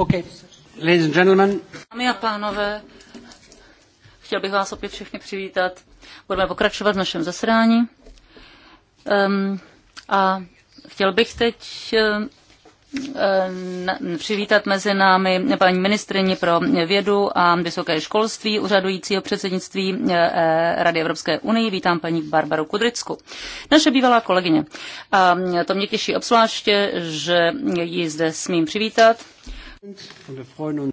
Okay. Ladies and gentlemen. Dámy a pánové, chtěl bych vás opět všechny přivítat. Budeme pokračovat v našem zasedání. Um, a chtěl bych teď přivítat mezi námi paní ministrině pro vědu a vysoké školství úřadujícího předsednictví e, e, Rady Evropské unie. Vítám paní Barbaru Kudricku, naše bývalá kolegyně. A to mě těší obzvláště, že ji zde smím přivítat.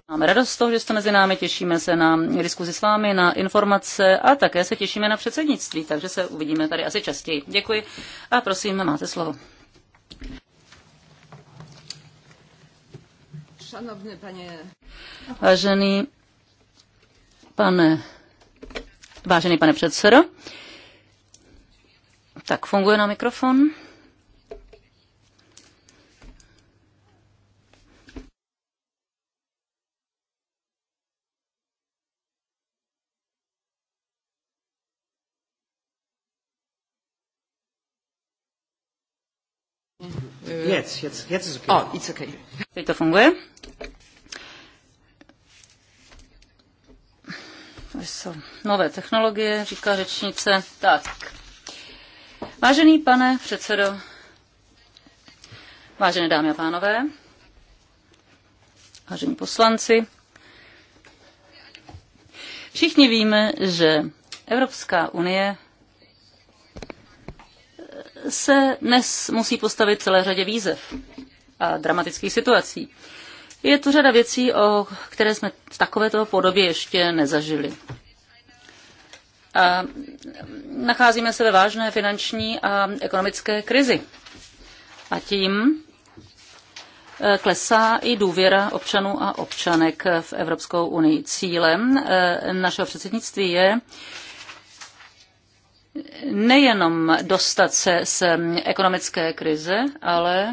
Máme radost z toho, že jste mezi námi, těšíme se na diskuzi s vámi, na informace a také se těšíme na předsednictví, takže se uvidíme tady asi častěji. Děkuji a prosím, máte slovo. Šanovný Vážený pane, vážený pane předsedo, tak funguje na mikrofon. Jetzt, jetzt, jetzt ist okay. Oh, it's okay. Teď to funguje. To jsou nové technologie, říká řečnice. Tak. Vážený pane předsedo, vážené dámy a pánové, vážení poslanci, všichni víme, že Evropská unie se dnes musí postavit celé řadě výzev a dramatických situací. Je tu řada věcí, o které jsme v takovéto podobě ještě nezažili. A nacházíme se ve vážné finanční a ekonomické krizi. A tím eh, klesá i důvěra občanů a občanek v Evropskou unii. Cílem eh, našeho předsednictví je nejenom dostat se z ekonomické krize, ale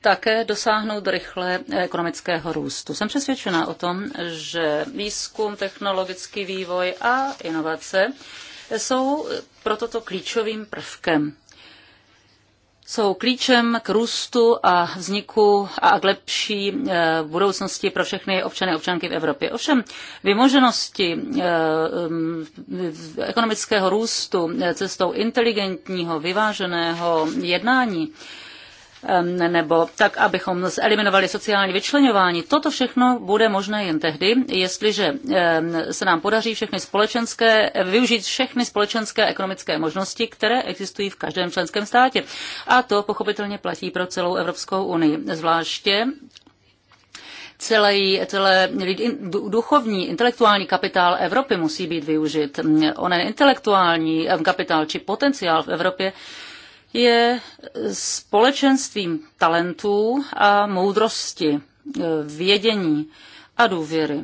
také dosáhnout rychle ekonomického růstu. Jsem přesvědčena o tom, že výzkum, technologický vývoj a inovace jsou pro toto klíčovým prvkem jsou klíčem k růstu a vzniku a k lepší eh, budoucnosti pro všechny občany a občanky v Evropě. Ovšem vymoženosti eh, eh, ekonomického růstu cestou inteligentního, vyváženého jednání nebo tak, abychom eliminovali sociální vyčlenování. Toto všechno bude možné jen tehdy, jestliže se nám podaří všechny společenské, využít všechny společenské ekonomické možnosti, které existují v každém členském státě. A to pochopitelně platí pro celou Evropskou unii, zvláště celý, celé duchovní, intelektuální kapitál Evropy musí být využit. Onen intelektuální kapitál či potenciál v Evropě je společenstvím talentů a moudrosti, e, vědění a důvěry.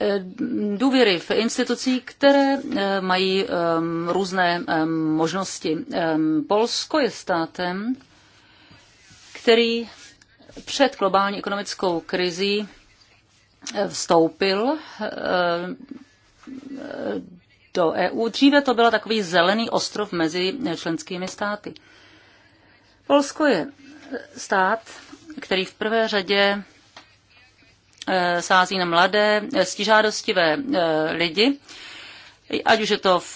E, důvěry v institucí, které e, mají různé možnosti. Polsko je státem, který před globální ekonomickou krizí vstoupil do EU. Dříve to byl takový zelený ostrov mezi členskými státy. Polsko je stát, který v prvé řadě e, sází na mladé, e, stižádostivé e, lidi, ať už je to v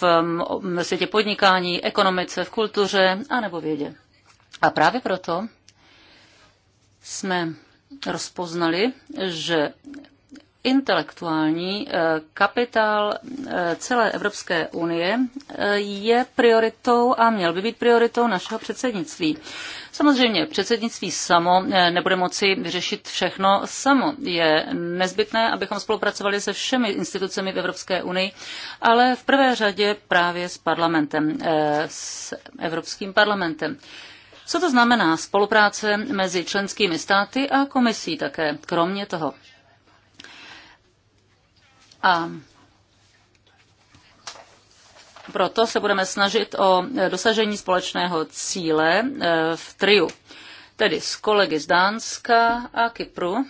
světě podnikání, ekonomice, v kultuře, anebo vědě. A právě proto jsme rozpoznali, že intelektuální eh, kapitál eh, celé Evropské unie eh, je prioritou a měl by být prioritou našeho předsednictví. Samozřejmě předsednictví samo nebude moci vyřešit všechno samo. Je nezbytné, abychom spolupracovali se všemi institucemi v Evropské unii, ale v prvé řadě právě s parlamentem, s Evropským parlamentem. Co to znamená spolupráce mezi členskými státy a komisí také, kromě toho? A proto se budeme snažit o dosažení společného cíle eh, v triu, tedy s kolegy z Dánska a Kypru,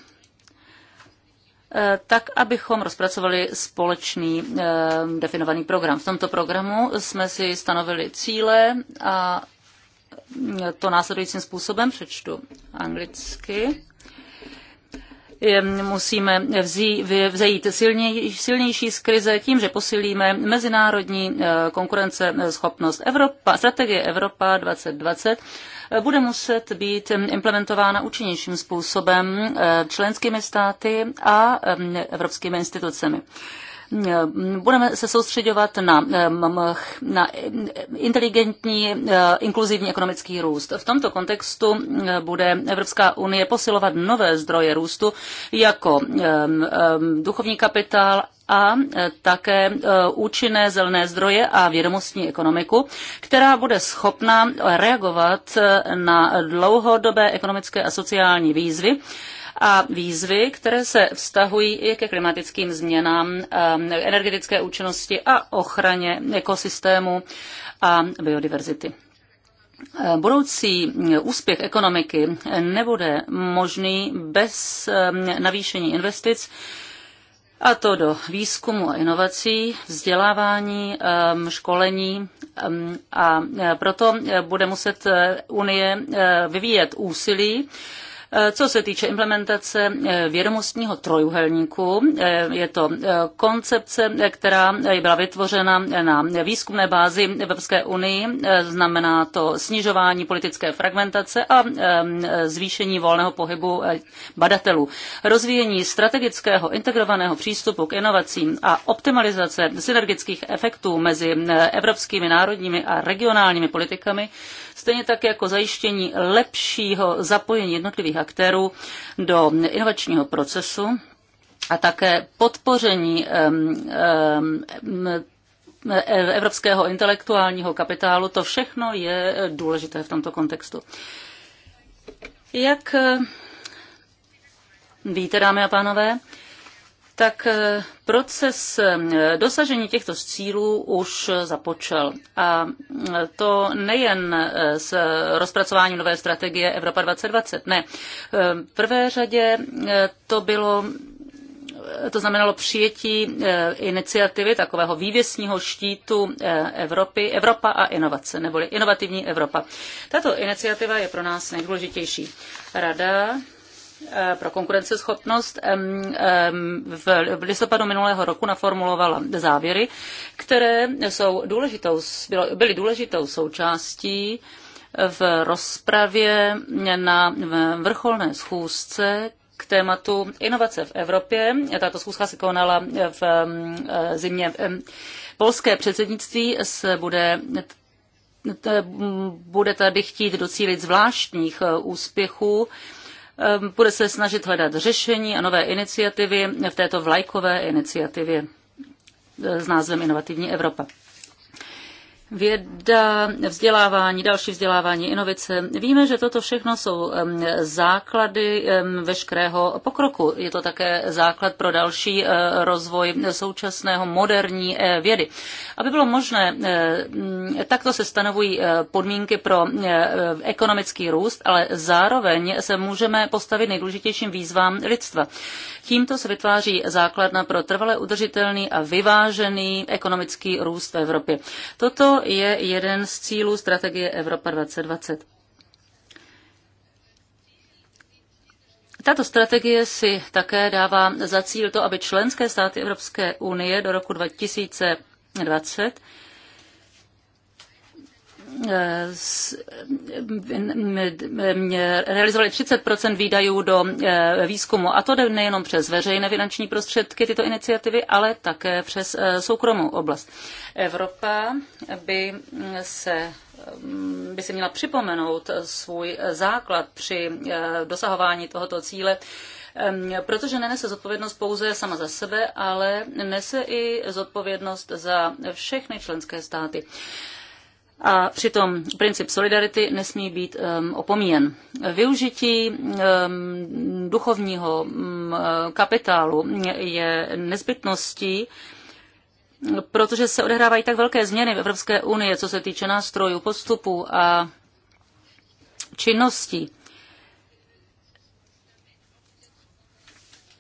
eh, tak, abychom rozpracovali společný eh, definovaný program. V tomto programu jsme si stanovili cíle a to následujícím způsobem přečtu anglicky musíme vzejít silnější z krize tím, že posilíme mezinárodní eh, konkurenceschopnost. Evropa, strategie Evropa 2020 eh, bude muset být implementována účinnějším způsobem eh, členskými státy a evropskými institucemi. Eh, budeme se soustředovat na, eh, na inteligentní, eh, inkluzivní ekonomický růst. V tomto kontextu bude Evropská unie posilovat nové zdroje růstu jako duchovní kapitál a také účinné zelené zdroje a vědomostní ekonomiku, která bude schopna reagovat na dlouhodobé ekonomické a sociální výzvy a výzvy, které se vztahují i ke klimatickým změnám, um, energetické účinnosti a ochraně ekosystému a biodiverzity. Um, budoucí úspěch ekonomiky nebude možný bez um, navýšení investic, a to do výzkumu a inovací, vzdělávání, školení a uh, proto uh, bude muset uh, Unie vyvíjet úsilí Eh, co se týče implementace eh, vědomostního trojuhelníku, eh, je to koncepce, která byla vytvořena na výzkumné bázi Evropské unii. Znamená to snižování politické fragmentace a zvýšení volného pohybu badatelů. Rozvíjení strategického integrovaného přístupu k inovacím a optimalizace synergických efektů mezi evropskými národními a regionálními politikami stejně tak jako zajištění lepšího zapojení jednotlivých aktérů do inovačního procesu a také podpoření evropského intelektuálního kapitálu, to všechno je důležité v tomto kontextu. Jak eh, víte, dámy a pánové, tak eh, proces eh, dosažení těchto cílů už započal. A eh, to nejen s rozpracováním nové strategie Evropa 2020. Ne, v prvé řadě to bylo to znamenalo přijetí iniciativy takového vývěsního štítu Evropy, Evropa a inovace, neboli inovativní Evropa. Tato iniciativa je pro nás nejdůležitější. Rada Eh, pro konkurenceschopnost v listopadu minulého roku naformulovala závěry, které jsou důležitou, byly důležitou součástí v rozpravě na vrcholné schůzce k tématu inovace v Evropě. Tato schůzka se konala v eh, zimě. Polské předsednictví se bude bude tady chtít docílit zvláštních eh, úspěchů Ehm, bude se snažit hledat řešení a nové iniciativy v této vlajkové iniciativě e, s názvem Inovativní Evropa. Věda, vzdělávání, další vzdělávání, inovice. Víme, že toto všechno jsou základy veškerého pokroku. Je to také základ pro další e, rozvoj současného moderní e, vědy. Aby bylo možné, e, takto se stanovují podmínky pro ekonomický růst, ale zároveň se můžeme postavit nejdůležitějším výzvám lidstva. Tímto se vytváří základna pro trvale udržitelný a vyvážený ekonomický růst v Evropě. Toto je jeden z cílů strategie Evropa 2020. Tato strategie si také dává za cíl to, aby členské státy Evropské unie do roku 2020 realizovali 30 výdajů do eh, výzkumu. A to jde nejenom přes veřejné finanční prostředky tyto iniciativy, ale také přes eh, soukromou oblast. Evropa by mm, se mm, by si měla připomenout svůj základ při eh, dosahování tohoto cíle, protože nenese zodpovědnost pouze sama za sebe, ale nese i zodpovědnost za všechny členské státy a přitom princip solidarity nesmí být um, opomíjen. Využití um, duchovního um, kapitálu je nezbytností, protože se odehrávají tak velké změny v Evropské unii, co se týče nástrojů, postupů a činností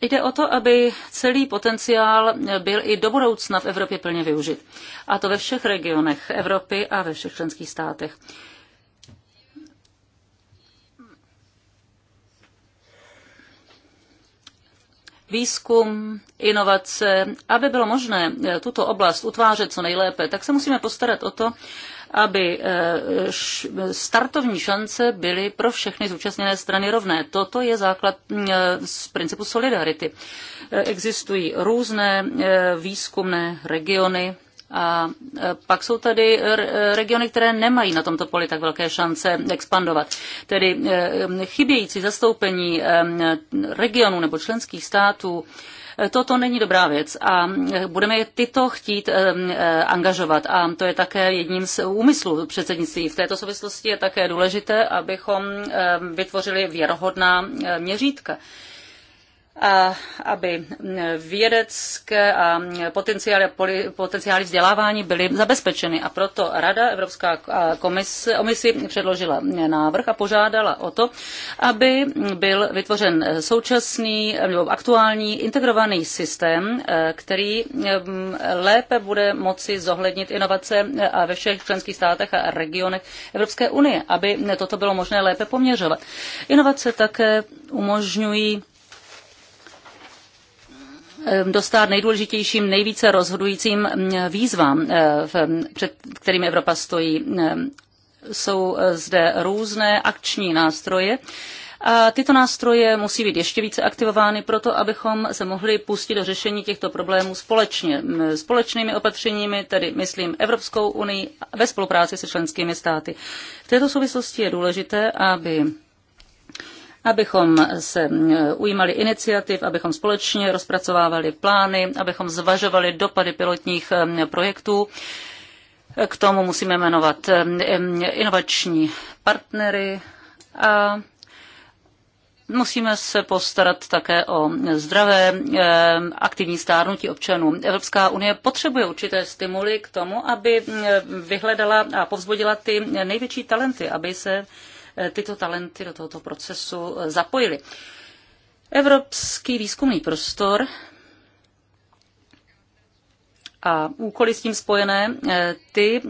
Jde o to, aby celý potenciál byl i do budoucna v Evropě plně využit. A to ve všech regionech Evropy a ve všech členských státech. výzkum, inovace. Aby bylo možné tuto oblast utvářet co nejlépe, tak se musíme postarat o to, aby eh, startovní šance byly pro všechny zúčastněné strany rovné. Toto je základ eh, z principu solidarity. Eh, existují různé výzkumné regiony, a pak jsou tady regiony, které nemají na tomto poli tak velké šance expandovat. Tedy chybějící zastoupení regionů nebo členských států Toto není dobrá věc a budeme tyto chtít eh, eh, angažovat a to je také jedním z úmyslů předsednictví. V této souvislosti je také důležité, abychom eh, vytvořili věrohodná měřítka a aby vědecké a potenciály, potenciály vzdělávání byly zabezpečeny. A proto Rada Evropská komise, komisi předložila návrh a požádala o to, aby byl vytvořen současný nebo aktuální integrovaný systém, který eh, lépe bude moci zohlednit inovace eh, a ve všech členských státech a regionech Evropské unie, aby toto bylo možné lépe poměřovat. Inovace také umožňují Ehm, dostat nejdůležitějším, nejvíce rozhodujícím mm, výzvám, eh, před kterými Evropa stojí. Ehm, jsou eh, zde různé akční nástroje, a tyto nástroje musí být ještě více aktivovány proto, abychom se mohli pustit do řešení těchto problémů společně. Mm, společnými opatřeními, tedy myslím Evropskou unii ve spolupráci se členskými státy. V této souvislosti je důležité, aby abychom se ujímali iniciativ, abychom společně rozpracovávali plány, abychom zvažovali dopady pilotních projektů. K tomu musíme jmenovat inovační partnery a musíme se postarat také o zdravé e, aktivní stárnutí občanů. Evropská unie potřebuje určité stimuly k tomu, aby vyhledala a povzbudila ty největší talenty, aby se Eh, tyto talenty do tohoto procesu eh, zapojili. Evropský výzkumný prostor a úkoly s tím spojené, eh, ty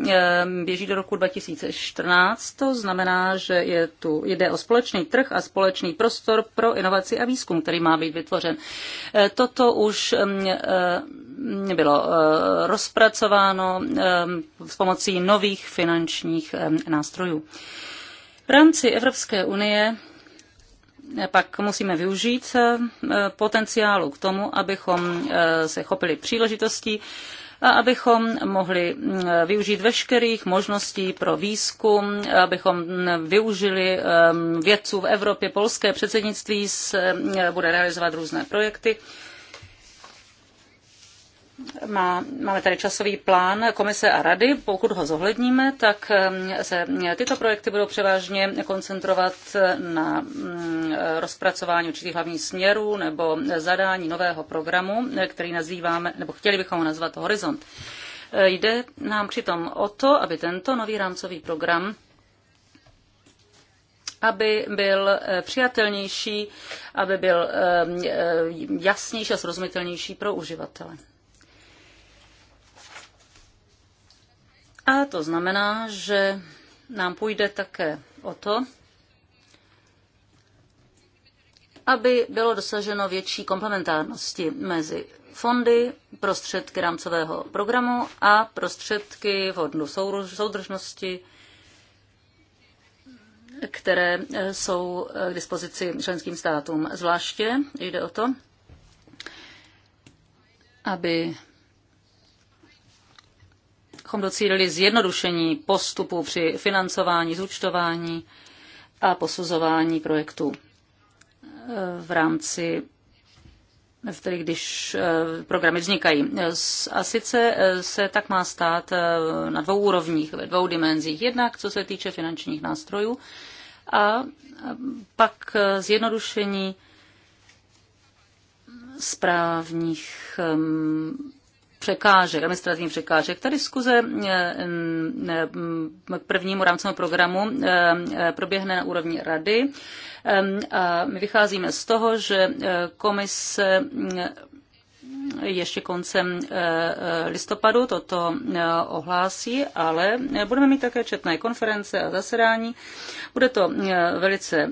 běží do roku 2014. To znamená, že je tu, jde o společný trh a společný prostor pro inovaci a výzkum, který má být vytvořen. Toto už mm, bylo rozpracováno s pomocí nových finančních nástrojů. V rámci Evropské unie pak musíme využít eh, potenciálu k tomu, abychom eh, se chopili příležitostí a abychom mohli eh, využít veškerých možností pro výzkum, abychom mm, využili vědců v Evropě. Polské předsednictví bude realizovat různé projekty má, máme tady časový plán komise a rady. Pokud ho zohledníme, tak um, se tyto projekty budou převážně koncentrovat na mm, rozpracování určitých hlavních směrů nebo zadání nového programu, který nazýváme, nebo chtěli bychom ho nazvat Horizont. Jde nám přitom o to, aby tento nový rámcový program aby byl eh, přijatelnější, aby byl eh, eh, jasnější a srozumitelnější pro uživatele. A to znamená, že nám půjde také o to, aby bylo dosaženo větší komplementárnosti mezi fondy, prostředky rámcového programu a prostředky fondu soudržnosti, které eh, jsou eh, k dispozici členským státům. Zvláště jde o to, aby abychom docílili zjednodušení postupu při financování, zúčtování a posuzování projektů e, v rámci v tedy když e, programy vznikají. E, a sice se tak má stát na dvou úrovních, ve dvou dimenzích. Jednak co se týče finančních nástrojů a pak zjednodušení správních překážek, administrativních překážek. Ta diskuze eh, eh, k prvnímu rámcovému programu eh, proběhne na úrovni rady. A my vycházíme z toho, že komise ještě koncem eh, eh, listopadu toto eh, ohlásí, ale budeme mít také četné konference a zasedání. Bude to velice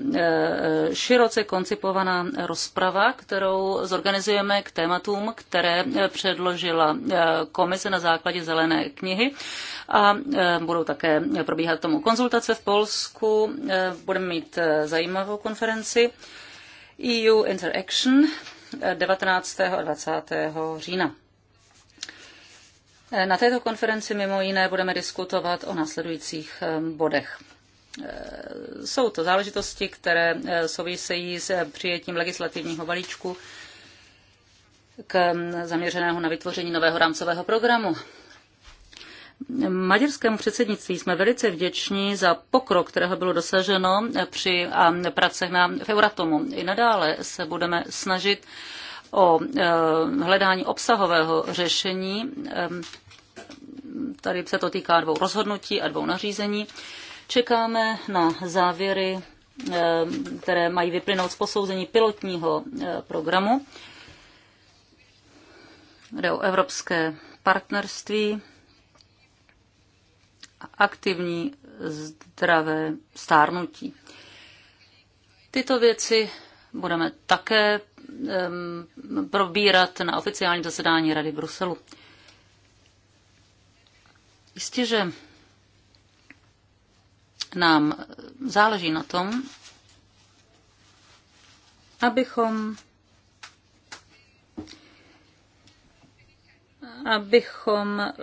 široce koncipovaná rozprava, kterou zorganizujeme k tématům, které předložila komise na základě zelené knihy a budou také probíhat tomu konzultace v Polsku. Budeme mít zajímavou konferenci EU Interaction 19. a 20. října. Na této konferenci mimo jiné budeme diskutovat o následujících eh, bodech. Eh, jsou to záležitosti, které eh, souvisejí s přijetím legislativního balíčku k mm, zaměřeného na vytvoření nového rámcového programu Maďarskému předsednictví jsme velice vděční za pokrok, kterého bylo dosaženo při pracech na, v Euratomu. I nadále se budeme snažit o e, hledání obsahového řešení. E, tady se to týká dvou rozhodnutí a dvou nařízení. Čekáme na závěry, e, které mají vyplynout z posouzení pilotního programu. Jde o evropské partnerství aktivní zdravé stárnutí. Tyto věci budeme také um, probírat na oficiální zasedání Rady Bruselu. Jistě, že nám záleží na tom, abychom abychom eh,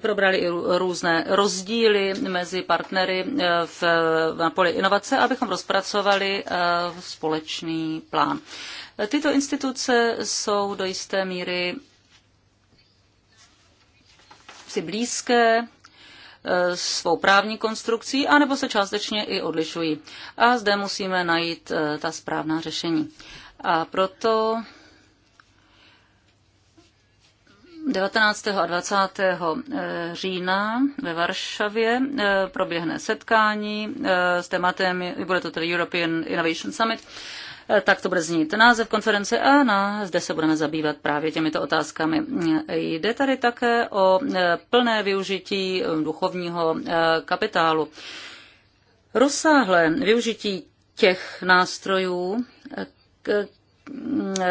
probrali i různé rozdíly mezi partnery eh, v, na poli inovace, abychom rozpracovali eh, společný plán. Tyto instituce jsou do jisté míry si blízké, svou právní konstrukcí, anebo se částečně i odlišují. A zde musíme najít ta správná řešení. A proto 19. a 20. října ve Varšavě eh, proběhne setkání eh, s tématem, bude to tedy European Innovation Summit, eh, tak to bude znít název konference a na, zde se budeme zabývat právě těmito otázkami. Jde tady také o plné využití duchovního kapitálu. Rozsáhlé využití těch nástrojů,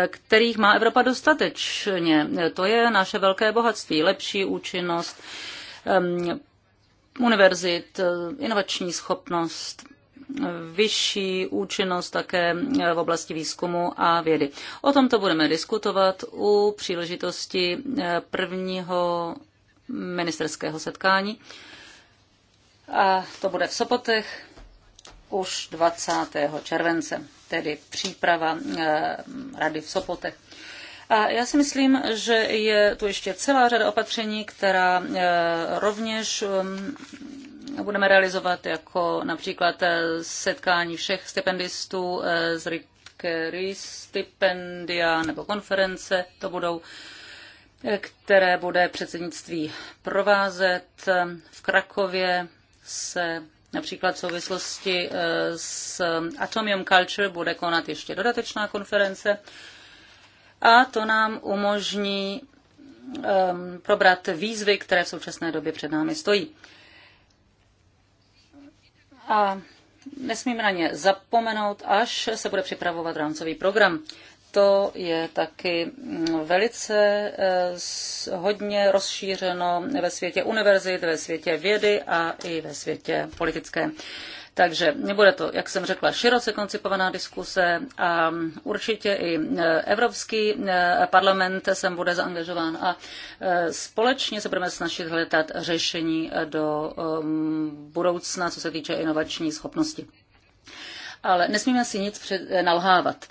kterých má Evropa dostatečně. To je naše velké bohatství, lepší účinnost univerzit, inovační schopnost, vyšší účinnost také v oblasti výzkumu a vědy. O tomto budeme diskutovat u příležitosti eh, prvního ministerského setkání. A to bude v Sopotech už 20. července, tedy příprava eh, rady v Sopotech. A já si myslím, že je tu ještě celá řada opatření, která eh, rovněž eh, budeme realizovat, jako například setkání všech stipendistů z Rikery stipendia nebo konference, to budou které bude předsednictví provázet. V Krakově se například v souvislosti eh, s eh, Atomium Culture bude konat ještě dodatečná konference a to nám umožní ehm, probrat výzvy, které v současné době před námi stojí. A nesmíme na ně zapomenout, až se bude připravovat rámcový program to je taky mm, velice eh, hodně rozšířeno ve světě univerzit, ve světě vědy a i ve světě politické. Takže nebude to, jak jsem řekla, široce koncipovaná diskuse a mm, určitě i eh, Evropský eh, parlament sem bude zaangažován a společně se budeme snažit hledat řešení do mm, budoucna, co se týče inovační schopnosti. Ale nesmíme si nic před, nalhávat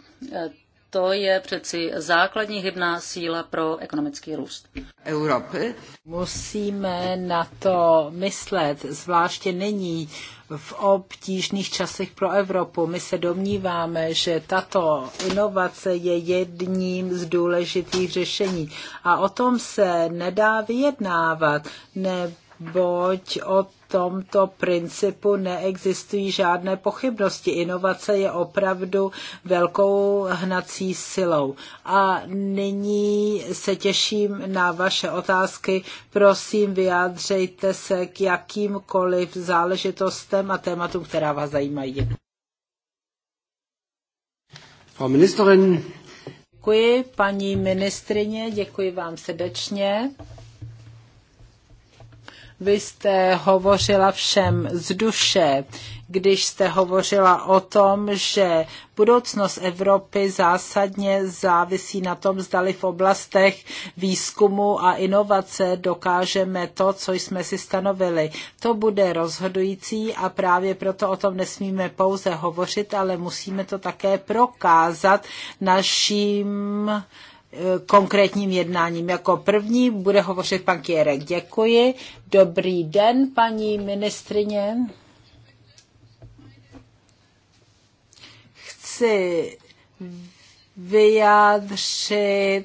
to je přeci základní hybná síla pro ekonomický růst. Evropy. Musíme na to myslet, zvláště není v obtížných časech pro Evropu. My se domníváme, že tato inovace je jedním z důležitých řešení. A o tom se nedá vyjednávat, nebo Boť o tomto principu neexistují žádné pochybnosti. Inovace je opravdu velkou hnací silou. A nyní se těším na vaše otázky. Prosím, vyjádřejte se k jakýmkoliv záležitostem a tématům, která vás zajímají. Frau Ministerin. Děkuji, paní ministrině, děkuji vám srdečně. Vy jste hovořila všem z duše, když jste hovořila o tom, že budoucnost Evropy zásadně závisí na tom, zdali v oblastech výzkumu a inovace dokážeme to, co jsme si stanovili. To bude rozhodující a právě proto o tom nesmíme pouze hovořit, ale musíme to také prokázat naším konkrétním jednáním. Jako první bude hovořit pan Kierek. Děkuji. Dobrý den, paní ministrině. Chci vyjádřit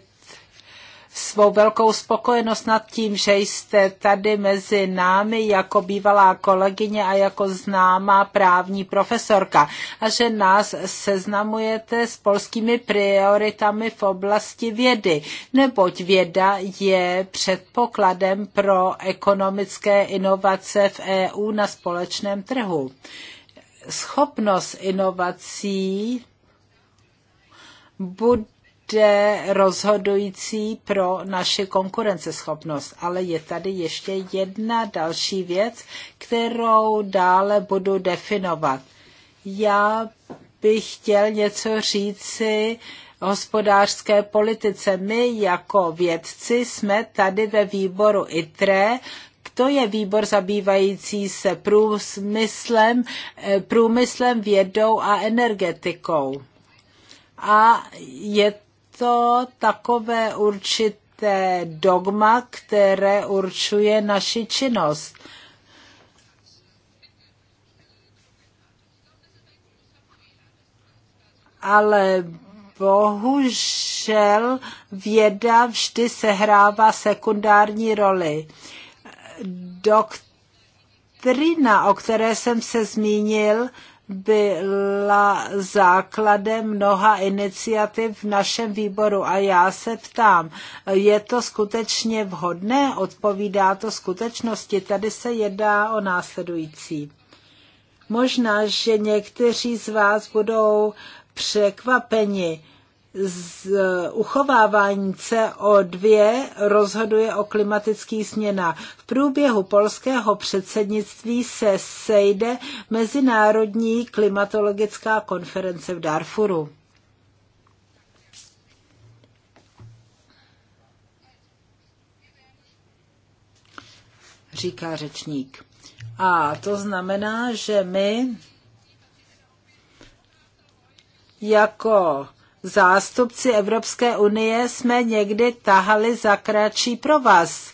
svou velkou spokojenost nad tím, že jste tady mezi námi jako bývalá kolegyně a jako známá právní profesorka a že nás seznamujete s polskými prioritami v oblasti vědy, neboť věda je předpokladem pro ekonomické inovace v EU na společném trhu. Schopnost inovací bude bude rozhodující pro naši konkurenceschopnost. Ale je tady ještě jedna další věc, kterou dále budu definovat. Já bych chtěl něco říci hospodářské politice. My jako vědci jsme tady ve výboru ITRE, to je výbor zabývající se průmyslem, eh, průmyslem vědou a energetikou. A je to takové určité dogma, které určuje naši činnost. Ale bohužel věda vždy sehrává sekundární roli. Doktrina, o které jsem se zmínil, byla základem mnoha iniciativ v našem výboru. A já se ptám, je to skutečně vhodné? Odpovídá to skutečnosti? Tady se jedná o následující. Možná, že někteří z vás budou překvapeni, z uchovávání CO2 rozhoduje o klimatických změnách. V průběhu polského předsednictví se sejde Mezinárodní klimatologická konference v Darfuru. Říká řečník. A to znamená, že my jako zástupci Evropské unie jsme někdy tahali za kratší provaz.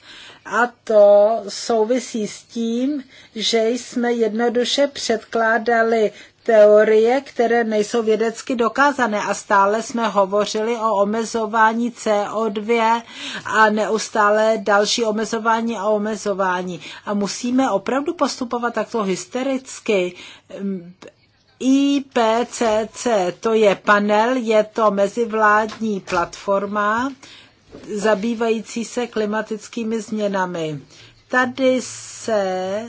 A to souvisí s tím, že jsme jednoduše předkládali teorie, které nejsou vědecky dokázané a stále jsme hovořili o omezování CO2 a neustále další omezování a omezování. A musíme opravdu postupovat takto hystericky. IPCC, to je panel, je to mezivládní platforma zabývající se klimatickými změnami. Tady se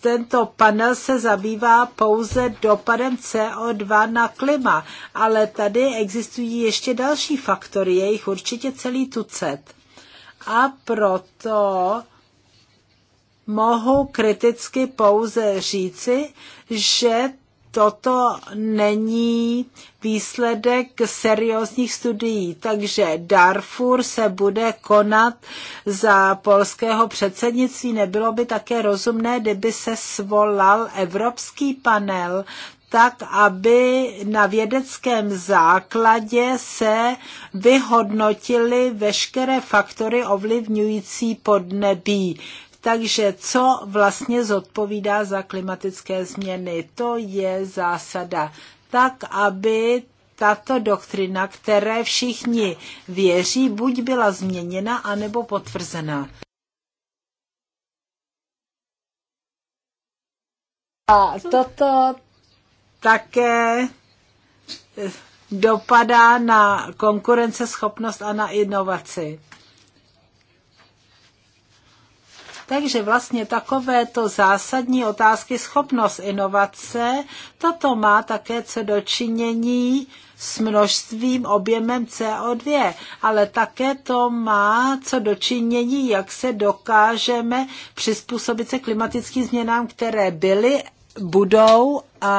tento panel se zabývá pouze dopadem CO2 na klima, ale tady existují ještě další faktory, je jich určitě celý tucet. A proto mohu kriticky pouze říci, že toto není výsledek seriózních studií. Takže Darfur se bude konat za polského předsednictví. Nebylo by také rozumné, kdyby se svolal evropský panel, tak, aby na vědeckém základě se vyhodnotily veškeré faktory ovlivňující podnebí. Takže co vlastně zodpovídá za klimatické změny? To je zásada. Tak, aby tato doktrina, které všichni věří, buď byla změněna, anebo potvrzena. A toto také eh, dopadá na konkurenceschopnost a na inovaci. Takže vlastně takovéto zásadní otázky, schopnost inovace, toto má také co dočinění s množstvím objemem CO2, ale také to má co dočinění, jak se dokážeme přizpůsobit se klimatickým změnám, které byly, budou a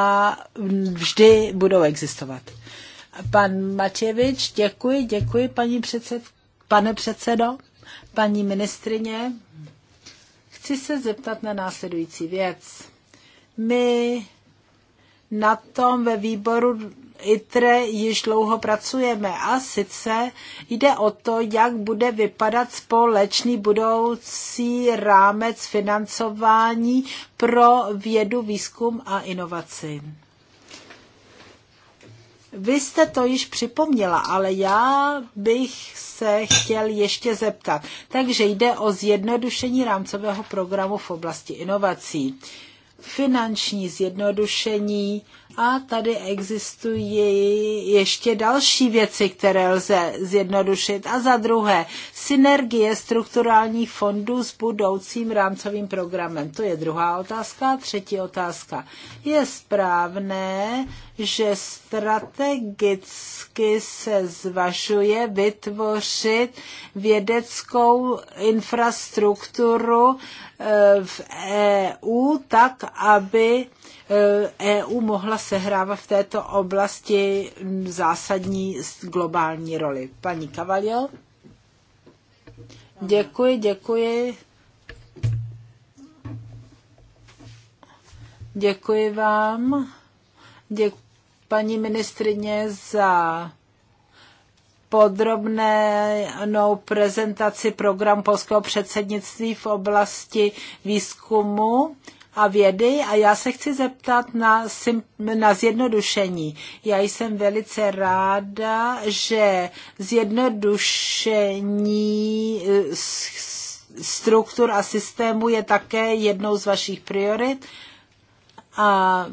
vždy budou existovat. Pan Matěvič, děkuji, děkuji paní předsed, pane předsedo, paní ministrině. Chci se zeptat na následující věc. My na tom ve výboru ITRE již dlouho pracujeme a sice jde o to, jak bude vypadat společný budoucí rámec financování pro vědu, výzkum a inovaci. Vy jste to již připomněla, ale já bych se chtěl ještě zeptat. Takže jde o zjednodušení rámcového programu v oblasti inovací. Finanční zjednodušení a tady existují ještě další věci, které lze zjednodušit. A za druhé, synergie strukturálních fondů s budoucím rámcovým programem. To je druhá otázka. Třetí otázka. Je správné, že strategicky se zvažuje vytvořit vědeckou infrastrukturu eh, v EU tak, aby EU e mohla sehrávat v této oblasti zásadní globální roli. Paní Cavalio? Děkuji, děkuji. Děkuji vám, děkuji paní ministrině za podrobnou prezentaci programu polského předsednictví v oblasti výzkumu a vědy a já se chci zeptat na, na zjednodušení. Já jsem velice ráda, že zjednodušení eh, struktur a systému je také jednou z vašich priorit. A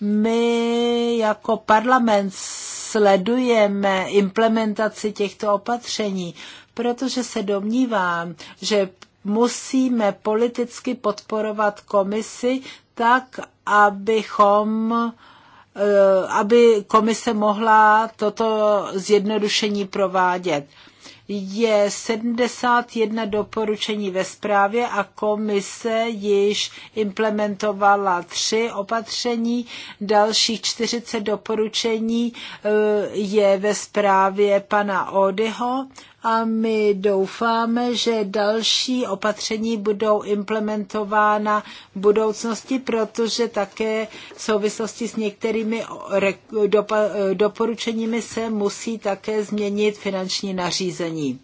my jako parlament sledujeme implementaci těchto opatření, protože se domnívám, že musíme politicky podporovat komisi tak, abychom eh, aby komise mohla toto zjednodušení provádět. Je 71 doporučení ve zprávě a komise již implementovala tři opatření, dalších 40 doporučení eh, je ve zprávě pana Odyho a my doufáme, že další opatření budou implementována v budoucnosti, protože také v souvislosti s některými doporučeními se musí také změnit finanční nařízení.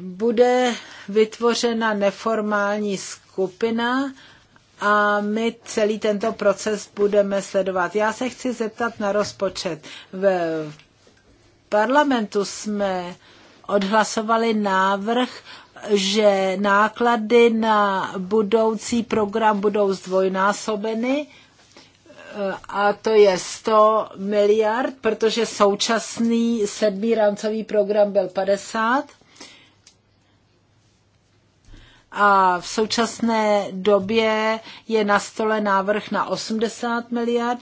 Bude vytvořena neformální skupina, a my celý tento proces budeme sledovat. Já se chci zeptat na rozpočet. V parlamentu jsme odhlasovali návrh, že náklady na budoucí program budou zdvojnásobeny eh, a to je 100 miliard, protože současný sedmý rámcový program byl 50 a v současné době je na stole návrh na 80 miliard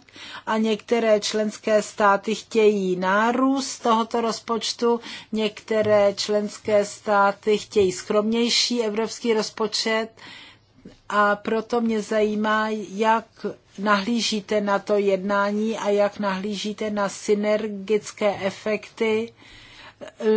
a některé členské státy chtějí nárůst tohoto rozpočtu, některé členské státy chtějí skromnější evropský rozpočet a proto mě zajímá, jak nahlížíte na to jednání a jak nahlížíte na synergické efekty,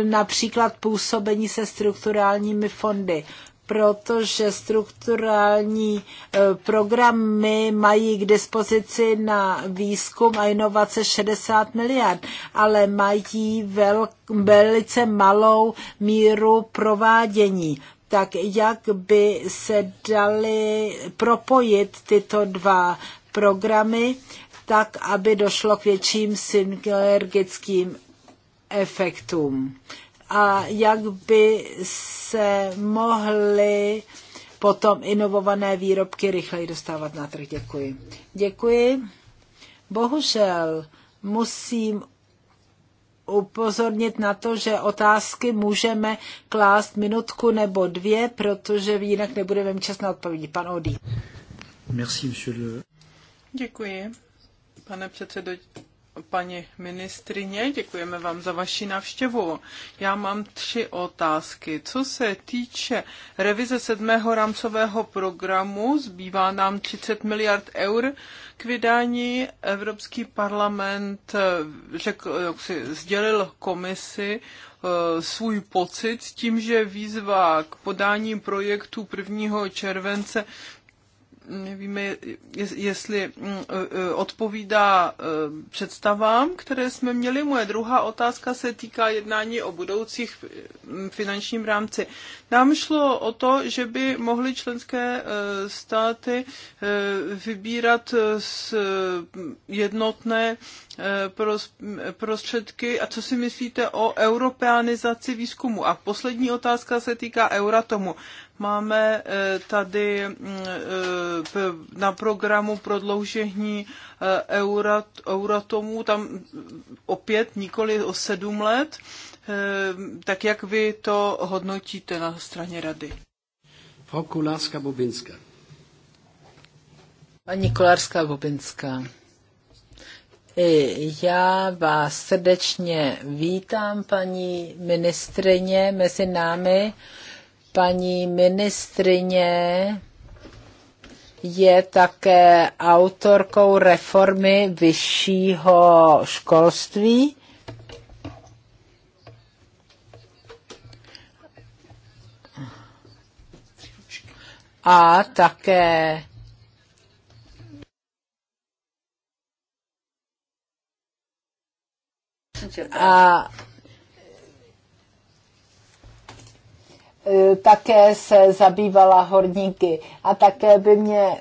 například působení se strukturálními fondy protože strukturální e, programy mají k dispozici na výzkum a inovace 60 miliard, ale mají velk, velice malou míru provádění. Tak jak by se daly propojit tyto dva programy, tak aby došlo k větším synergickým efektům a jak by se mohly potom inovované výrobky rychleji dostávat na trh. Děkuji. Děkuji. Bohužel musím upozornit na to, že otázky můžeme klást minutku nebo dvě, protože jinak nebudeme mít čas na odpovědi. Pan Odí. Merci, monsieur le... Děkuji, pane předsedo paní ministrině, děkujeme vám za vaši návštěvu. Já mám tři otázky. Co se týče revize sedmého rámcového programu, zbývá nám 30 miliard eur k vydání. Evropský parlament eh, řekl, jak si, sdělil komisi eh, svůj pocit s tím, že výzva k podání projektu 1. července nevíme, jestli mm, e, e, odpovídá e, představám, které jsme měli. Moje druhá otázka se týká jednání o budoucích mm, finančním rámci. Nám šlo o to, že by mohly členské státy vybírat z mm, jednotné prostředky a co si myslíte o europeanizaci výzkumu. A poslední otázka se týká Euratomu. Máme eh, tady mm, eh, na programu prodloužení eh, Euratomu, tam mm, opět nikoli o sedm let. Tak jak vy to hodnotíte na straně rady? Frau Kolářská-Bobinská. Paní Kolářská-Bobinská. Já vás srdečně vítám, paní ministrině, mezi námi. Paní ministrině je také autorkou reformy vyššího školství. A také A e, také se zabývala horníky. A také by mě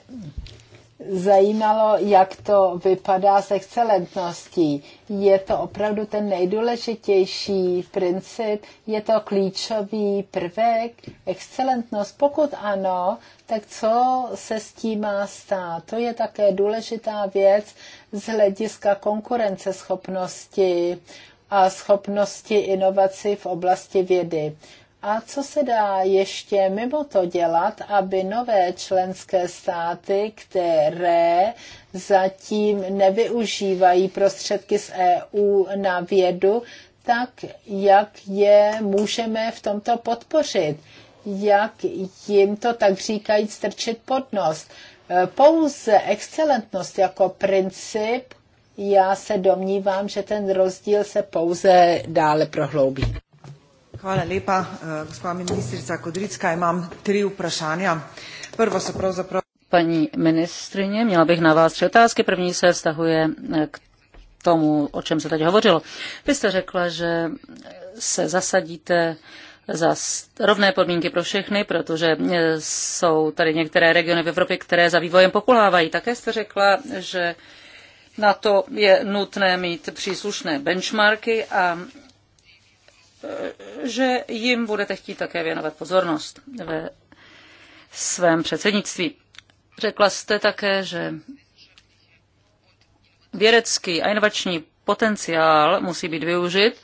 zajímalo, jak to vypadá s excelentností. Je to opravdu ten nejdůležitější princip, je to klíčový prvek, excelentnost. Pokud ano, tak co se s tím má stát? To je také důležitá věc z hlediska konkurenceschopnosti a schopnosti inovací v oblasti vědy. A co se dá ještě mimo to dělat, aby nové členské státy, které zatím nevyužívají prostředky z EU na vědu, tak jak je můžeme v tomto podpořit? Jak jim to tak říkají strčit pod nos? Pouze excelentnost jako princip, já se domnívám, že ten rozdíl se pouze dále prohloubí. Hvala lepa, eh, gospa ministrica Kodrická. Imam tri vprašanja. Prvo so pravzaprav... Paní ministrině, měla bych na vás tři otázky. První se vztahuje eh, k tomu, o čem se teď hovořilo. Vy jste řekla, že se zasadíte za rovné podmínky pro všechny, protože eh, jsou tady některé regiony v Evropě, které za vývojem pokulávají. Také jste řekla, že na to je nutné mít příslušné benchmarky a že jim budete chtít také věnovat pozornost ve svém předsednictví. Řekla jste také, že vědecký a inovační potenciál musí být využit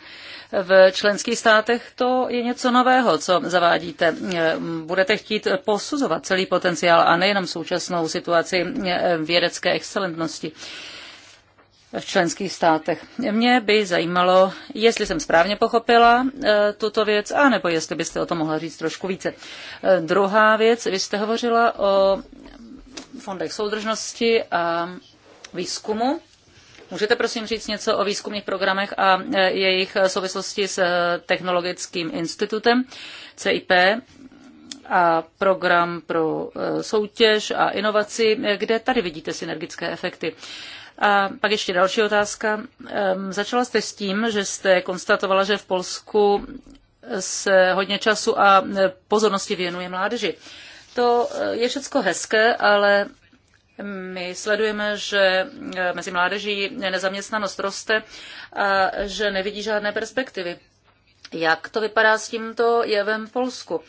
v členských státech to je něco nového, co zavádíte. Budete chtít posuzovat celý potenciál a nejenom současnou situaci vědecké excelentnosti v členských státech. Mě by zajímalo, jestli jsem správně pochopila eh, tuto věc, anebo jestli byste o tom mohla říct trošku více. Eh, druhá věc, vy jste hovořila o fondech soudržnosti a výzkumu. Můžete prosím říct něco o výzkumných programech a eh, jejich souvislosti s Technologickým institutem CIP a program pro soutěž a inovaci, kde tady vidíte synergické efekty. A pak ještě další otázka. Začala jste s tím, že jste konstatovala, že v Polsku se hodně času a pozornosti věnuje mládeži. To eh, je všechno hezké, ale my sledujeme, že eh, mezi mládeží nezaměstnanost roste a že nevidí žádné perspektivy. Jak to vypadá s tímto jevem v Polsku?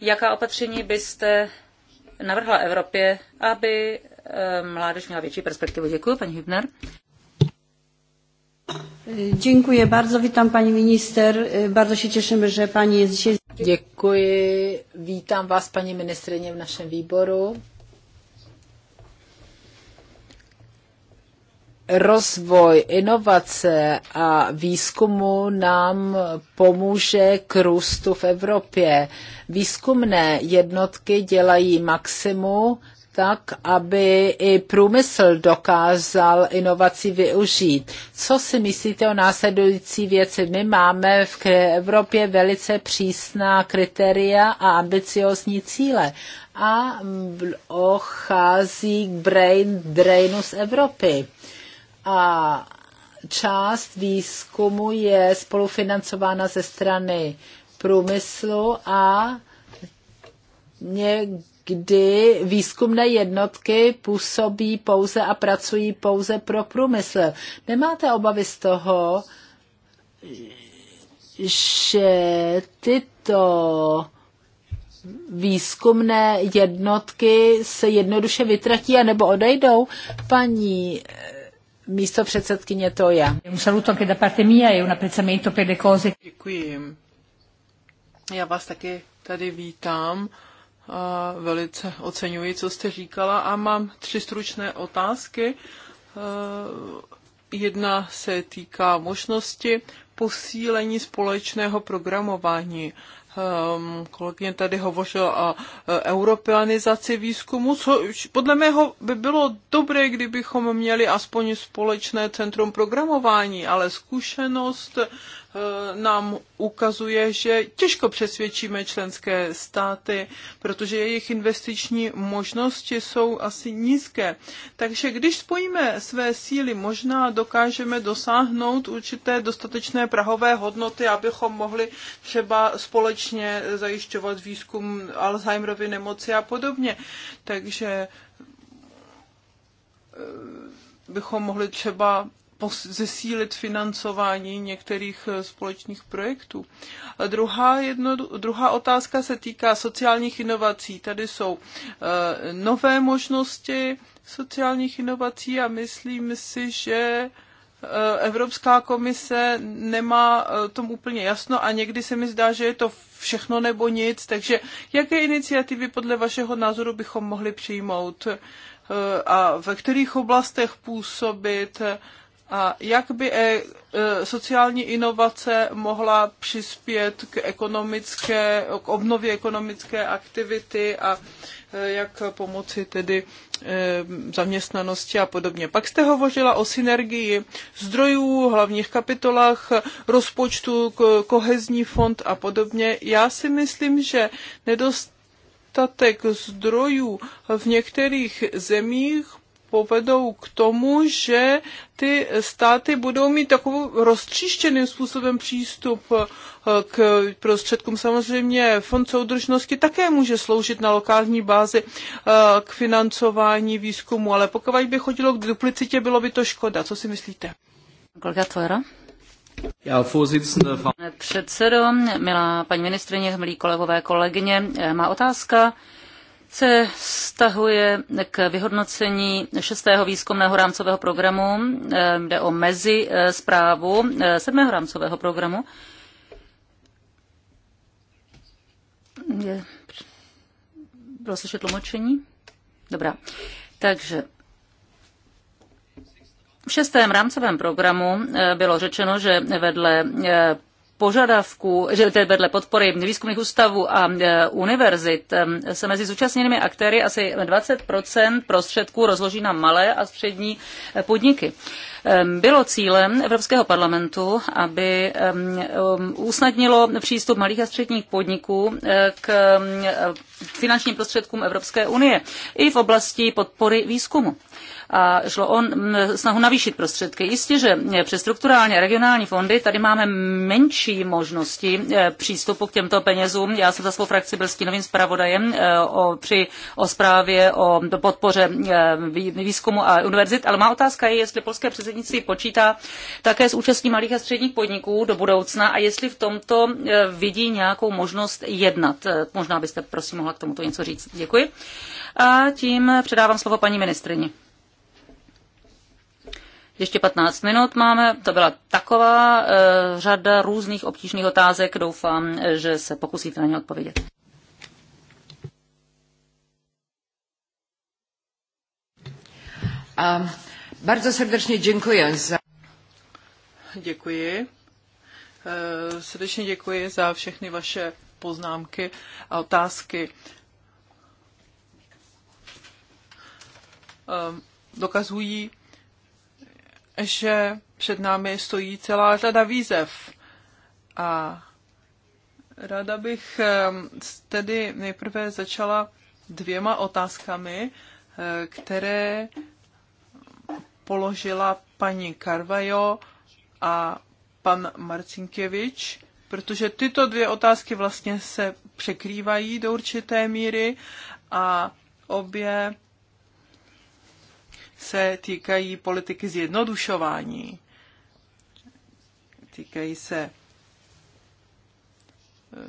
Jaká opatření byste navrhla Evropě, aby Eh, mládež měla větší perspektivu. Děkuji, paní Hübner. Dziękuję bardzo, witam pani minister. Eh, bardzo się cieszymy, że pani jest dzisiaj. Děkuji, vítám vás, paní ministrině, v našem výboru. rozvoj inovace a výzkumu nám pomůže k růstu v Evropě. Výzkumné jednotky dělají maximum tak, aby i průmysl dokázal inovaci využít. Co si myslíte o následující věci? My máme v Evropě velice přísná kritéria a ambiciozní cíle a ochází k brain drainu z Evropy. A část výzkumu je spolufinancována ze strany průmyslu a ně, kdy výzkumné jednotky působí pouze a pracují pouze pro průmysl. Nemáte obavy z toho, že tyto výzkumné jednotky se jednoduše vytratí nebo odejdou? Paní eh, místo předsedkyně to je. Děkuji. Já vás taky tady vítám velice oceňuji, co jste říkala a mám tři stručné otázky. E, jedna se týká možnosti posílení společného programování. E, kolegyně tady hovořila o europeanizaci výzkumu, co podle mého by bylo dobré, kdybychom měli aspoň společné centrum programování, ale zkušenost Eh, nám ukazuje, že těžko přesvědčíme členské státy, protože jejich investiční možnosti jsou asi nízké. Takže když spojíme své síly, možná dokážeme dosáhnout určité dostatečné prahové hodnoty, abychom mohli třeba společně zajišťovat výzkum Alzheimerovy nemoci a podobně. Takže eh, bychom mohli třeba zesílit financování některých eh, společných projektů. A druhá, jedno, druhá otázka se týká sociálních inovací. Tady jsou eh, nové možnosti sociálních inovací a myslím si, že eh, Evropská komise nemá tom úplně jasno a někdy se mi zdá, že je to všechno nebo nic. Takže jaké iniciativy podle vašeho názoru bychom mohli přijmout a ve kterých oblastech působit a jak by e, e, sociální inovace mohla přispět k ekonomické, k obnově ekonomické aktivity a e, jak pomoci tedy e, zaměstnanosti a podobně. Pak jste hovořila o synergii zdrojů, hlavních kapitolách, rozpočtu, kohezní fond a podobně. Já si myslím, že nedost nedostatek zdrojů v některých zemích povedou k tomu, že ty státy budou mít takovou roztříštěným způsobem přístup eh, k prostředkům. Samozřejmě fond soudržnosti také může sloužit na lokální bázi eh, k financování výzkumu, ale pokud by chodilo k duplicitě, bylo by to škoda. Co si myslíte? Kolega Tvora? Předsedo, milá paní ministrině, milí kolegové, kolegyně, eh, má otázka se vztahuje k vyhodnocení šestého výzkumného rámcového programu, eh, jde o mezi eh, zprávu eh, sedmého rámcového programu. Je, bylo slyšet tlumočení? Dobrá. Takže v šestém rámcovém programu bylo řečeno, že vedle požadavků, že tedy vedle podpory výzkumných ústavů a e, univerzit e, se mezi zúčastněnými aktéry asi 20 prostředků rozloží na malé a střední e, podniky. Bylo cílem Evropského parlamentu, aby usnadnilo přístup malých a středních podniků eh, k finančním prostředkům Evropské unie i v oblasti podpory výzkumu a šlo o snahu navýšit prostředky. Jistě, že eh, přes strukturální a regionální fondy tady máme menší možnosti eh, přístupu k těmto penězům. Já jsem za svou frakci byl stínovým zpravodajem o, při, o zprávě o podpoře výzkumu a univerzit, ale má otázka je, jestli polské předsednictví předsednictví počítá také s účastí malých a středních podniků do budoucna a jestli v tomto eh, vidí nějakou možnost jednat. Eh, možná byste prosím mohla k tomuto něco říct. Děkuji. A tím předávám slovo paní ministrině. Ještě 15 minut máme, to byla taková e, řada různých obtížných otázek, doufám, že se pokusíte na ně odpovědět. Um, Bardzo serdecznie dziękuję za... Děkuji. Eh, srdečně děkuji za všechny vaše poznámky a otázky. Eh, dokazují, že před námi stojí celá řada výzev. A ráda bych eh, tedy nejprve začala dvěma otázkami, které položila paní Carvajo a pan Marcinkevič, protože tyto dvě otázky vlastně se překrývají do určité míry a obě se týkají politiky zjednodušování. Týkají se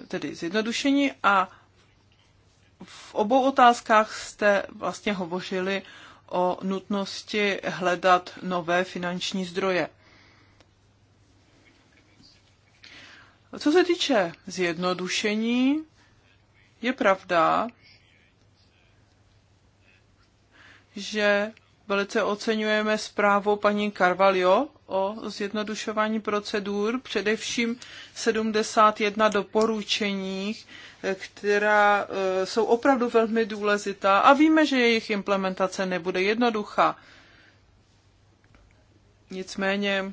e, tedy zjednodušení a v obou otázkách jste vlastně hovořili o nutnosti hledat nové finanční zdroje. Co se týče zjednodušení, je pravda, že Velice oceňujeme zprávu paní Carvalho o zjednodušování procedur, především 71 doporučení, která e, jsou opravdu velmi důležitá a víme, že jejich implementace nebude jednoduchá. Nicméně,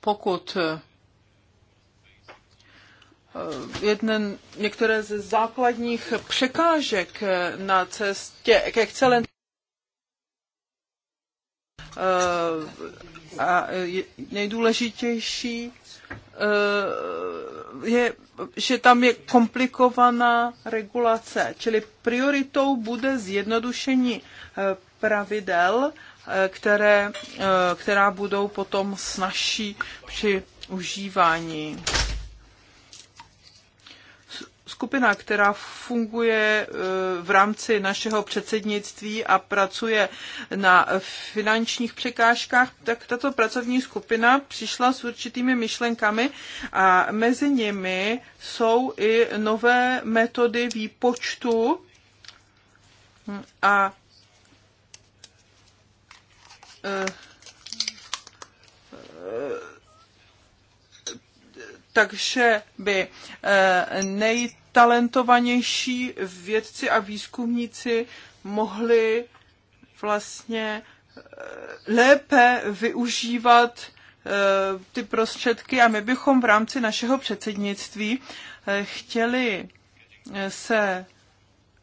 pokud e, jeden, některé ze základních překážek e, na cestě k excelent Eh, a nejdůležitější eh, je, že tam je komplikovaná regulace, čili prioritou bude zjednodušení eh, pravidel, které, která budou potom snažší při užívání skupina, která funguje e, v rámci našeho předsednictví a pracuje na finančních překážkách, tak tato pracovní skupina přišla s určitými myšlenkami a mezi nimi jsou i nové metody výpočtu a e, e, takže by nej talentovanější vědci a výzkumníci mohli vlastně eh, lépe využívat eh, ty prostředky a my bychom v rámci našeho předsednictví eh, chtěli se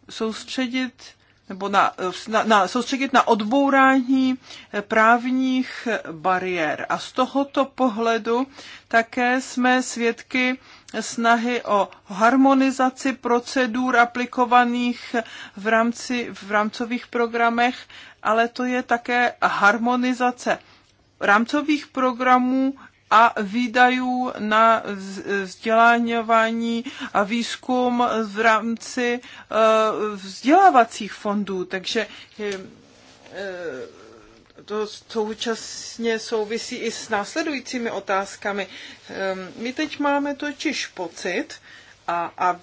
soustředit nebo na, na, na, soustředit na odbourání eh, právních eh, bariér. A z tohoto pohledu také jsme svědky snahy o harmonizaci procedur aplikovaných eh, v, rámci, v rámcových programech, ale to je také harmonizace rámcových programů a výdajů na vzdělávání a výzkum v rámci eh, vzdělávacích fondů. Takže eh, to současně souvisí i s následujícími otázkami. Ehm, my teď máme totiž pocit a, a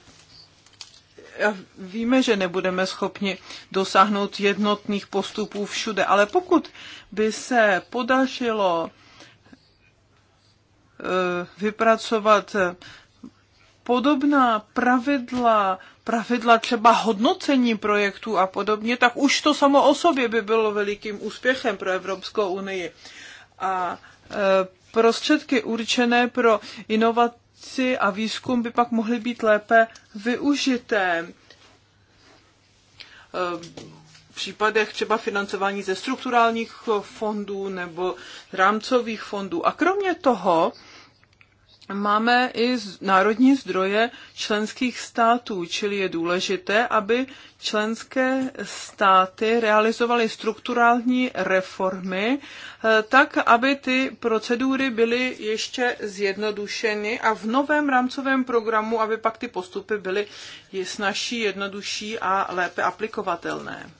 víme, že nebudeme schopni dosáhnout jednotných postupů všude, ale pokud by se podařilo Eh, vypracovat podobná pravidla, pravidla třeba hodnocení projektů a podobně, tak už to samo o sobě by bylo velikým úspěchem pro Evropskou unii. A eh, prostředky určené pro inovaci a výzkum by pak mohly být lépe využité. Eh, v případech třeba financování ze strukturálních fondů nebo rámcových fondů. A kromě toho, máme i národní zdroje členských států, čili je důležité, aby členské státy realizovaly strukturální reformy eh, tak, aby ty procedury byly ještě zjednodušeny a v novém rámcovém programu, aby pak ty postupy byly snažší, jednodušší a lépe aplikovatelné.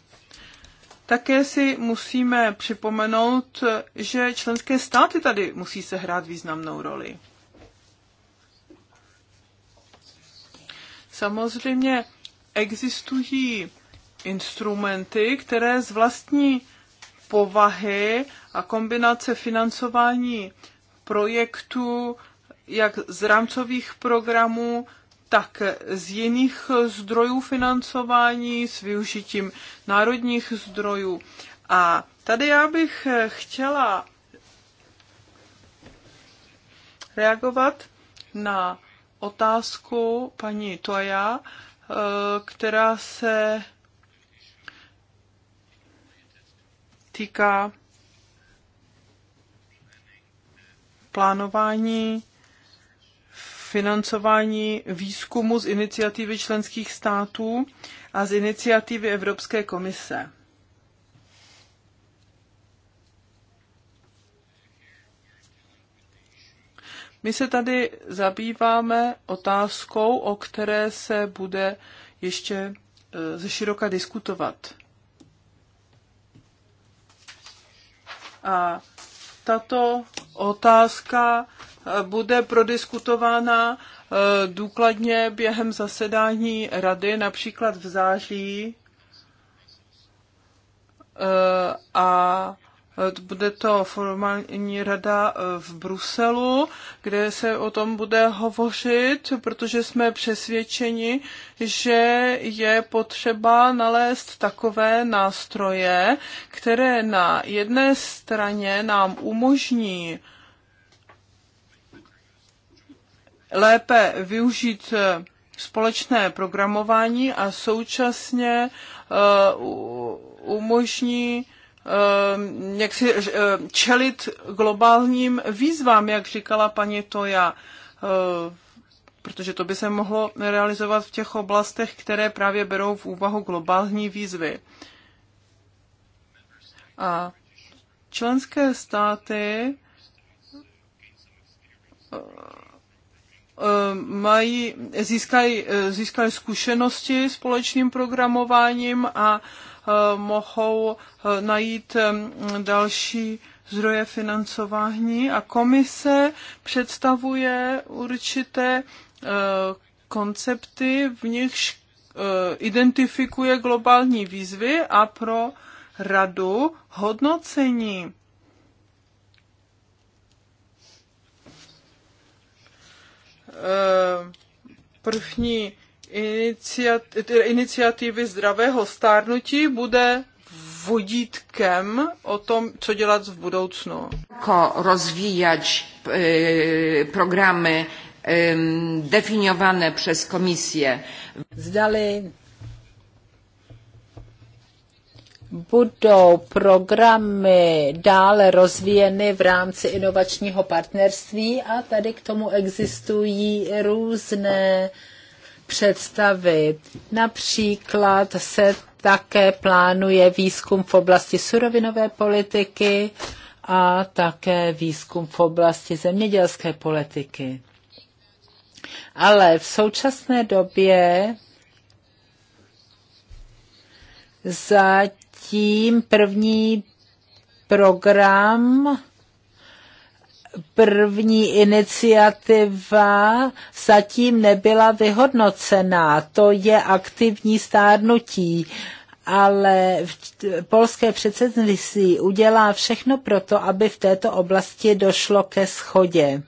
Také si musíme připomenout, že členské státy tady musí sehrát významnou roli. Samozřejmě existují instrumenty, které z vlastní povahy a kombinace financování projektů, jak z rámcových programů, tak z jiných zdrojů financování, s využitím národních zdrojů. A tady já bych chtěla reagovat na otázku paní Toja, eh, která se týká plánování financování výzkumu z iniciativy členských států a z iniciativy Evropské komise. My se tady zabýváme otázkou, o které se bude ještě eh, ze široka diskutovat. A tato otázka eh, bude prodiskutována eh, důkladně během zasedání rady, například v září. A bude to formální rada eh, v Bruselu, kde se o tom bude hovořit, protože jsme přesvědčeni, že je potřeba nalézt takové nástroje, které na jedné straně nám umožní lépe využít eh, společné programování a současně eh, umožní Ehm, jak si eh, čelit globálním výzvám, jak říkala paní Toja, ehm, protože to by se mohlo realizovat v těch oblastech, které právě berou v úvahu globální výzvy. A členské státy ehm, mají, získají, eh, získají zkušenosti společným programováním a Eh, mohou eh, najít další zdroje financování a komise představuje určité eh, koncepty, v nichž identifikuje globální výzvy a pro radu hodnocení. První iniciativy zdravého stárnutí bude vodítkem o tom, co dělat v budoucnu. Jako rozvíjat e, programy e, definované přes komisie. Zdali budou programy dále rozvíjeny v rámci inovačního partnerství a tady k tomu existují různé představy. Například se také plánuje výzkum v oblasti surovinové politiky a také výzkum v oblasti zemědělské politiky. Ale v současné době zatím první program první iniciativa zatím nebyla vyhodnocená. To je aktivní stárnutí ale polské předsednictví udělá všechno proto, aby v této oblasti došlo ke schodě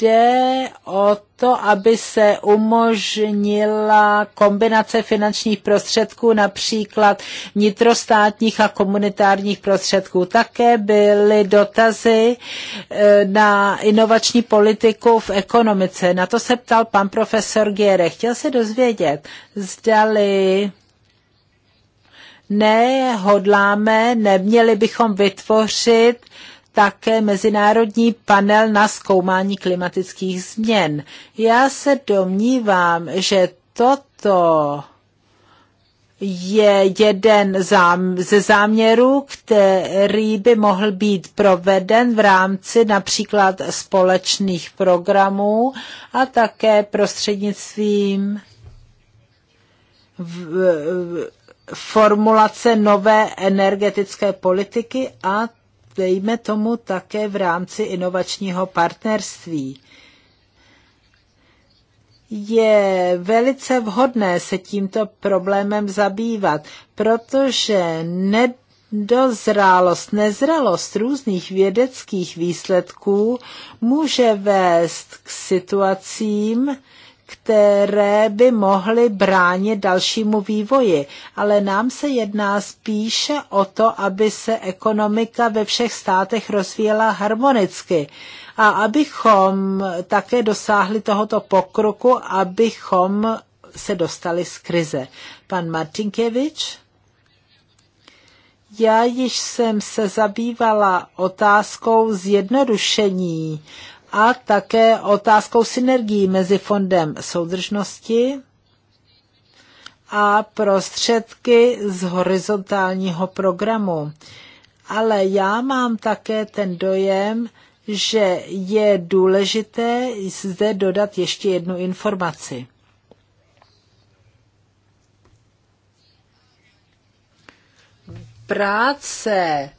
jde o to, aby se umožnila kombinace finančních prostředků, například vnitrostátních a komunitárních prostředků. Také byly dotazy eh, na inovační politiku v ekonomice. Na to se ptal pan profesor Gere. Chtěl se dozvědět, zdali nehodláme, neměli bychom vytvořit také mezinárodní panel na zkoumání klimatických změn. Já se domnívám, že toto je jeden zám, ze záměrů, který by mohl být proveden v rámci například společných programů a také prostřednictvím v, v, formulace nové energetické politiky a dejme tomu také v rámci inovačního partnerství. Je velice vhodné se tímto problémem zabývat, protože nedozrálost, nezralost různých vědeckých výsledků může vést k situacím, které by mohly bránit dalšímu vývoji. Ale nám se jedná spíše o to, aby se ekonomika ve všech státech rozvíjela harmonicky a abychom také dosáhli tohoto pokroku, abychom se dostali z krize. Pan Martinkevič? Já již jsem se zabývala otázkou zjednodušení a také otázkou synergií mezi fondem soudržnosti a prostředky z horizontálního programu. Ale já mám také ten dojem, že je důležité zde dodat ještě jednu informaci. Práce,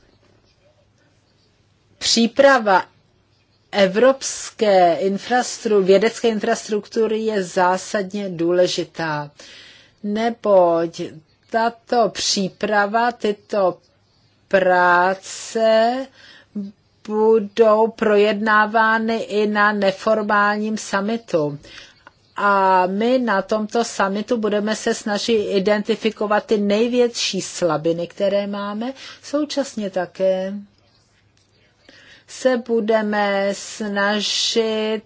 příprava evropské infrastru, vědecké infrastruktury je zásadně důležitá, neboť tato příprava, tyto práce budou projednávány i na neformálním summitu. A my na tomto summitu budeme se snažit identifikovat ty největší slabiny, které máme, současně také se budeme snažit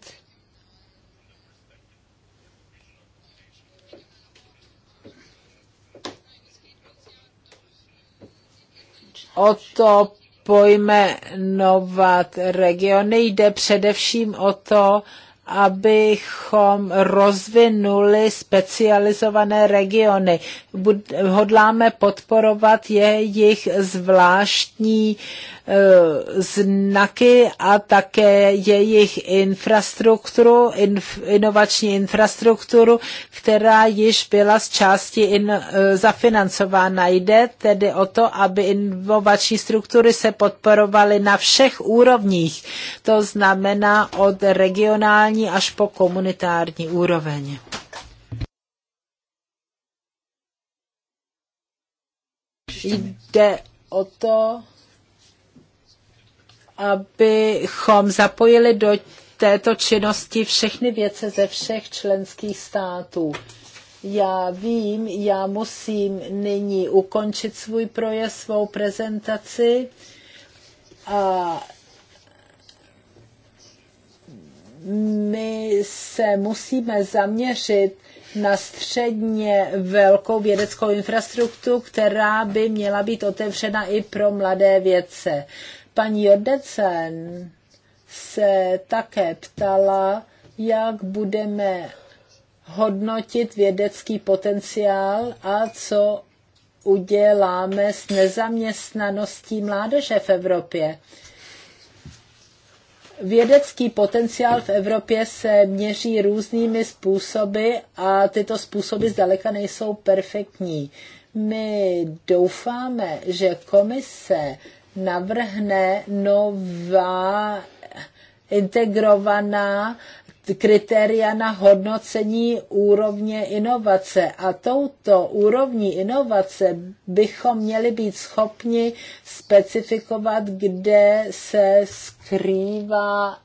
o to pojmenovat regiony. Jde především o to, abychom rozvinuli specializované regiony. Bud- hodláme podporovat jejich zvláštní uh, Eh, znaky a také jejich infrastrukturu, inf, inovační infrastrukturu, která již byla z části in, eh, zafinancována. Jde tedy o to, aby inovační struktury se podporovaly na všech úrovních, to znamená od regionální až po komunitární úroveň. Jde o to, abychom zapojili do této činnosti všechny věce ze všech členských států. Já vím, já musím nyní ukončit svůj projev, svou prezentaci a my se musíme zaměřit na středně velkou vědeckou infrastrukturu, která by měla být otevřena i pro mladé vědce. Paní Jordecen se také ptala, jak budeme hodnotit vědecký potenciál a co uděláme s nezaměstnaností mládeže v Evropě. Vědecký potenciál v Evropě se měří různými způsoby a tyto způsoby zdaleka nejsou perfektní. My doufáme, že komise navrhne nová integrovaná kritéria na hodnocení úrovně inovace. A touto úrovní inovace bychom měli být schopni specifikovat, kde se skrývá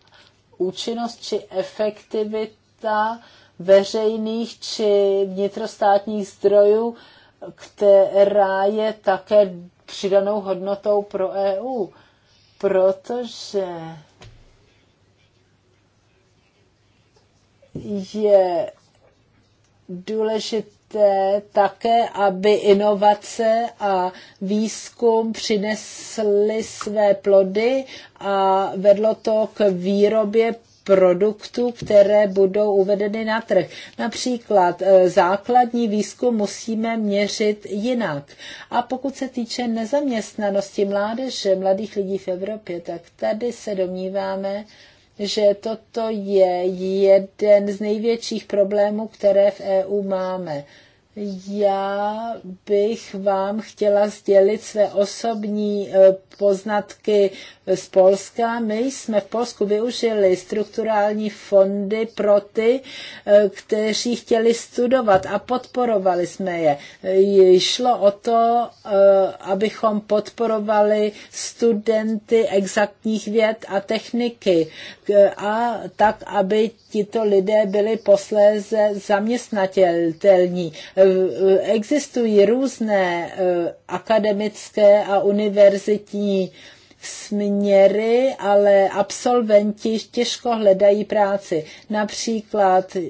účinnost či efektivita veřejných či vnitrostátních zdrojů, která je také přidanou hodnotou pro EU, protože je důležité také, aby inovace a výzkum přinesly své plody a vedlo to k výrobě produktů, které budou uvedeny na trh. Například e, základní výzkum musíme měřit jinak. A pokud se týče nezaměstnanosti mládeže, mladých lidí v Evropě, tak tady se domníváme, že toto je jeden z největších problémů, které v EU máme. Já bych vám chtěla sdělit své osobní e, poznatky z Polska. My jsme v Polsku využili strukturální fondy pro ty, e, kteří chtěli studovat a podporovali jsme je. E, šlo o to, abychom podporovali studenty exaktních věd a techniky a tak, aby tito lidé byli posléze zaměstnatelní. E, existují různé e, akademické a univerzitní směry, ale absolventi těžko hledají práci. Například eh,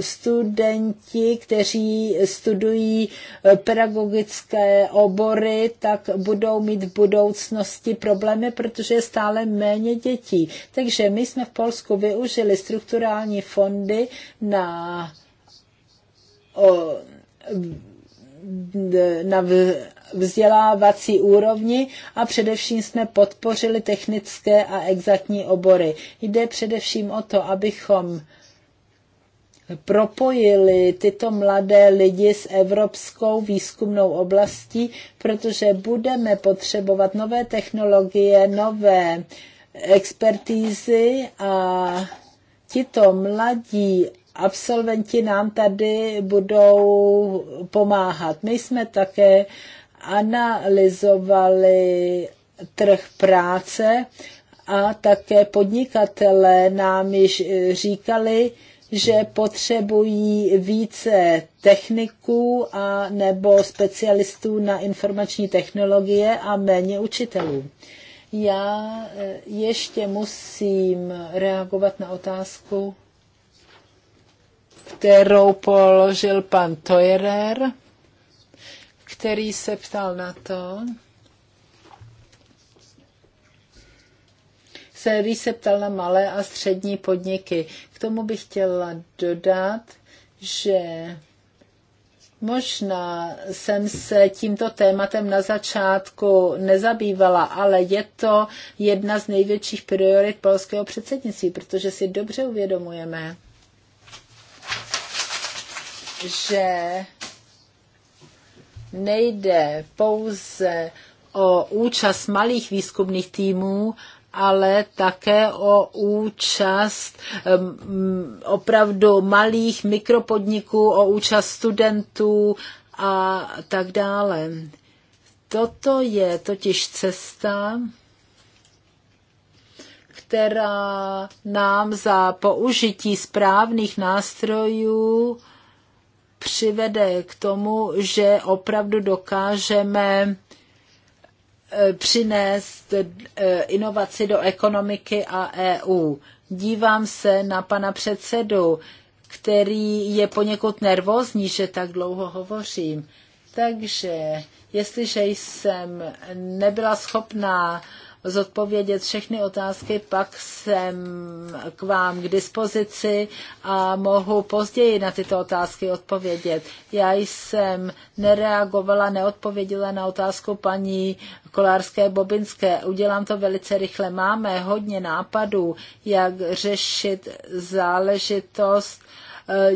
studenti, kteří studují eh, pedagogické obory, tak budou mít v budoucnosti problémy, protože je stále méně dětí. Takže my jsme v Polsku využili strukturální fondy na o, na vzdělávací úrovni a především jsme podpořili technické a exaktní obory. Jde především o to, abychom propojili tyto mladé lidi s evropskou výzkumnou oblastí, protože budeme potřebovat nové technologie, nové expertízy a tito mladí absolventi nám tady budou pomáhat. My jsme také analyzovali trh práce a také podnikatelé nám již eh, říkali, že potřebují více techniků a nebo specialistů na informační technologie a méně učitelů. Já eh, ještě musím reagovat na otázku, kterou položil pan Tojerer který se ptal na to, který se ptal na malé a střední podniky. K tomu bych chtěla dodat, že Možná jsem se tímto tématem na začátku nezabývala, ale je to jedna z největších priorit polského předsednictví, protože si dobře uvědomujeme, že nejde pouze o účast malých výzkumných týmů, ale také o účast opravdu malých mikropodniků, o účast studentů a tak dále. Toto je totiž cesta, která nám za použití správných nástrojů přivede k tomu, že opravdu dokážeme eh, přinést eh, inovaci do ekonomiky a EU. Dívám se na pana předsedu, který je poněkud nervózní, že tak dlouho hovořím. Takže jestliže jsem nebyla schopná zodpovědět všechny otázky, pak jsem k vám k dispozici a mohu později na tyto otázky odpovědět. Já jsem nereagovala, neodpověděla na otázku paní Kolárské Bobinské. Udělám to velice rychle. Máme hodně nápadů, jak řešit záležitost eh,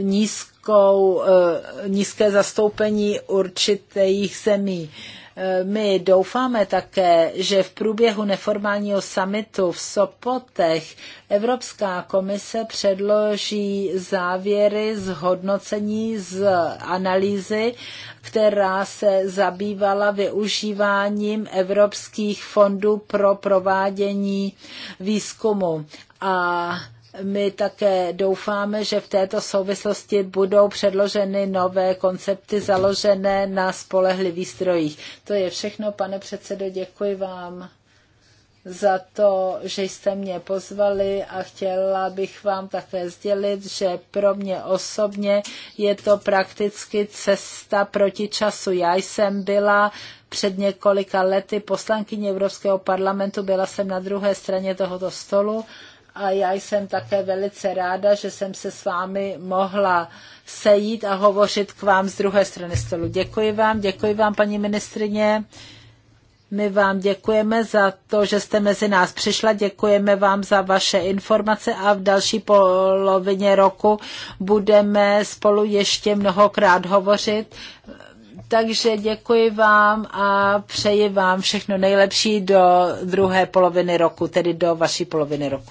nízkou, eh, nízké zastoupení určitých zemí Eh, my doufáme také, že v průběhu neformálního summitu v Sopotech Evropská komise předloží závěry z hodnocení z analýzy, která se zabývala využíváním evropských fondů pro provádění výzkumu. A my také doufáme, že v této souvislosti budou předloženy nové koncepty založené na spolehlivých zdrojích. To je všechno, pane předsedo, děkuji vám za to, že jste mě pozvali a chtěla bych vám také sdělit, že pro mě osobně je to prakticky cesta proti času. Já jsem byla před několika lety poslankyně Evropského parlamentu, byla jsem na druhé straně tohoto stolu a já jsem také velice ráda, že jsem se s vámi mohla sejít a hovořit k vám z druhé strany stolu. Děkuji vám, děkuji vám, paní ministrině. My vám děkujeme za to, že jste mezi nás přišla, děkujeme vám za vaše informace a v další polovině roku budeme spolu ještě mnohokrát hovořit. Takže děkuji vám a přeji vám všechno nejlepší do druhé poloviny roku, tedy do vaší poloviny roku.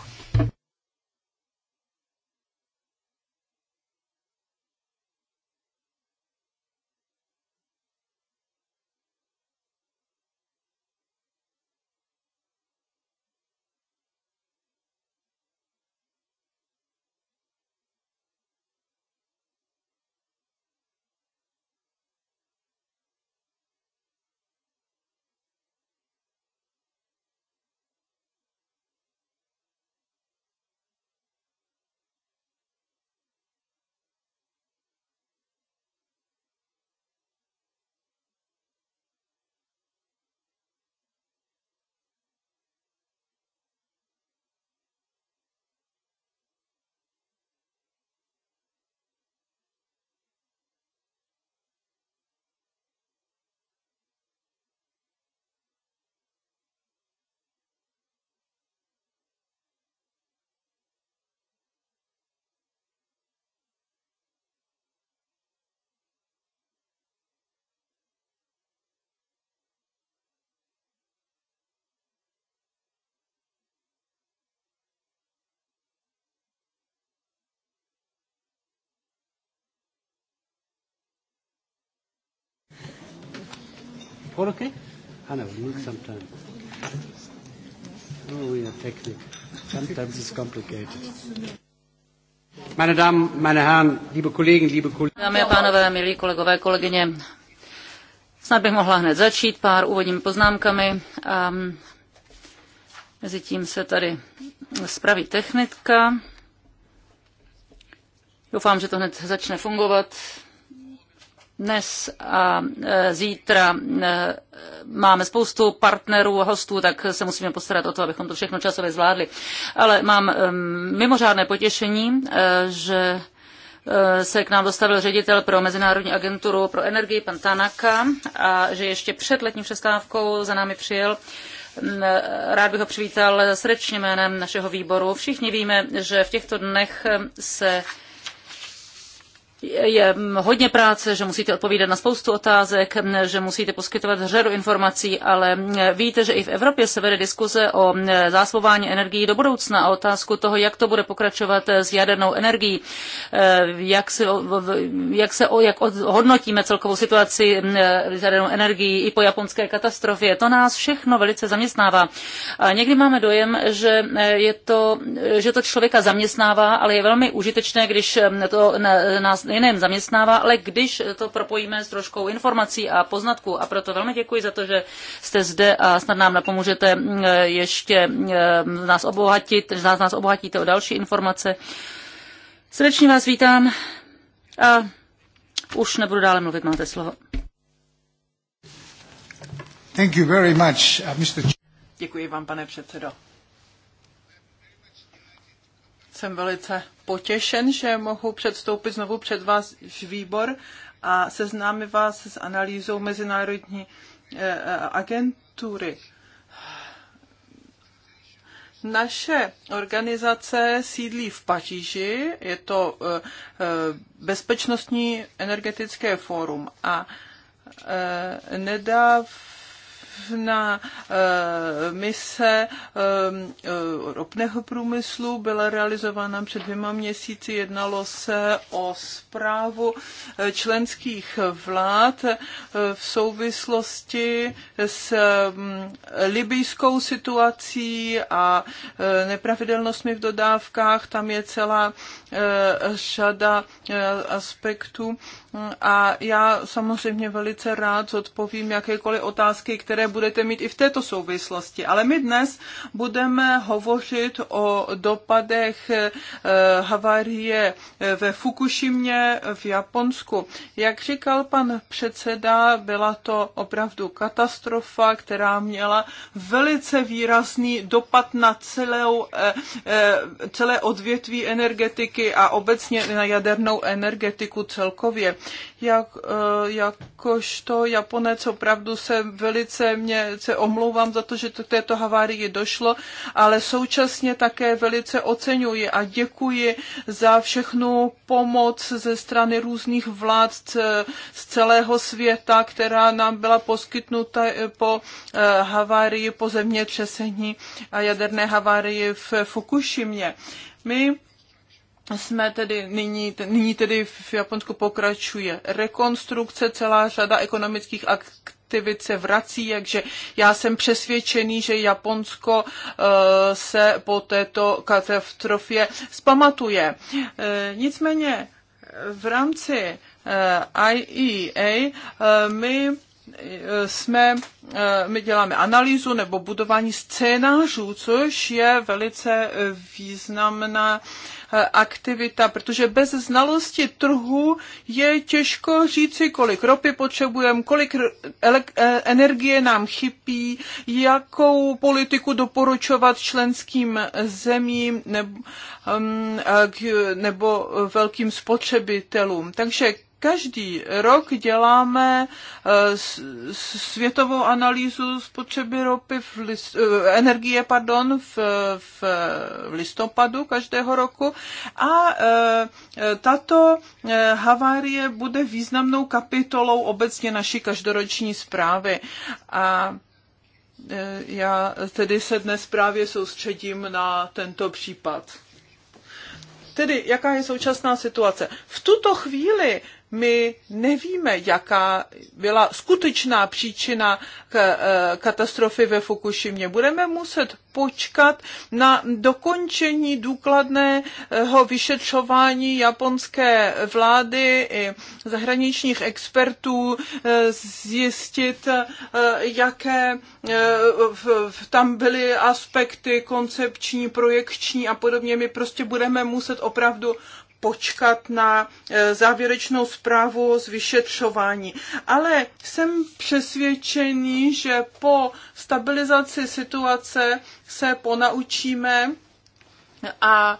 All okay? Hannah, we no, need some time. Oh, we are technical. Sometimes it's complicated. Meine Damen, meine Herren, liebe Kollegen, liebe Kollegen. Dámy a pánové, milí kolegové, kolegyně, snad bych mohla hned začít pár úvodními poznámkami. A mezitím se tady spraví technika. Doufám, že to hned začne fungovat dnes a e, zítra e, máme spoustu partnerů a hostů, tak se musíme postarat o to, abychom to všechno časově zvládli. Ale mám e, mimořádné potěšení, že se k nám dostavil ředitel pro Mezinárodní agenturu pro energii, pan Tanaka, a že ještě před letní přestávkou za námi přijel. Mm, rád bych ho přivítal srdečně jménem našeho výboru. Všichni víme, že v těchto dnech se je hodně práce, že musíte odpovídat na spoustu otázek, že musíte poskytovat řadu informací, ale víte, že i v Evropě se vede diskuze o zásobování energií do budoucna a otázku toho, jak to bude pokračovat s jadernou energií, jak se, jak se jak hodnotíme celkovou situaci s jadernou energií i po japonské katastrofě. To nás všechno velice zaměstnává. A někdy máme dojem, že, je to, že to člověka zaměstnává, ale je velmi užitečné, když to nás jiném zaměstnává, ale když to propojíme s troškou informací a poznatků. A proto velmi děkuji za to, že jste zde a snad nám napomůžete mm, ještě mm, nás obohatit, že nás obohatíte o další informace. Srdečně vás vítám a už nebudu dále mluvit, máte slovo. Thank you very much, uh, Mr. Děkuji vám, pane předsedo. Jsem velice potěšen, že mohu předstoupit znovu před vás výbor a seznámit vás s analýzou Mezinárodní eh, eh, agentury. Naše organizace sídlí v Paříži, je to eh, Bezpečnostní energetické fórum a nedávno na eh, mise eh, ropného průmyslu byla realizována před dvěma měsíci. Jednalo se o zprávu eh, členských vlád v souvislosti s mm, libijskou situací a nepravidelnostmi v dodávkách. Tam je celá Eh, řada eh, aspektů a já samozřejmě velice rád odpovím jakékoliv otázky, které budete mít i v této souvislosti. Ale my dnes budeme hovořit o dopadech eh, havárie ve Fukushimě v Japonsku. Jak říkal pan předseda, byla to opravdu katastrofa, která měla velice výrazný dopad na celou, celé odvětví energetiky energetiky a obecně na jadernou energetiku celkově. Jak, eh, jakožto Japonec opravdu se velice mě, se omlouvám za to, že to k této havárii došlo, ale současně také velice oceňuji a děkuji za všechnu pomoc ze strany různých vlád eh, z celého světa, která nám byla poskytnuta eh, po havárii, po zemětřesení a jaderné havárii v Fukušimě. My jsme tedy nyní, nyní tedy v Japonsku pokračuje rekonstrukce, celá řada ekonomických aktivit se vrací, takže já jsem přesvědčený, že Japonsko eh, se po této katastrofě zpamatuje. Eh, nicméně v rámci eh, IEA my jsme, my děláme analýzu nebo budování scénářů, což je velice významná Eh, aktivita, protože bez znalosti trhu je těžko říci, kolik ropy potřebujeme, kolik eh, energie nám chybí, jakou politiku doporučovat členským zemím nebo, eh, nebo velkým spotřebitelům. Takže Každý rok děláme eh, světovou analýzu spotřeby ropy v list, eh, energie pardon, v, v listopadu každého roku a eh, tato havárie bude významnou kapitolou obecně naší každoroční zprávy. A já tedy se dnes právě soustředím na tento případ. Tedy, jaká je současná situace? V tuto chvíli my nevíme, jaká byla skutečná příčina k, e, katastrofy ve Fukušimě. Budeme muset počkat na dokončení důkladného vyšetřování japonské vlády i zahraničních expertů, e, zjistit, e, jaké tam byly aspekty koncepční, projekční a podobně. My prostě budeme muset opravdu počkat na e, závěrečnou zprávu z vyšetřování. Ale jsem přesvědčený, že po stabilizaci situace se ponaučíme a e,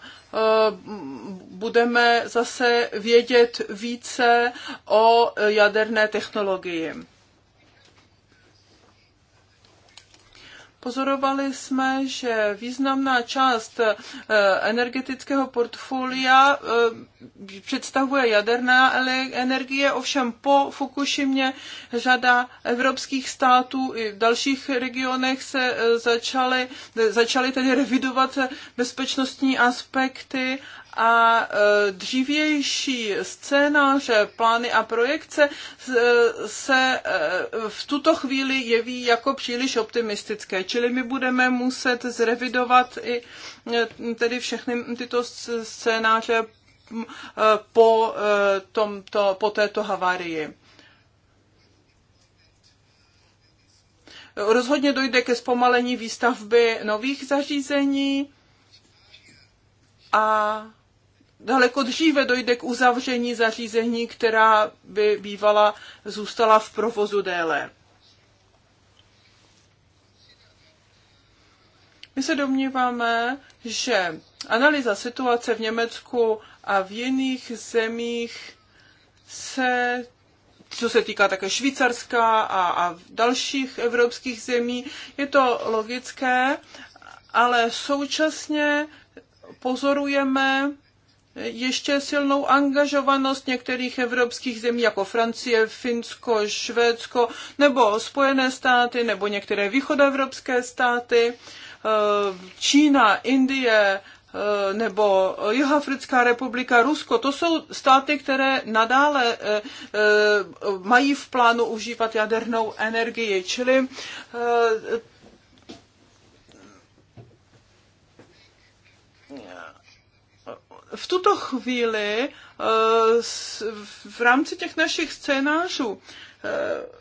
budeme zase vědět více o jaderné technologii. Pozorovali jsme, že významná část eh, energetického portfolia eh, představuje jaderná energie, ovšem po Fukushimě řada evropských států i v dalších regionech se eh, začaly, začaly tedy revidovat bezpečnostní aspekty a e, dřívější scénáře, plány a projekce e, se e, v tuto chvíli jeví jako příliš optimistické. Čili my budeme muset zrevidovat i tedy všechny tyto scénáře po, tomto, po této havárii. Rozhodně dojde ke zpomalení výstavby nových zařízení a daleko dříve dojde k uzavření zařízení, která by bývala zůstala v provozu déle. My se domníváme, že analýza situace v Německu a v jiných zemích se, co se týká také Švýcarska a, a dalších evropských zemí, je to logické, ale současně pozorujeme ještě silnou angažovanost některých evropských zemí jako Francie, Finsko, Švédsko nebo Spojené státy nebo některé východoevropské státy, eh, Čína, Indie, eh, nebo Jihoafrická republika, Rusko, to jsou státy, které nadále eh, mají v plánu užívat jadernou energii, čili v tuto chvíli eh, v rámci těch našich scénářů eh,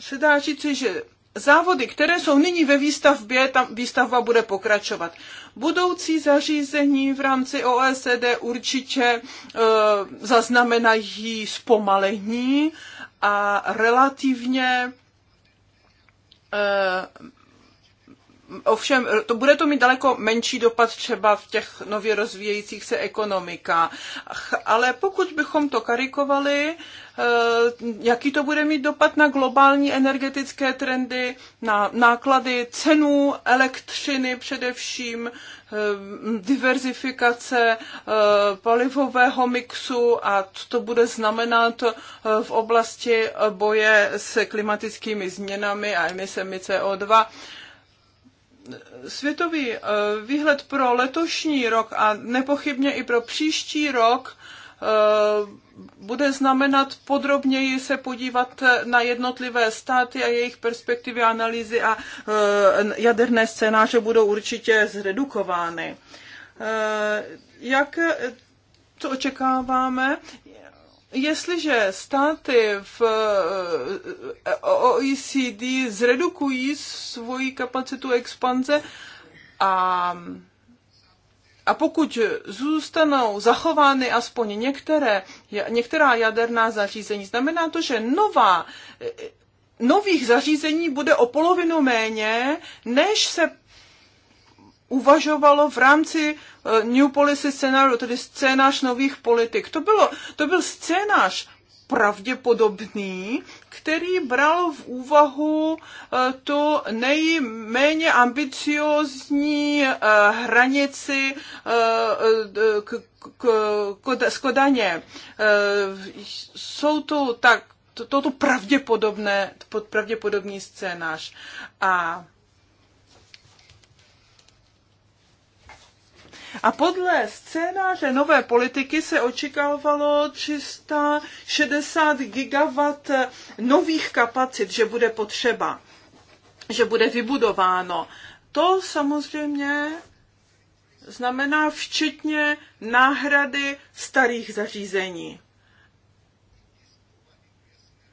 se dá říci, že závody, které jsou nyní ve výstavbě, tam výstavba bude pokračovat. Budoucí zařízení v rámci OSD určitě eh, zaznamenají zpomalení a relativně Ovšem, to bude to mít daleko menší dopad třeba v těch nově rozvíjejících se ekonomikách. Ale pokud bychom to karikovali, eh, jaký to bude mít dopad na globální energetické trendy, na náklady cenu elektřiny především, eh, diverzifikace eh, palivového mixu a co to bude znamenat v oblasti boje s klimatickými změnami a emisemi CO2 světový eh, výhled pro letošní rok a nepochybně i pro příští rok eh, bude znamenat podrobněji se podívat na jednotlivé státy a jejich perspektivy analýzy a eh, jaderné scénáře budou určitě zredukovány. Jak to očekáváme? Jestliže státy v eh, OECD zredukují svoji kapacitu expanze a, a pokud zůstanou zachovány aspoň některé, některá jaderná zařízení, znamená to, že nová eh, nových zařízení bude o polovinu méně, než se uvažovalo v rámci eh, New Policy scénáru, tedy scénář nových politik. To, bylo, to byl scénář pravděpodobný, který bral v úvahu eh, tu nejméně ambiciozní eh, hranici z Kodaně. Jsou tu tak, toto pravděpodobné, pravděpodobný scénář. A A podle scénáře nové politiky se očekávalo 360 gigawatt nových kapacit, že bude potřeba, že bude vybudováno. To samozřejmě znamená včetně náhrady starých zařízení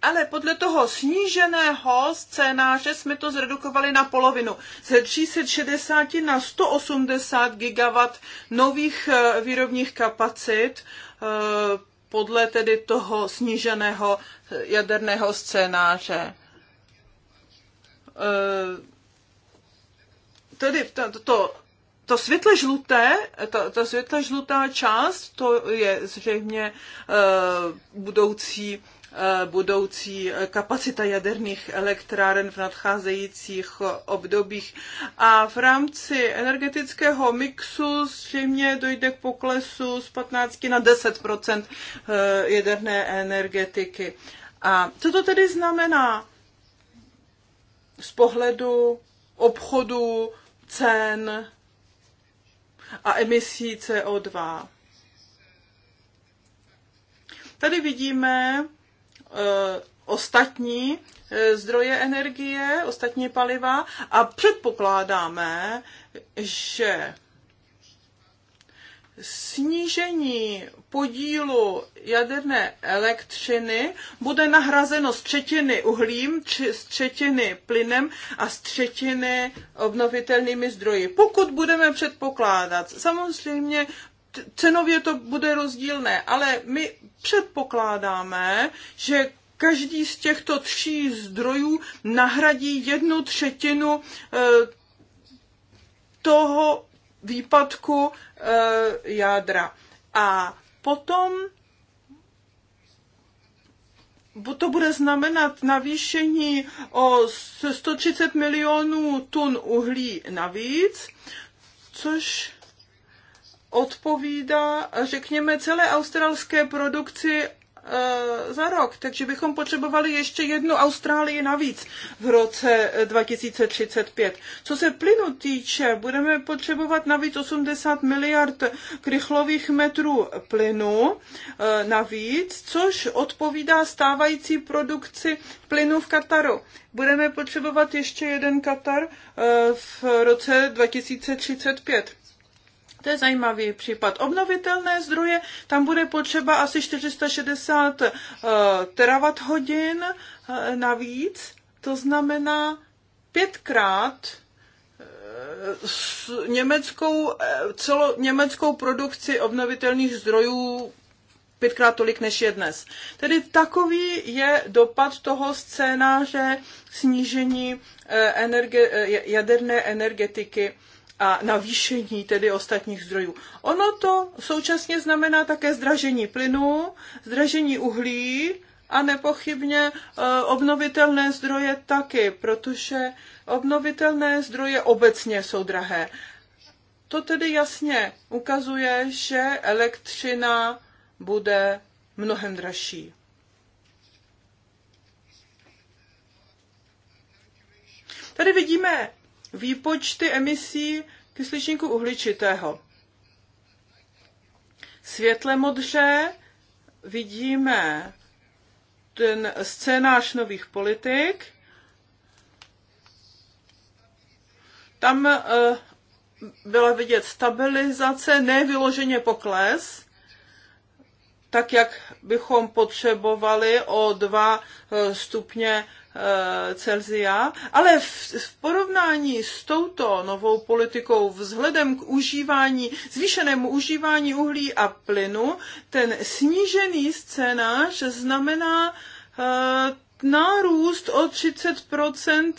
ale podle toho sníženého scénáře jsme to zredukovali na polovinu. Ze 360 na 180 gigawatt nových eh, výrobních kapacit eh, podle tedy toho sníženého eh, jaderného scénáře. Tedy to, to, to světle žluté, ta, ta světle žlutá část, to je zřejmě budoucí Eh, budoucí kapacita jaderných elektráren v nadcházejících obdobích. A v rámci energetického mixu zřejmě dojde k poklesu z 15 na 10 eh, jaderné energetiky. A co to tedy znamená z pohledu obchodu, cen a emisí CO2? Tady vidíme Eh, ostatní eh, zdroje energie, ostatní paliva a předpokládáme, že snížení podílu jaderné elektřiny bude nahrazeno z třetiny uhlím, či z třetiny plynem a z třetiny obnovitelnými zdroji. Pokud budeme předpokládat, samozřejmě cenově to bude rozdílné, ale my předpokládáme, že každý z těchto tří zdrojů nahradí jednu třetinu eh, toho výpadku eh, jádra. A potom to bude znamenat navýšení o 130 milionů tun uhlí navíc, což odpovídá, řekněme, celé australské produkci e, za rok, takže bychom potřebovali ještě jednu Austrálii navíc v roce 2035. E, Co se plynu týče, budeme potřebovat navíc 80 miliard krychlových metrů plynu e, navíc, což odpovídá stávající produkci plynu v Kataru. Budeme potřebovat ještě jeden Katar v roce 2035. To je zajímavý případ. Obnovitelné zdroje, tam bude potřeba asi 460 uh, eh, terawatt hodin uh, eh, navíc, to znamená pětkrát eh, s německou, celo německou produkci obnovitelných zdrojů pětkrát tolik, než je dnes. Tedy takový je dopad toho scénáře snížení energe, jaderné energetiky a navýšení tedy ostatních zdrojů. Ono to současně znamená také zdražení plynu, zdražení uhlí a nepochybně e, obnovitelné zdroje taky, protože obnovitelné zdroje obecně jsou drahé. To tedy jasně ukazuje, že elektřina bude mnohem dražší. Tady vidíme výpočty emisí kysličníku uhličitého. Světle modře vidíme ten scénář nových politik. Tam eh, byla vidět stabilizace, ne vyloženě pokles, tak, jak bychom potřebovali o 2 eh, stupně eh, Celzia, ale v, v porovnání s touto novou politikou vzhledem k užívání, zvýšenému užívání uhlí a plynu, ten snížený scénář znamená eh, nárůst o 30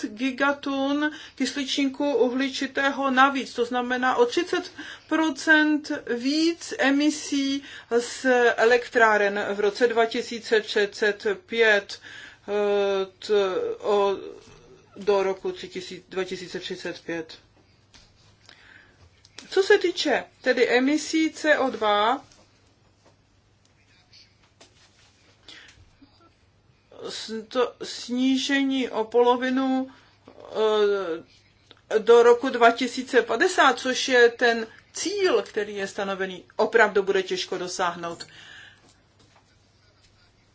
gigatun kysličníku uhličitého navíc. To znamená o 30 víc emisí z elektráren v roce 2035 eh, do roku 2035. Co se týče tedy emisí CO2, to snížení o polovinu eh, do roku 2050, což je ten cíl, který je stanovený, opravdu bude těžko dosáhnout.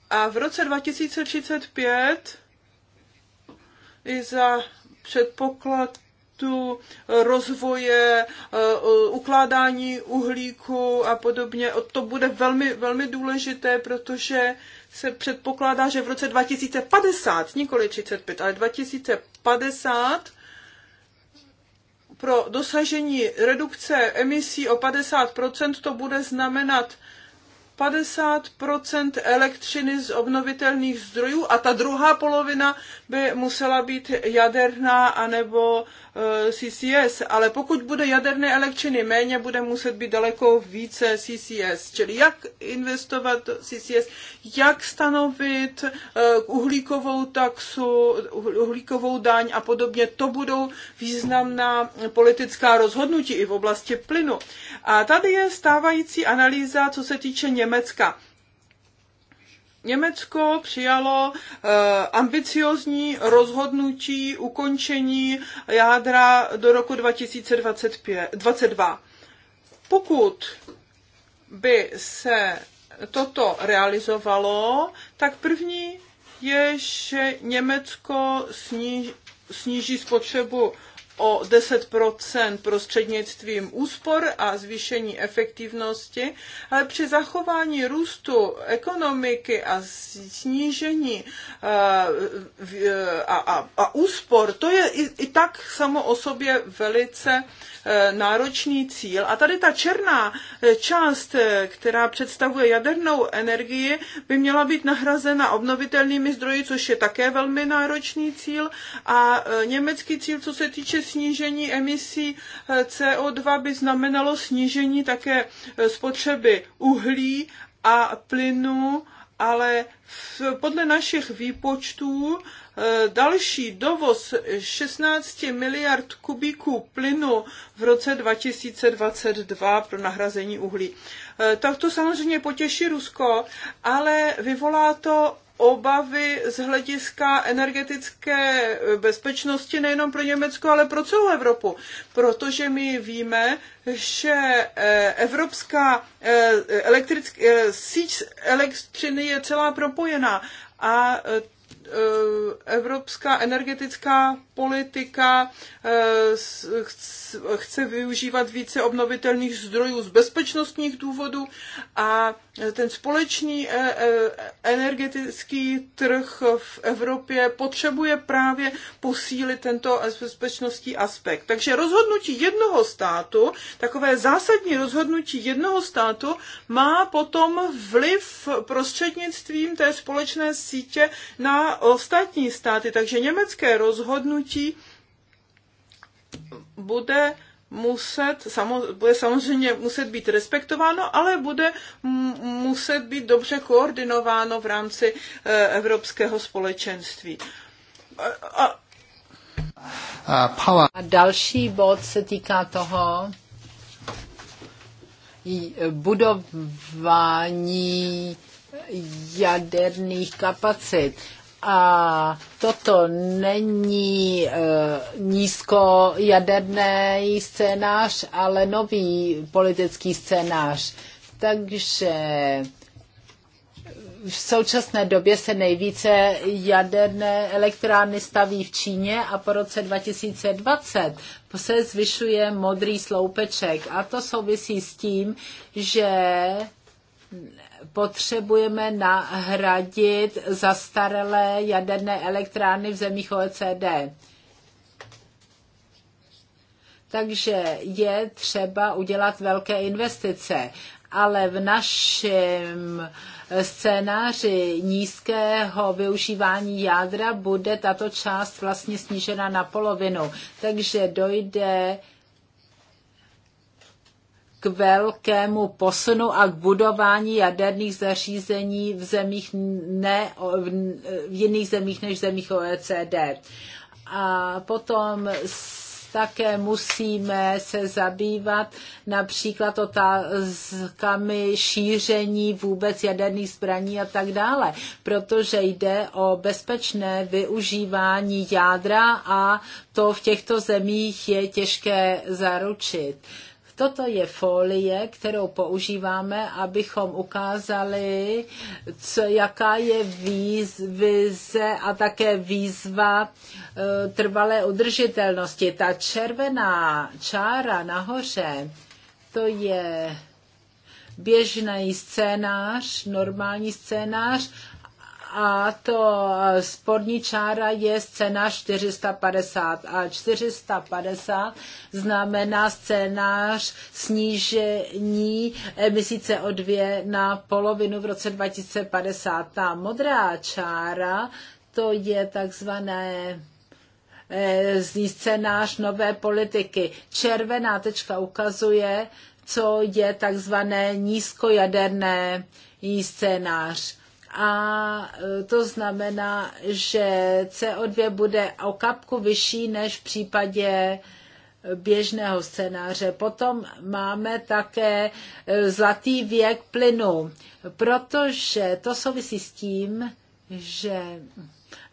A v roce 2035 i za předpokladu rozvoje, eh, ukládání uhlíku a podobně, to bude velmi, velmi důležité, protože se předpokládá, že v roce 2050, nikoli 35, ale 2050 pro dosažení redukce emisí o 50 to bude znamenat 50 elektřiny z obnovitelných zdrojů a ta druhá polovina by musela být jaderná anebo eh, CCS. Ale pokud bude jaderné elektřiny méně, bude muset být daleko více CCS. Čili jak investovat do CCS, jak stanovit eh, uhlíkovou taxu, uhlíkovou daň a podobně, to budou významná politická rozhodnutí i v oblasti plynu. A tady je stávající analýza, co se týče Německa. Německo přijalo eh, ambiciozní rozhodnutí ukončení jádra do roku 2022. Pokud by se toto realizovalo, tak první je, že Německo sníží spotřebu o 10 prostřednictvím úspor a zvýšení efektivnosti, ale při zachování růstu ekonomiky a snížení eh, eh, a, a, a úspor, to je i, i tak samo o sobě velice eh, náročný cíl. A tady ta černá část, která představuje jadernou energii, by měla být nahrazena obnovitelnými zdroji, což je také velmi náročný cíl. A německý cíl, co se týče snížení emisí eh, CO2 by znamenalo snížení také eh, spotřeby uhlí a plynu, ale v, podle našich výpočtů eh, další dovoz 16 miliard kubíků plynu v roce 2022 pro nahrazení uhlí. Tak to samozřejmě potěší Rusko, ale vyvolá to obavy z hlediska energetické bezpečnosti nejenom pro Německo, ale pro celou Evropu. Protože my víme, že eh, evropská eh, elektrick, eh, síť elektřiny je celá propojená a evropská energetická politika eh, chce využívat více obnovitelných zdrojů z bezpečnostních důvodů a ten společný eh, eh, energetický trh v Evropě potřebuje právě posílit tento bezpečnostní aspekt. Takže rozhodnutí jednoho státu, takové zásadní rozhodnutí jednoho státu, má potom vliv prostřednictvím té společné sítě na ostatní státy. Takže německé rozhodnutí rozhodnutí bude muset, samo, bude samozřejmě muset být respektováno, ale bude muset být dobře koordinováno v rámci e, evropského společenství. A, a... a další bod se týká toho budování jaderných kapacit. A toto není e, nízkojaderný scénář, ale nový politický scénář. Takže v současné době se nejvíce jaderné elektrárny staví v Číně a po roce 2020 se zvyšuje modrý sloupeček. A to souvisí s tím, že potřebujeme nahradit zastaralé jaderné elektrárny v zemích OECD. Takže je třeba udělat velké investice, ale v našem scénáři nízkého využívání jádra bude tato část vlastně snížena na polovinu. Takže dojde k velkému posunu a k budování jaderných zařízení v, zemích ne, v jiných zemích než v zemích OECD. A potom také musíme se zabývat například otázkami šíření vůbec jaderných zbraní a tak dále, protože jde o bezpečné využívání jádra a to v těchto zemích je těžké zaručit. Toto je folie, kterou používáme, abychom ukázali, co, jaká je výz, vize a také výzva e, trvalé udržitelnosti. Ta červená čára nahoře, to je běžný scénář, normální scénář a to spodní čára je scéna 450 a 450 znamená scénář snížení emisí CO2 na polovinu v roce 2050. Ta modrá čára to je takzvané eh, zní scénář nové politiky. Červená tečka ukazuje, co je takzvané nízkojaderné scénář a e, to znamená, že CO2 bude o kapku vyšší než v případě e, běžného scénáře. Potom máme také e, zlatý věk plynu, protože to souvisí s tím, že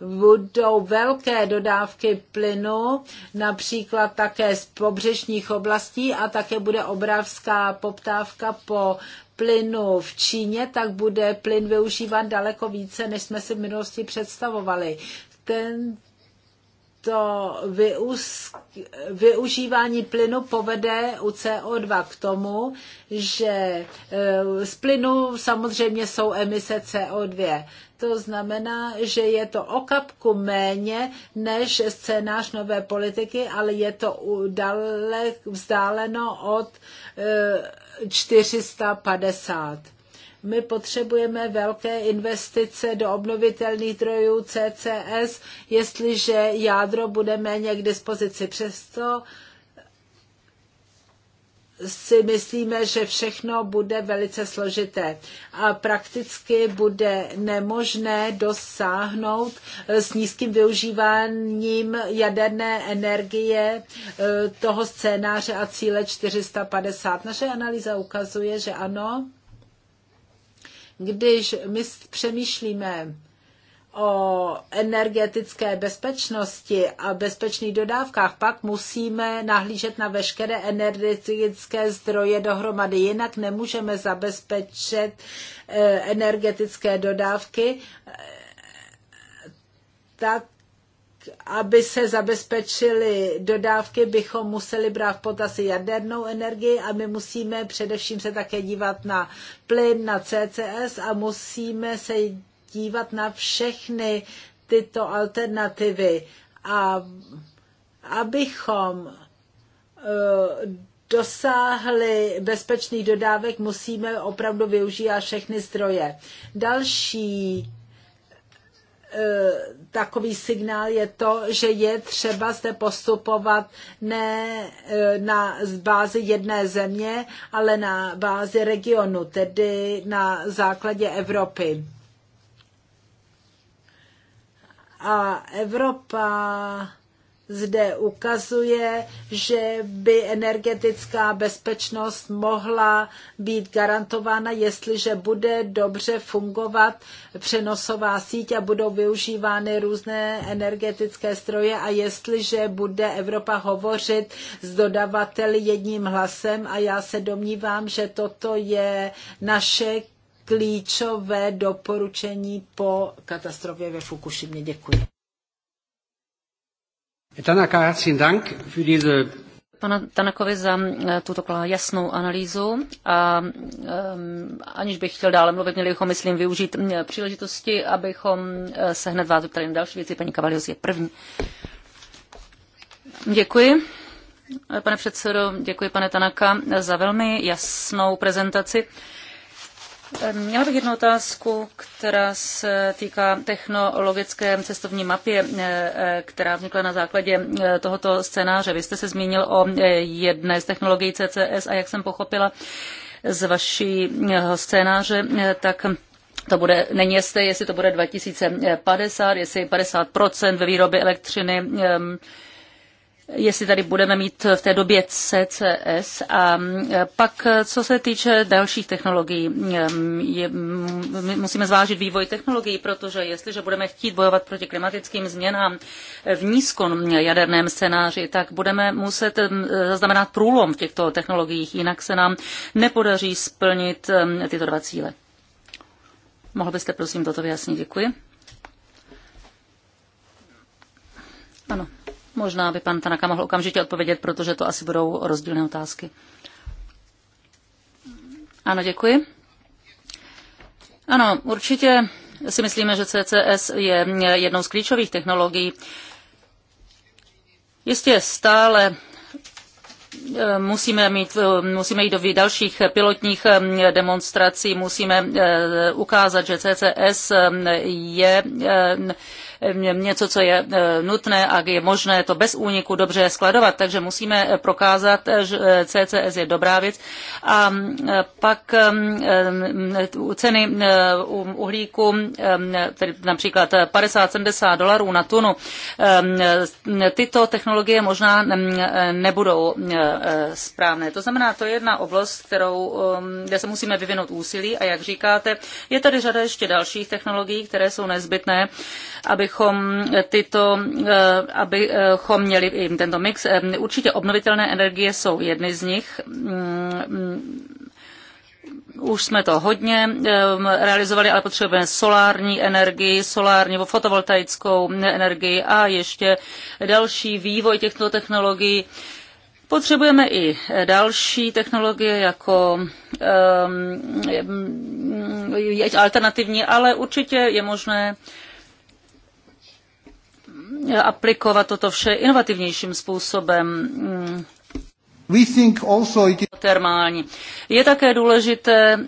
budou velké dodávky plynu, například také z pobřežních oblastí a také bude obrovská poptávka po plynu v Číně, tak bude plyn využívat daleko více, než jsme si v minulosti představovali. Ten, to využívání plynu povede u CO2 k tomu, že eh, z plynu samozřejmě jsou emise CO2. To znamená, že je to o kapku méně než scénář nové politiky, ale je to dalek vzdáleno od eh, 450. My potřebujeme velké investice do obnovitelných zdrojů CCS, jestliže jádro bude někdy k dispozici. Přesto si myslíme, že všechno bude velice složité a prakticky bude nemožné dosáhnout s nízkým využíváním jaderné energie e, toho scénáře a cíle 450. Naše analýza ukazuje, že ano, když my přemýšlíme o energetické bezpečnosti a bezpečných dodávkách, pak musíme nahlížet na veškeré energetické zdroje dohromady. Jinak nemůžeme zabezpečit eh, energetické dodávky eh, tak, aby se zabezpečily dodávky, bychom museli brát v potaz jadernou energii a my musíme především se také dívat na plyn, na CCS a musíme se dívat na všechny tyto alternativy a abychom eh, dosáhli bezpečných dodávek, musíme opravdu využívat všechny zdroje. Další eh, takový signál je to, že je třeba zde postupovat ne eh, na bázi jedné země, ale na bázi regionu, tedy na základě Evropy. A Evropa zde ukazuje, že by energetická bezpečnost mohla být garantována, jestliže bude dobře fungovat přenosová síť a budou využívány různé energetické stroje a jestliže bude Evropa hovořit s dodavateli jedním hlasem a já se domnívám, že toto je naše klíčové doporučení po katastrofě ve Fukushimě. Děkuji. Tanaka, herzlichen Dank für diese pana Tanakovi za eh, tuto jasnou analýzu a um, aniž bych chtěl dále mluvit, měli bychom, myslím, využít mm, příležitosti, abychom eh, se hned vás zeptali na další věci. Paní Kavalios je první. Děkuji. Pane předsedo, děkuji pane Tanaka za velmi jasnou prezentaci. Měla bych jednu otázku, která se týká technologické cestovní mapy, e, která vznikla na základě tohoto scénáře. Vy jste se zmínil o jedné z technologií CCS a jak jsem pochopila z vašího scénáře, tak to bude, není jisté, jestli to bude 2050, jestli 50% ve výrobě elektřiny jestli tady budeme mít v té době CCS. A mm, pak, co se týče dalších technologií, mm, je, mm, musíme zvážit vývoj technologií, protože jestliže budeme chtít bojovat proti klimatickým změnám v jaderném scénáři, tak budeme muset zaznamenat průlom v těchto technologiích, jinak se nám nepodaří splnit tyto dva cíle. Mohl byste prosím toto vyjasnit? Děkuji. Ano. Možná by pan Tanaka mohl okamžitě odpovědět, protože to asi budou rozdílné otázky. Ano, děkuji. Ano, určitě si myslíme, že CCS je jednou z klíčových technologií. Jistě stále eh, musíme, mít, eh, musíme jít do dalších pilotních eh, demonstrací, musíme ukázat, že CCS je něco, co je e, nutné a je možné to bez úniku dobře skladovat. Takže musíme e, prokázat, e, že CCS je dobrá věc. A pak ceny uhlíku, tedy například 50-70 dolarů na tunu, tyto technologie možná nebudou správné. To znamená, to je jedna oblast, kterou, um, kde se musíme vyvinout úsilí a jak říkáte, je tady řada ještě dalších technologií, které jsou nezbytné abychom, tyto, eh, abychom měli i tento mix. Eh, určitě obnovitelné energie jsou jedny z nich mm, mm, už jsme to hodně eh, realizovali, ale potřebujeme solární energii, solární nebo fotovoltaickou energii a ještě další vývoj těchto technologií. Potřebujeme i další technologie jako um, alternativní, ale určitě je možné uh, aplikovat toto vše inovativnějším způsobem. Termální. Je také důležité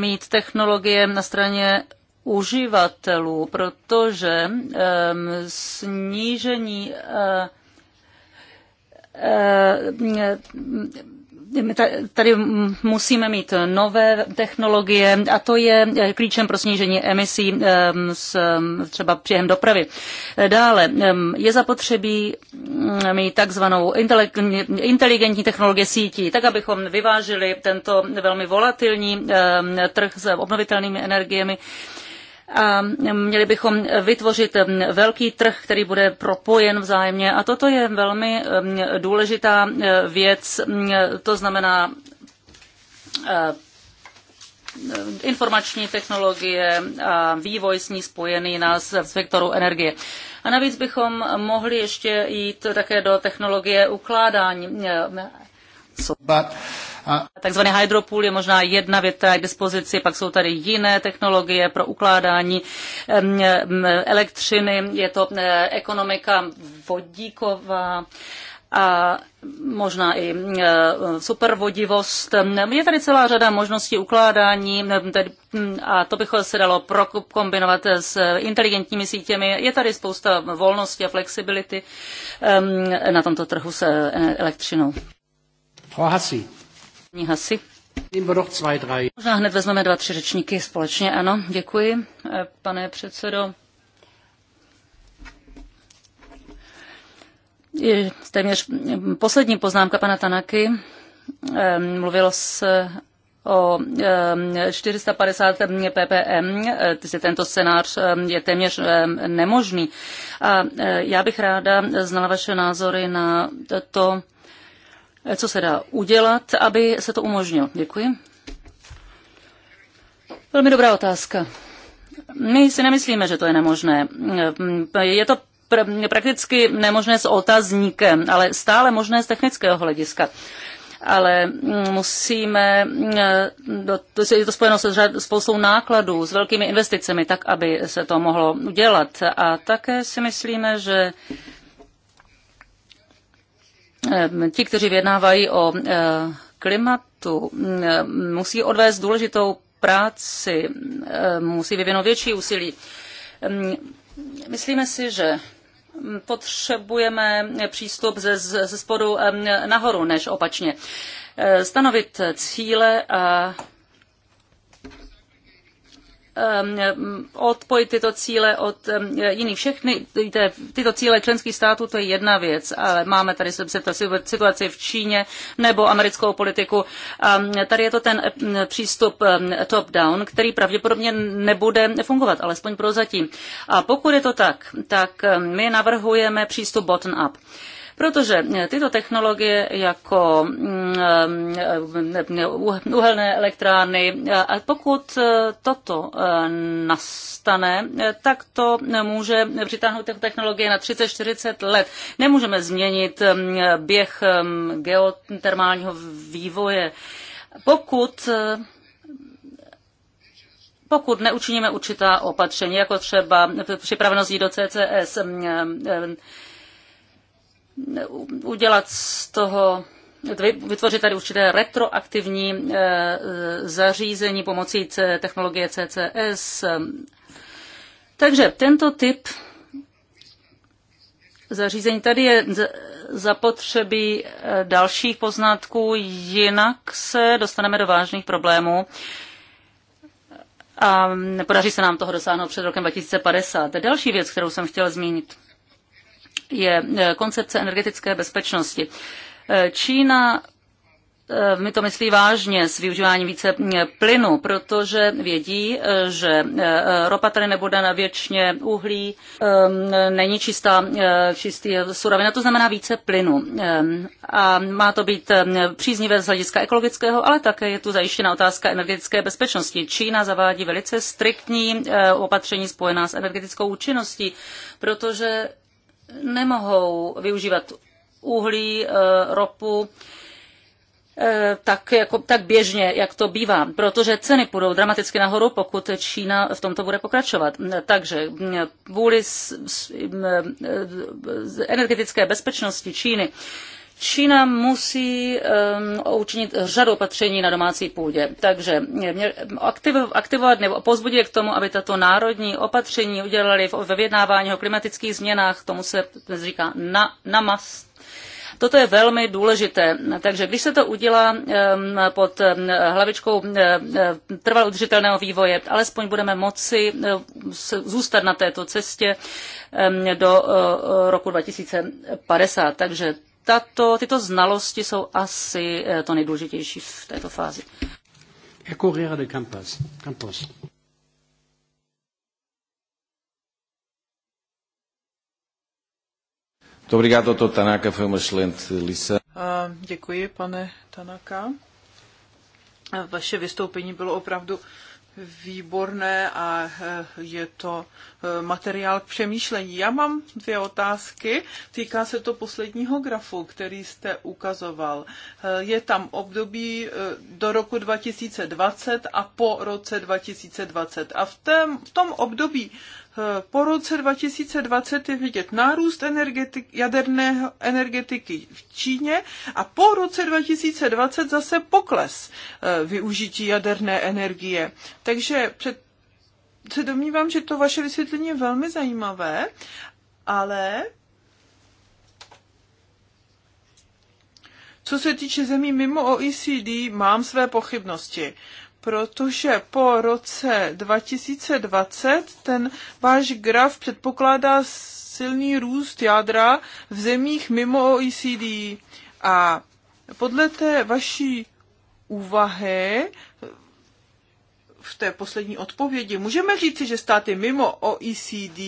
mít technologie na straně uživatelů, protože snížení eh, eh, tady musíme mít nové technologie a to je eh, klíčem pro snížení emisí ehm, s, ehm, třeba příjem dopravy. Eh, dále ehm, je zapotřebí mm, mít takzvanou inteligentní technologie sítí, tak abychom vyvážili tento velmi volatilní trh s obnovitelnými energiemi a měli bychom vytvořit velký trh, který bude propojen vzájemně. A toto je velmi důležitá e, věc, to znamená e, informační technologie a vývoj s ní spojený v sektoru energie. A navíc bychom mohli ještě jít také do technologie ukládání e, Uh, Takzvaný hydropool je možná jedna věc, k dispozici, pak jsou tady jiné technologie pro ukládání elektřiny, je to eh, ekonomika vodíková a možná i eh, supervodivost. Je tady celá řada možností ukládání hm, a to bych se dalo kombinovat s inteligentními sítěmi. Je tady spousta volnosti a flexibility na tomto trhu s eh, elektřinou. Frau Možná hned vezmeme dva, tři řečníky společně. Ano, děkuji, eh, pane předsedo. Téměř poslední poznámka pana Tanaky. Ehm, mluvilo se o 450 ehm, ppm, eh, tento scénář ehm, je téměř nemožný. A eh, já bych ráda znala vaše názory na to, co se dá udělat, aby se to umožnilo. Děkuji. Velmi dobrá otázka. My si nemyslíme, že to je nemožné. Je to pr- prakticky nemožné s otazníkem, ale stále možné z technického hlediska ale musíme, to je to spojeno se řad, spoustou nákladů, s velkými investicemi, tak, aby se to mohlo udělat. A také si myslíme, že Ehm, ti, kteří vyjednávají o eh, klimatu, ehm, musí odvést důležitou práci, ehm, musí vyvinout větší úsilí. Myslíme si, že potřebujeme přístup ze, ze spodu nahoru než opačně. Eh, stanovit cíle a Um, odpojit tyto cíle od um, jiných. Všechny tyto cíle členských států, to je jedna věc, ale máme tady situaci v Číně nebo americkou politiku. A um, tady je to ten přístup top-down, který pravděpodobně nebude fungovat, alespoň prozatím. A pokud je to tak, tak my navrhujeme přístup bottom-up protože tyto technologie jako mm, eh, mm, eh, uhelné elektrárny, eh, a pokud toto nastane, tak to může přitáhnout technologie na 30-40 let. Nemůžeme změnit mm, běh geotermálního vývoje. Pokud pokud neučiníme určitá opatření, jako třeba připravenost do CCS, udělat z toho vytvořit tady určité retroaktivní eh, zařízení pomocí technologie CCS. Takže tento typ zařízení tady je zapotřebí eh, dalších poznatků, jinak se dostaneme do vážných problémů a nepodaří se nám toho dosáhnout před rokem 2050. Další věc, kterou jsem chtěl zmínit je e, koncepce energetické bezpečnosti. E, Čína e, my to myslí vážně s využíváním více plynu, protože vědí, že ropa tady nebude na věčně uhlí, není čistá, čistý surovina, to znamená více plynu. A má to být příznivé z hlediska ekologického, ale také je tu zajištěna otázka energetické bezpečnosti. Čína zavádí velice striktní opatření spojená s energetickou účinností, protože nemohou využívat uhlí, eh, ropu, eh, tak, jako, tak běžně, jak to bývá, protože ceny půjdou dramaticky nahoru, pokud Čína v tomto bude pokračovat. Takže eh, vůli energetické bezpečnosti Číny Čína musí um, učinit řadu opatření na domácí půdě. Takže aktivovat nebo pozbudit k tomu, aby tato národní opatření udělali ve vyjednávání o klimatických změnách, tomu se říká na, mas. Toto je velmi důležité. Takže když se to udělá pod hlavičkou trvalo udržitelného vývoje, alespoň budeme moci zůstat na této cestě do roku 2050. Takže tato, tyto znalosti jsou asi eh, to nejdůležitější v této fázi. de Campos. Campos. obrigado, doutor Tanaka. Foi uma excelente lição. Děkuji, pane Tanaka. Vaše vystoupení bylo opravdu výborné a eh, je to eh, materiál k přemýšlení. Já mám dvě otázky. Týká se to posledního grafu, který jste ukazoval. Eh, je tam období do roku 2020 a po roce 2020. A v, tém, v tom období Eh, po roce 2020 je vidět nárůst energetik, jaderné energetiky v Číně a po roce 2020 zase pokles eh, využití jaderné energie. Takže před, se domnívám, že to vaše vysvětlení je velmi zajímavé, ale co se týče zemí mimo OECD, mám své pochybnosti protože po roce 2020 ten váš graf předpokládá silný růst jádra v zemích mimo OECD. A podle té vaší úvahy v té poslední odpovědi můžeme říci, že státy mimo OECD,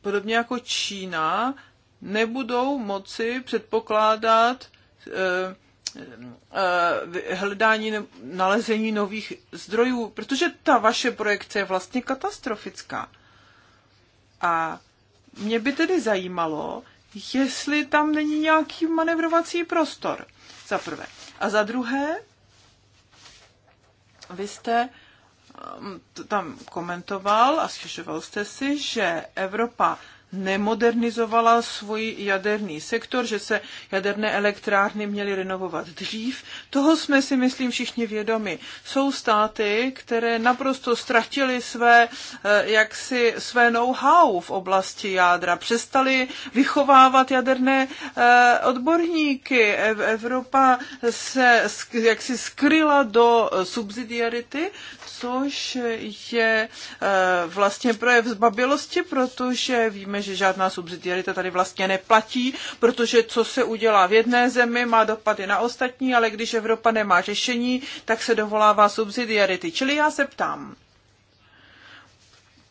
podobně jako Čína, nebudou moci předpokládat eh, Eh, eh, hledání, nalezení nových zdrojů, protože ta vaše projekce je vlastně katastrofická. A mě by tedy zajímalo, jestli tam není nějaký manevrovací prostor, za prvé. A za druhé, vy jste eh, tam komentoval a stěžoval jste si, že Evropa nemodernizovala svůj jaderný sektor, že se jaderné elektrárny měly renovovat dřív. Toho jsme si, myslím, všichni vědomi. Jsou státy, které naprosto ztratily své, eh, jaksi, své know-how v oblasti jádra. Přestali vychovávat jaderné eh, odborníky. Evropa se jaksi skryla do subsidiarity, což je eh, vlastně projev zbabilosti, protože víme, že žádná subsidiarita tady vlastně neplatí, protože co se udělá v jedné zemi, má dopady na ostatní, ale když Evropa nemá řešení, tak se dovolává subsidiarity. Čili já se ptám,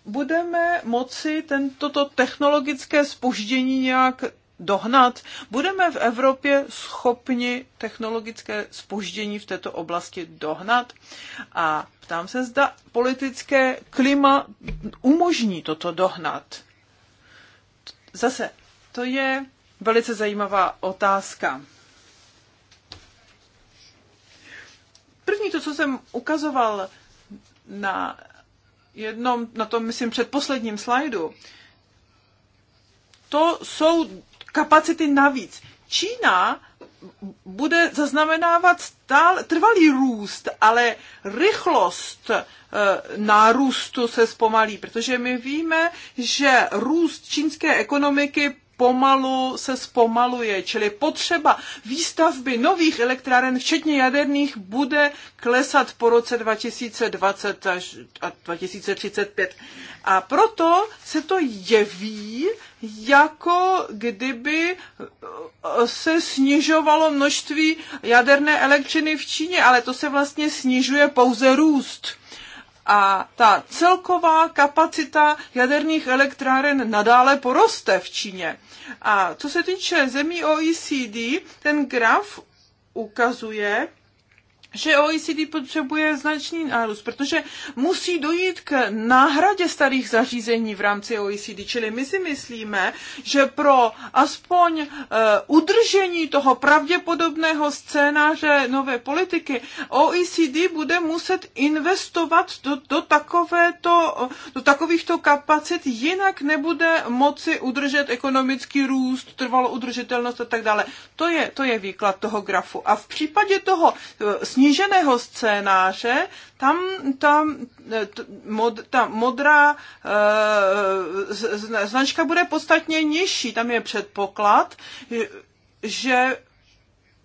budeme moci tento technologické spoždění nějak dohnat? Budeme v Evropě schopni technologické spoždění v této oblasti dohnat? A ptám se, zda politické klima umožní toto dohnat. Zase, to je velice zajímavá otázka. První to, co jsem ukazoval na jednom, na tom, myslím, předposledním slajdu, to jsou kapacity navíc. Čína bude zaznamenávat stál trvalý růst, ale rychlost eh, nárůstu se zpomalí, protože my víme, že růst čínské ekonomiky pomalu se zpomaluje, čili potřeba výstavby nových elektráren, včetně jaderných, bude klesat po roce 2020 až 2035. A proto se to jeví jako kdyby eh, se snižovalo množství jaderné elektřiny v Číně, ale to se vlastně snižuje pouze růst. A ta celková kapacita jaderných elektráren nadále poroste v Číně. A co se týče zemí OECD, ten graf ukazuje, že OECD potřebuje značný nárůst, protože musí dojít k náhradě starých zařízení v rámci OECD. Čili my si myslíme, že pro aspoň uh, udržení toho pravděpodobného scénáře nové politiky OECD bude muset investovat do, do, takovéto, do takovýchto kapacit, jinak nebude moci udržet ekonomický růst, trvalou udržitelnost a tak dále. To je, to je výklad toho grafu. A v případě toho eh, snížení sníženého scénáře, tam ta, e, mod, ta modrá e, značka bude podstatně nižší. Tam je předpoklad, že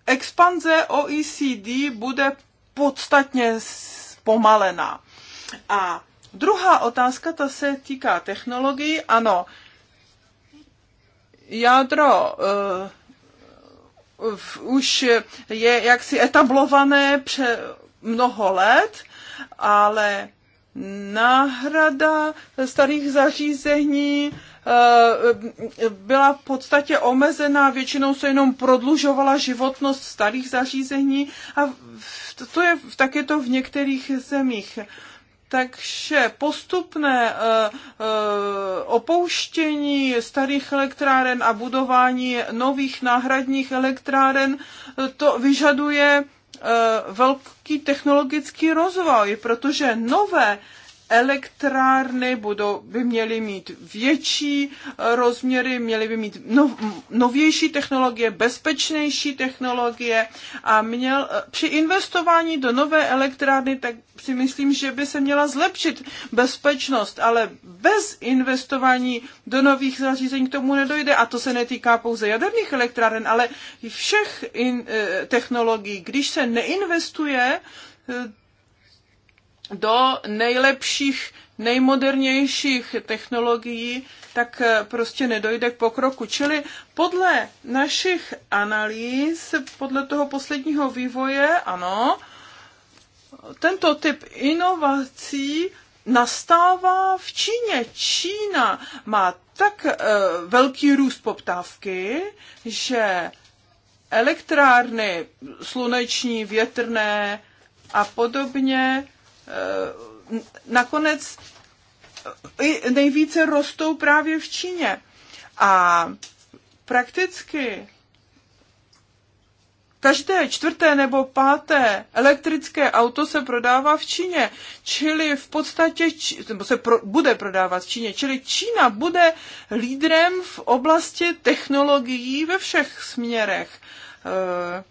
expanze OECD bude podstatně zpomalená. A druhá otázka, ta se týká technologií. Ano, jádro. E, už je jaksi etablované pře mnoho let, ale náhrada starých zařízení eh, byla v podstatě omezená, většinou se jenom prodlužovala životnost starých zařízení a to je, tak je to v některých zemích. Takže postupné eh, eh, opouštění starých elektráren a budování nových náhradních elektráren, eh, to vyžaduje velký technologický rozvoj, protože nové elektrárny budou, by měly mít větší eh, rozměry, měly by mít nov, novější technologie, bezpečnější technologie a měl, eh, při investování do nové elektrárny tak si myslím, že by se měla zlepšit bezpečnost, ale bez investování do nových zařízení k tomu nedojde a to se netýká pouze jaderných elektráren, ale všech in, eh, technologií. Když se neinvestuje, do nejlepších, nejmodernějších technologií, tak eh, prostě nedojde k pokroku. Čili podle našich analýz, podle toho posledního vývoje, ano, tento typ inovací nastává v Číně. Čína má tak e, velký růst poptávky, že elektrárny sluneční, větrné a podobně Eh, nakonec eh, nejvíce rostou právě v Číně. A prakticky Každé čtvrté nebo páté elektrické auto se prodává v Číně, čili v podstatě, nebo se pro, bude prodávat v Číně, čili Čína bude lídrem v oblasti technologií ve všech směrech. Eh,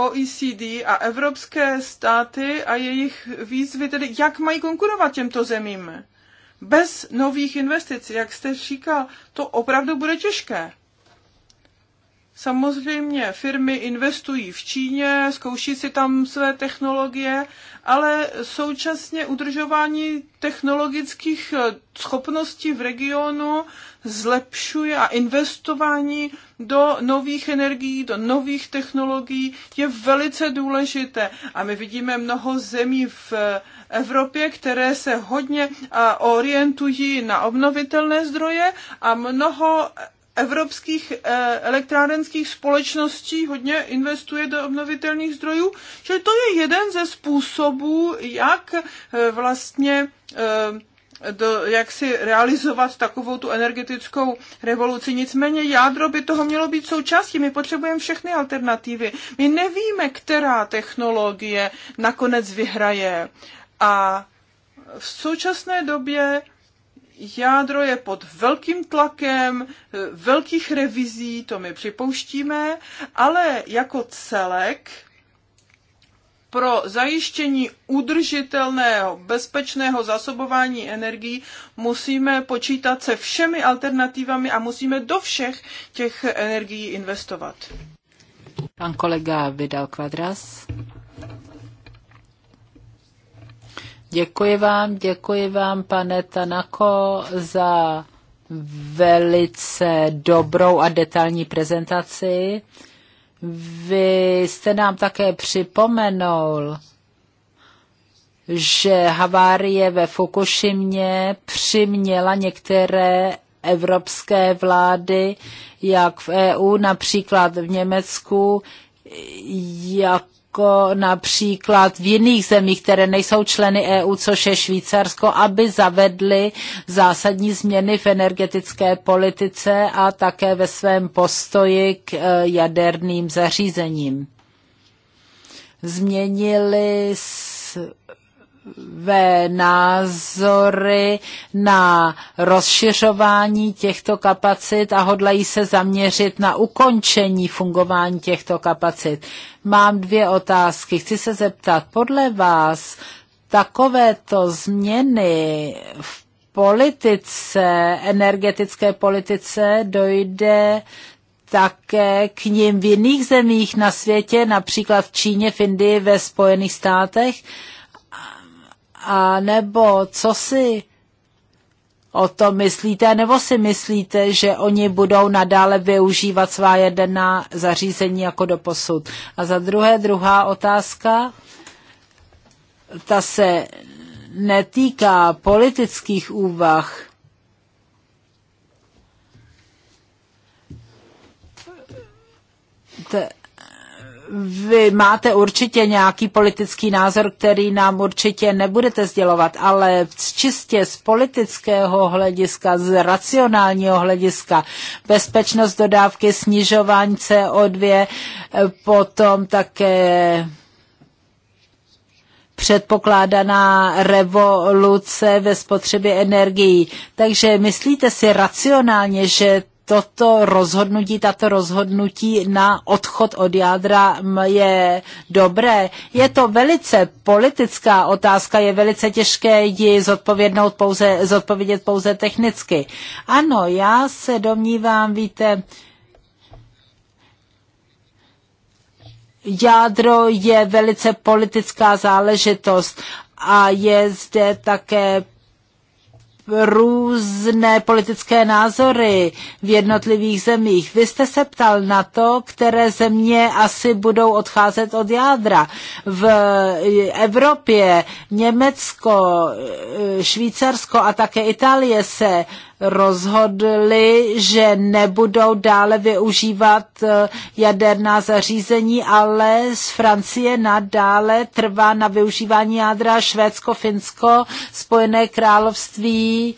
OECD a evropské státy a jejich výzvy, tedy jak mají konkurovat těmto zemím. Bez nových investic, jak jste říkal, to opravdu bude těžké. Samozřejmě firmy investují v Číně, zkouší si tam své technologie, ale současně udržování technologických schopností v regionu zlepšuje a investování do nových energií, do nových technologií je velice důležité. A my vidíme mnoho zemí v Evropě, které se hodně orientují na obnovitelné zdroje a mnoho evropských eh, elektrárenských společností hodně investuje do obnovitelných zdrojů, že to je jeden ze způsobů, jak eh, vlastně eh, do, jak si realizovat takovou tu energetickou revoluci. Nicméně jádro by toho mělo být součástí. My potřebujeme všechny alternativy. My nevíme, která technologie nakonec vyhraje. A v současné době jádro je pod velkým tlakem, velkých revizí, to my připouštíme, ale jako celek pro zajištění udržitelného, bezpečného zasobování energií musíme počítat se všemi alternativami a musíme do všech těch energií investovat. Pan kolega Vidal kvadras. Děkuji vám, děkuji vám, pane Tanako, za velice dobrou a detailní prezentaci. Vy jste nám také připomenul, že havárie ve Fukušimě přiměla některé evropské vlády, jak v EU, například v Německu, jak jako například v jiných zemích, které nejsou členy EU, což je Švýcarsko, aby zavedly zásadní změny v energetické politice a také ve svém postoji k e, jaderným zařízením. Změnili své názory na rozšiřování těchto kapacit a hodlají se zaměřit na ukončení fungování těchto kapacit. Mám dvě otázky. Chci se zeptat, podle vás takovéto změny v politice, energetické politice dojde také k ním v jiných zemích na světě, například v Číně, v Indii, ve Spojených státech. A nebo co si o to myslíte, nebo si myslíte, že oni budou nadále využívat svá jedená zařízení jako do posud? A za druhé, druhá otázka, ta se netýká politických úvah, t- vy máte určitě nějaký politický názor, který nám určitě nebudete sdělovat, ale čistě z politického hlediska, z racionálního hlediska, bezpečnost dodávky, snižování CO2, eh, potom také předpokládaná revoluce ve spotřebě energií. Takže myslíte si racionálně, že toto rozhodnutí, tato rozhodnutí na odchod od jádra je dobré. Je to velice politická otázka, je velice těžké ji zodpovědnout pouze, zodpovědět pouze technicky. Ano, já se domnívám, víte, jádro je velice politická záležitost a je zde také různé politické názory v jednotlivých zemích. Vy jste se ptal na to, které země asi budou odcházet od jádra. V Evropě Německo, Švýcarsko a také Itálie se rozhodli, že nebudou dále využívat eh, jaderná zařízení, ale z Francie nadále trvá na využívání jádra Švédsko, Finsko, Spojené království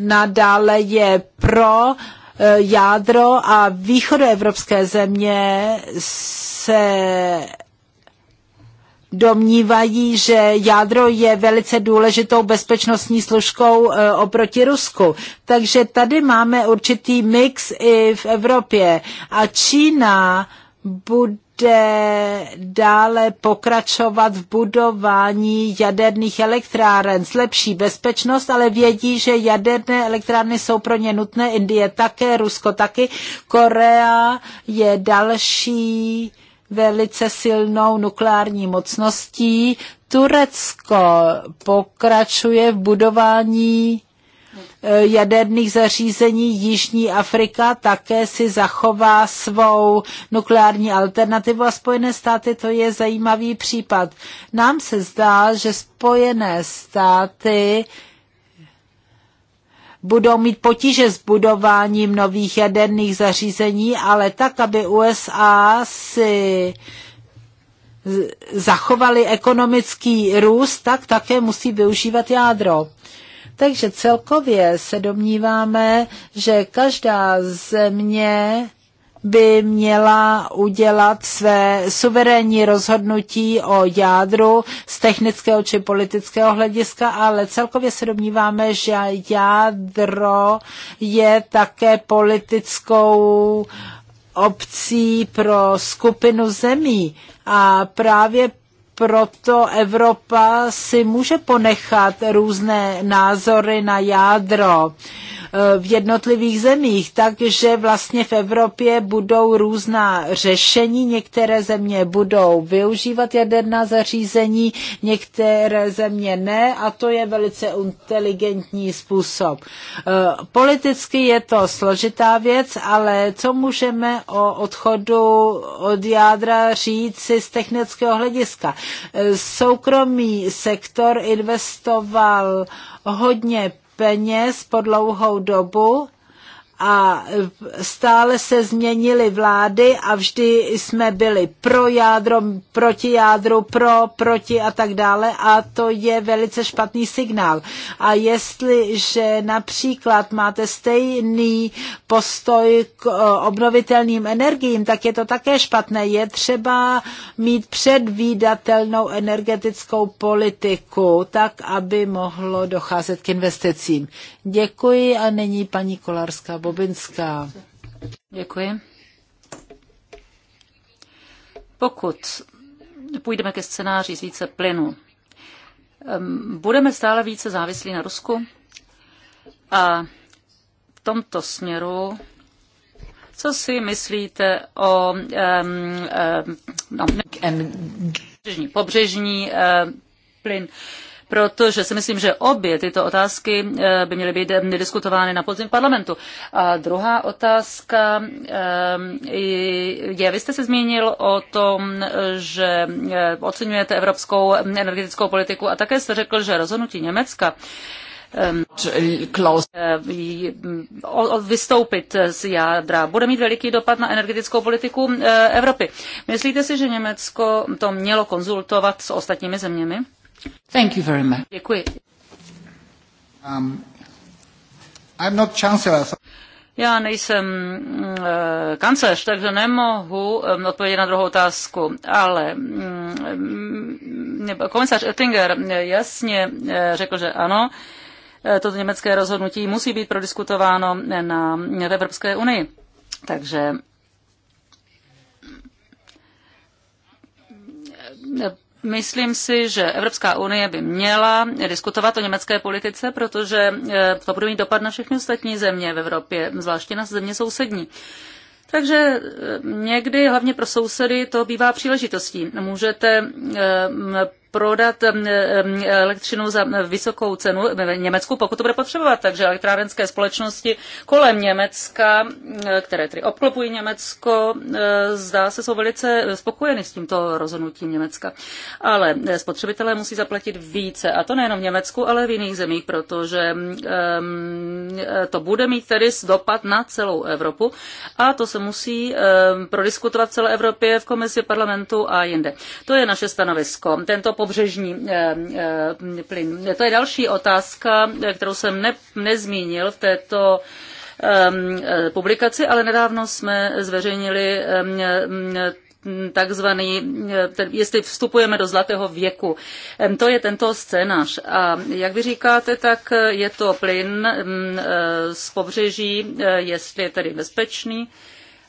nadále je pro eh, jádro a východoevropské země se domnívají, že jádro je velice důležitou bezpečnostní služkou eh, oproti Rusku. Takže tady máme určitý mix i v Evropě. A Čína bude dále pokračovat v budování jaderných elektráren s lepší bezpečnost, ale vědí, že jaderné elektrárny jsou pro ně nutné. Indie také, Rusko taky, Korea je další velice silnou nukleární mocností. Turecko pokračuje v budování e, jaderných zařízení Jižní Afrika také si zachová svou nukleární alternativu a Spojené státy to je zajímavý případ. Nám se zdá, že Spojené státy budou mít potíže s budováním nových jaderných zařízení, ale tak, aby USA si zachovali ekonomický růst, tak také musí využívat jádro. Takže celkově se domníváme, že každá země by měla udělat své suverénní rozhodnutí o jádru z technického či politického hlediska, ale celkově se domníváme, že jádro je také politickou opcí pro skupinu zemí a právě proto Evropa si může ponechat různé názory na jádro. Uh, v jednotlivých zemích, takže vlastně v Evropě budou různá řešení, některé země budou využívat jaderná zařízení, některé země ne a to je velice inteligentní způsob. Eh, politicky je to složitá věc, ale co můžeme o odchodu od jádra říct z technického hlediska? Eh, soukromý sektor investoval hodně peněz po dlouhou dobu a stále se změnily vlády a vždy jsme byli pro jádro, proti jádru, pro, proti a tak dále a to je velice špatný signál. A jestliže například máte stejný postoj k eh, obnovitelným energiím, tak je to také špatné. Je třeba mít předvídatelnou energetickou politiku, tak aby mohlo docházet k investicím. Děkuji a nyní paní Kolarská Bobinská. Děkuji. Pokud půjdeme ke scénáři z více plynu, budeme stále více závislí na Rusku a v tomto směru co si myslíte o um, um, no, pobřežní, uh, plyn? protože si myslím, že obě tyto otázky eh, by měly být eh, diskutovány na podzim parlamentu. A druhá otázka eh, je, vy jste se zmínil o tom, že oceňujete evropskou energetickou politiku a také jste řekl, že rozhodnutí Německa vystoupit z jádra bude mít veliký dopad na energetickou politiku Evropy. Myslíte si, že Německo to mělo konzultovat s ostatními zeměmi? Thank you very much. Děkuji. Um, I'm not chancellor. Já nejsem kancelář, eh, kancléř, takže nemohu eh, odpovědět na druhou otázku, ale e, komisař Oettinger jasně řekl, že ano, toto německé rozhodnutí musí být prodiskutováno na, v Evropské unii. Takže Myslím si, že Evropská unie by měla diskutovat o německé politice, protože eh, to bude mít dopad na všechny ostatní země v Evropě, zvláště na země sousední. Takže eh, někdy, hlavně pro sousedy, to bývá příležitostí. Můžete eh, prodat elektřinu za vysokou cenu Německu, pokud to bude potřebovat. Takže elektrárenské společnosti kolem Německa, které tedy obklopují Německo, zdá se, jsou velice spokojeny s tímto rozhodnutím Německa. Ale spotřebitelé musí zaplatit více, a to nejenom v Německu, ale v jiných zemích, protože e, to bude mít tedy dopad na celou Evropu a to se musí prodiskutovat v celé Evropě, v komisi, parlamentu a jinde. To je naše stanovisko. Tento pobřežní eh, eh, plyn. To je další otázka, kterou jsem ne, nezmínil v této eh, publikaci, ale nedávno jsme zveřejnili takzvaný, jestli vstupujeme do zlatého věku. To je tento scénář. A jak vy říkáte, tak je to plyn mm, z pobřeží, jestli je tedy bezpečný.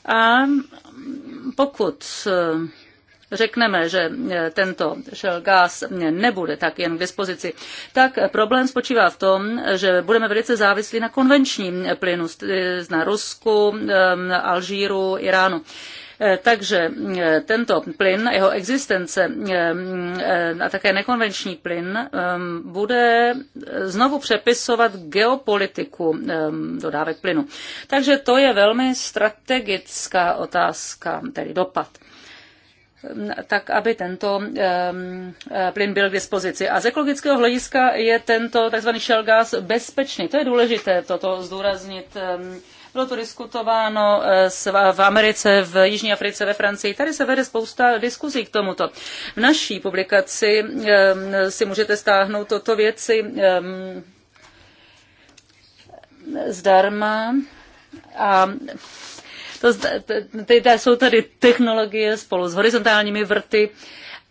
A pokud řekneme, že e, tento shell gas nebude tak jen k dispozici, tak problém spočívá v tom, že budeme velice závislí na konvenčním plynu e, na Rusku, e, Alžíru, Iránu. Takže tento plyn, jeho existence a také nekonvenční plyn bude znovu přepisovat geopolitiku dodávek plynu. Takže to je velmi strategická otázka, tedy dopad tak aby tento eh, plyn byl k dispozici. A z ekologického hlediska je tento tzv. shell gas bezpečný. To je důležité toto zdůraznit. Bylo to diskutováno eh, v Americe, v Jižní Africe, ve Francii. Tady se vede spousta diskuzí k tomuto. V naší publikaci si můžete stáhnout toto věci zdarma. A to, to, to, to jsou tady technologie spolu s horizontálními vrty,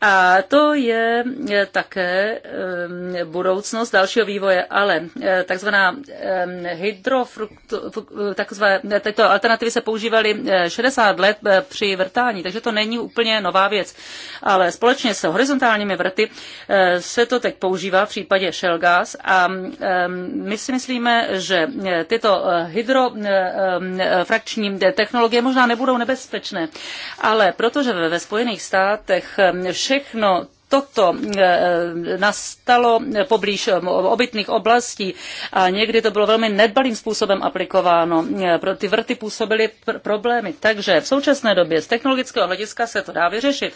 a to je také eh, budoucnost dalšího vývoje, ale eh, takzvaná eh, hydrofruktu, takzvané, tyto alternativy se používaly 60 let při vrtání, takže to není úplně nová věc. Ale společně s horizontálními vrty se to teď používá v případě shell gas a my si myslíme, že tyto hydrofrakční technologie možná nebudou nebezpečné, ale protože ve Spojených státech všechno toto eh, nastalo poblíž eh, obytných oblastí a někdy to bylo velmi nedbalým způsobem aplikováno. Eh, pro ty vrty působily pr- problémy. Takže v současné době z technologického hlediska se to dá vyřešit.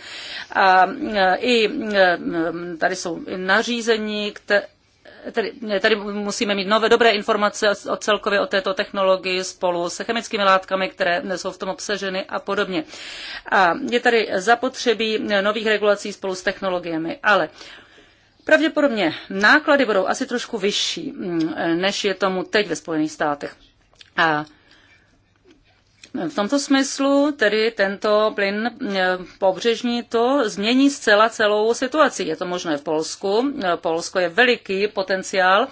A i tady jsou nařízení, které Tady, musíme mít nové dobré informace o celkově o této technologii spolu se chemickými látkami, které jsou v tom obsaženy a podobně. A je tady zapotřebí nových regulací spolu s technologiemi, ale pravděpodobně náklady budou asi trošku vyšší, mm, než je tomu teď ve Spojených státech. A v tomto smyslu tedy tento plyn e, pobřežní to změní zcela celou situaci. Je to možné v Polsku. E, Polsko je veliký potenciál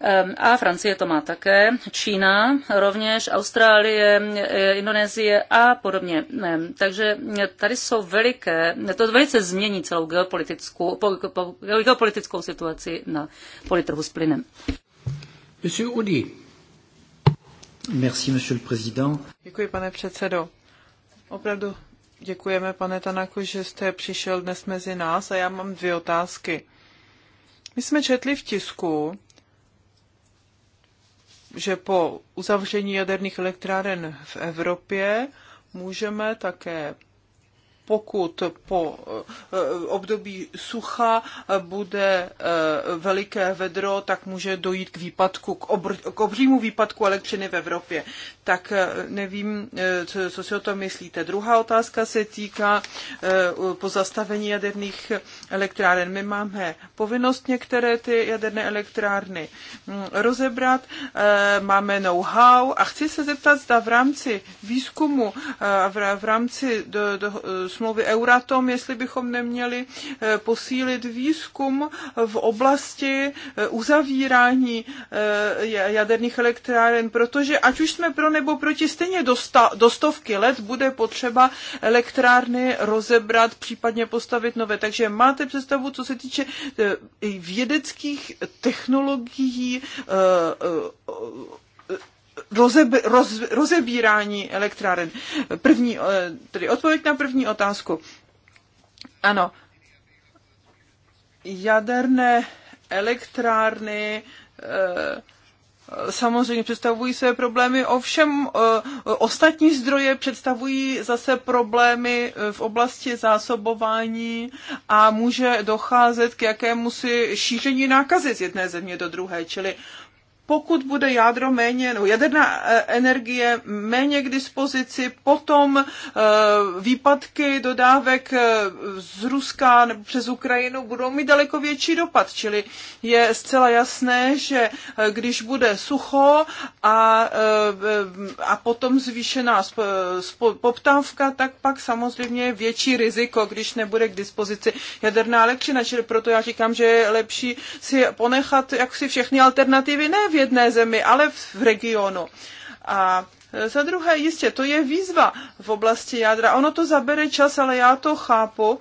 e, a Francie to má také, Čína rovněž, Austrálie, Indonésie a podobně. Takže tady jsou veliké, to velice změní celou geopolitickou, geopolitickou situaci na politrhu s plynem. Monsieur Děkuji, pane předsedo. Opravdu děkujeme, pane Tanako, že jste přišel dnes mezi nás a já mám dvě otázky. My jsme četli v tisku, že po uzavření jaderných elektráren v Evropě můžeme také pokud po eh, období sucha eh, bude eh, veliké vedro, tak může dojít k výpadku, k, obr- k obřímu výpadku elektřiny v Evropě. Tak nevím, co, co si o tom myslíte. Druhá otázka se týká pozastavení jaderných elektráren. My máme povinnost některé ty jaderné elektrárny hm, rozebrat, máme know-how a chci se zeptat, zda v rámci výzkumu a v rámci do, do, smlouvy Euratom, jestli bychom neměli eh, posílit výzkum v oblasti eh, uzavírání eh, jaderných elektráren, protože ať už jsme pro nebo proti, stejně do, stovky let bude potřeba elektrárny rozebrat, případně postavit nové. Takže máte představu, co se týče vědeckých technologií, rozeb, roz, rozebírání elektráren. První, eh, tedy odpověď na první otázku. Ano, jaderné elektrárny eh, samozřejmě představují své problémy, ovšem eh, ostatní zdroje představují zase problémy v oblasti zásobování a může docházet k jakému si šíření nákazy z jedné země do druhé, čili pokud bude jádro méně, no jaderná eh, energie méně k dispozici, potom eh, výpadky dodávek eh, z Ruska nebo přes Ukrajinu budou mít daleko větší dopad. Čili je zcela jasné, že když bude sucho a, a potom zvýšená poptávka, tak pak samozřejmě je větší riziko, když nebude k dispozici jaderná elektřina. Čili proto já říkám, že je lepší si ponechat jaksi všechny alternativy ne jedné zemi, ale v regionu. A za druhé, jistě, to je výzva v oblasti jádra. Ono to zabere čas, ale já to chápu.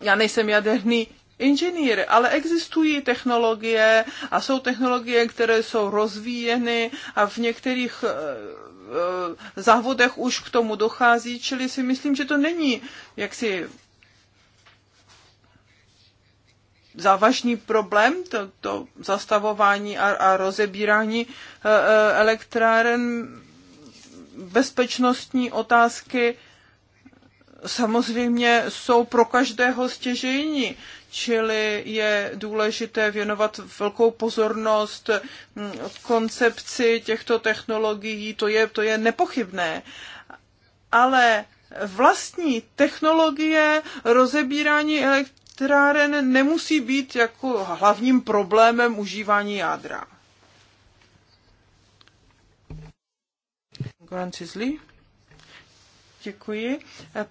Já nejsem jaderný inženýr, ale existují technologie a jsou technologie, které jsou rozvíjeny a v některých eh, eh, závodech už k tomu dochází, čili si myslím, že to není jaksi závažný problém, to, to zastavování a, a rozebírání e, e, elektráren, bezpečnostní otázky samozřejmě jsou pro každého stěžejní, čili je důležité věnovat velkou pozornost koncepci těchto technologií, to je, to je nepochybné. Ale vlastní technologie rozebírání elektrárny elektráren nemusí být jako hlavním problémem užívání jádra. Goran Děkuji.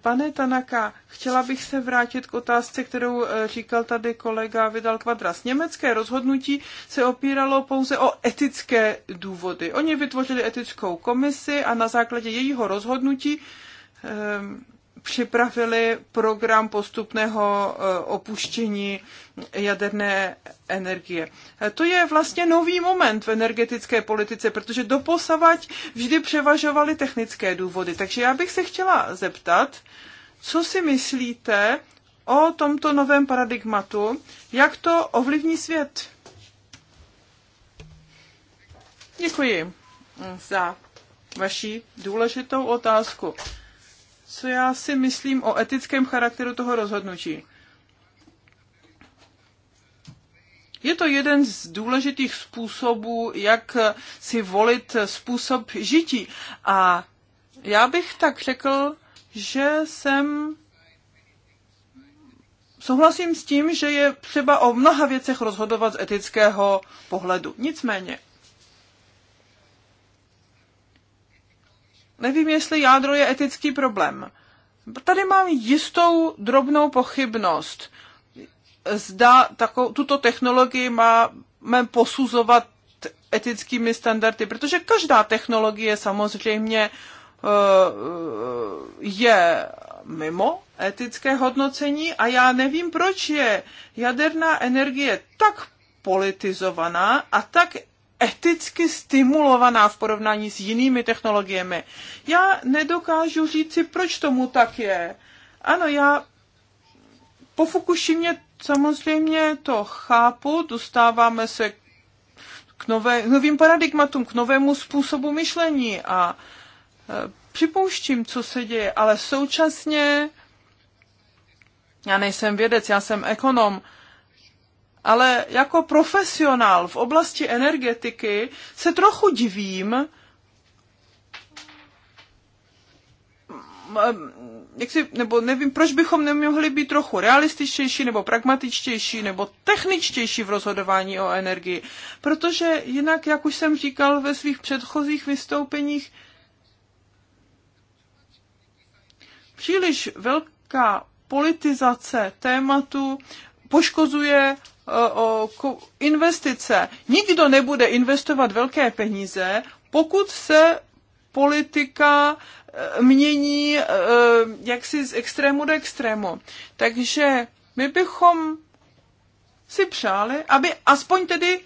Pane Tanaka, chtěla bych se vrátit k otázce, kterou eh, říkal tady kolega Vidal Kvadras. Německé rozhodnutí se opíralo pouze o etické důvody. Oni vytvořili etickou komisi a na základě jejího rozhodnutí ehm, připravili program postupného e, opuštění jaderné energie. E, to je vlastně nový moment v energetické politice, protože doposavať vždy převažovaly technické důvody. Takže já bych se chtěla zeptat, co si myslíte o tomto novém paradigmatu, jak to ovlivní svět? Děkuji za vaši důležitou otázku co já si myslím o etickém charakteru toho rozhodnutí. Je to jeden z důležitých způsobů, jak si volit způsob žití. A já bych tak řekl, že jsem souhlasím s tím, že je třeba o mnoha věcech rozhodovat z etického pohledu. Nicméně, nevím, jestli jádro je etický problém. Tady mám jistou drobnou pochybnost. Zda takovou, tuto technologii máme posuzovat etickými standardy, protože každá technologie samozřejmě eh, eh, je mimo etické hodnocení a já nevím, proč je jaderná energie tak politizovaná a tak eticky stimulovaná v porovnání s jinými technologiemi. Já nedokážu říci, proč tomu tak je. Ano, já po Fukushimě samozřejmě to chápu, dostáváme se k, nové, k novým paradigmatům, k novému způsobu myšlení a e, připouštím, co se děje, ale současně já nejsem vědec, já jsem ekonom, ale jako profesionál v oblasti energetiky se trochu divím, jak si, nebo nevím, proč bychom nemohli být trochu realističtější, nebo pragmatičtější, nebo techničtější v rozhodování o energii. Protože jinak, jak už jsem říkal ve svých předchozích vystoupeních, příliš velká politizace tématu poškozuje o investice. Nikdo nebude investovat velké peníze, pokud se politika eh, mění eh, jaksi z extrému do extrému. Takže my bychom si přáli, aby aspoň tedy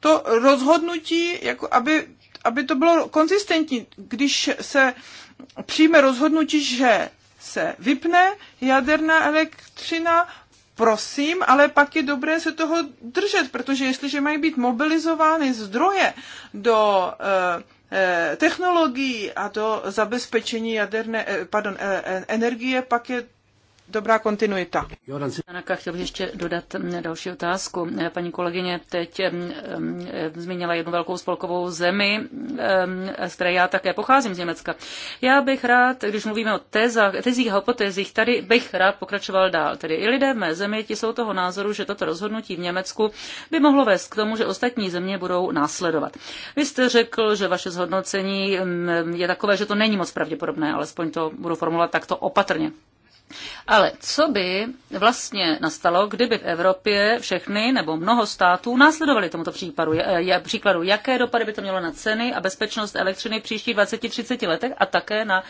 to rozhodnutí, jako aby, aby to bylo konzistentní, když se přijme rozhodnutí, že se vypne jaderná elektřina, prosím, ale pak je dobré se toho držet, protože jestliže mají být mobilizovány zdroje do eh, eh, technologií a do zabezpečení jaderné, eh, pardon, energie, pak je dobrá kontinuita. Anaka, chtěl bych ještě dodat mm, další otázku. Eh, paní kolegyně teď eh, mm, eh, zmínila jednu velkou spolkovou zemi, z které já také pocházím z Německa. Já bych rád, když mluvíme o tezách, tezích a hypotézích, tady bych rád pokračoval dál. Tedy i lidé v mé zemi ti jsou toho názoru, že toto rozhodnutí v Německu by mohlo vést k tomu, že ostatní země budou následovat. Vy jste řekl, že vaše zhodnocení mm, je takové, že to není moc pravděpodobné, alespoň to budu formulovat takto opatrně. Ale co by vlastně nastalo, kdyby v Evropě všechny nebo mnoho států následovali tomuto případu? Je, je, příkladu, jaké dopady by to mělo na ceny a bezpečnost elektřiny v příštích 20-30 letech a také na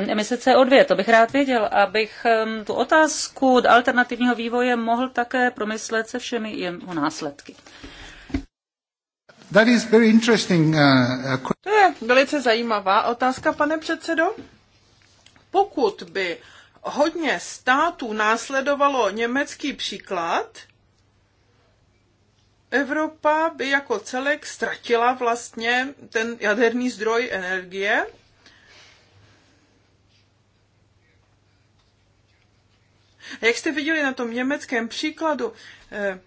um, emise CO2? To bych rád věděl, abych um, tu otázku alternativního vývoje mohl také promyslet se všemi jeho následky. That is very interesting, uh, uh to je velice zajímavá otázka, pane předsedo. Pokud by hodně států následovalo německý příklad, Evropa by jako celek ztratila vlastně ten jaderný zdroj energie. A jak jste viděli na tom německém příkladu, eh,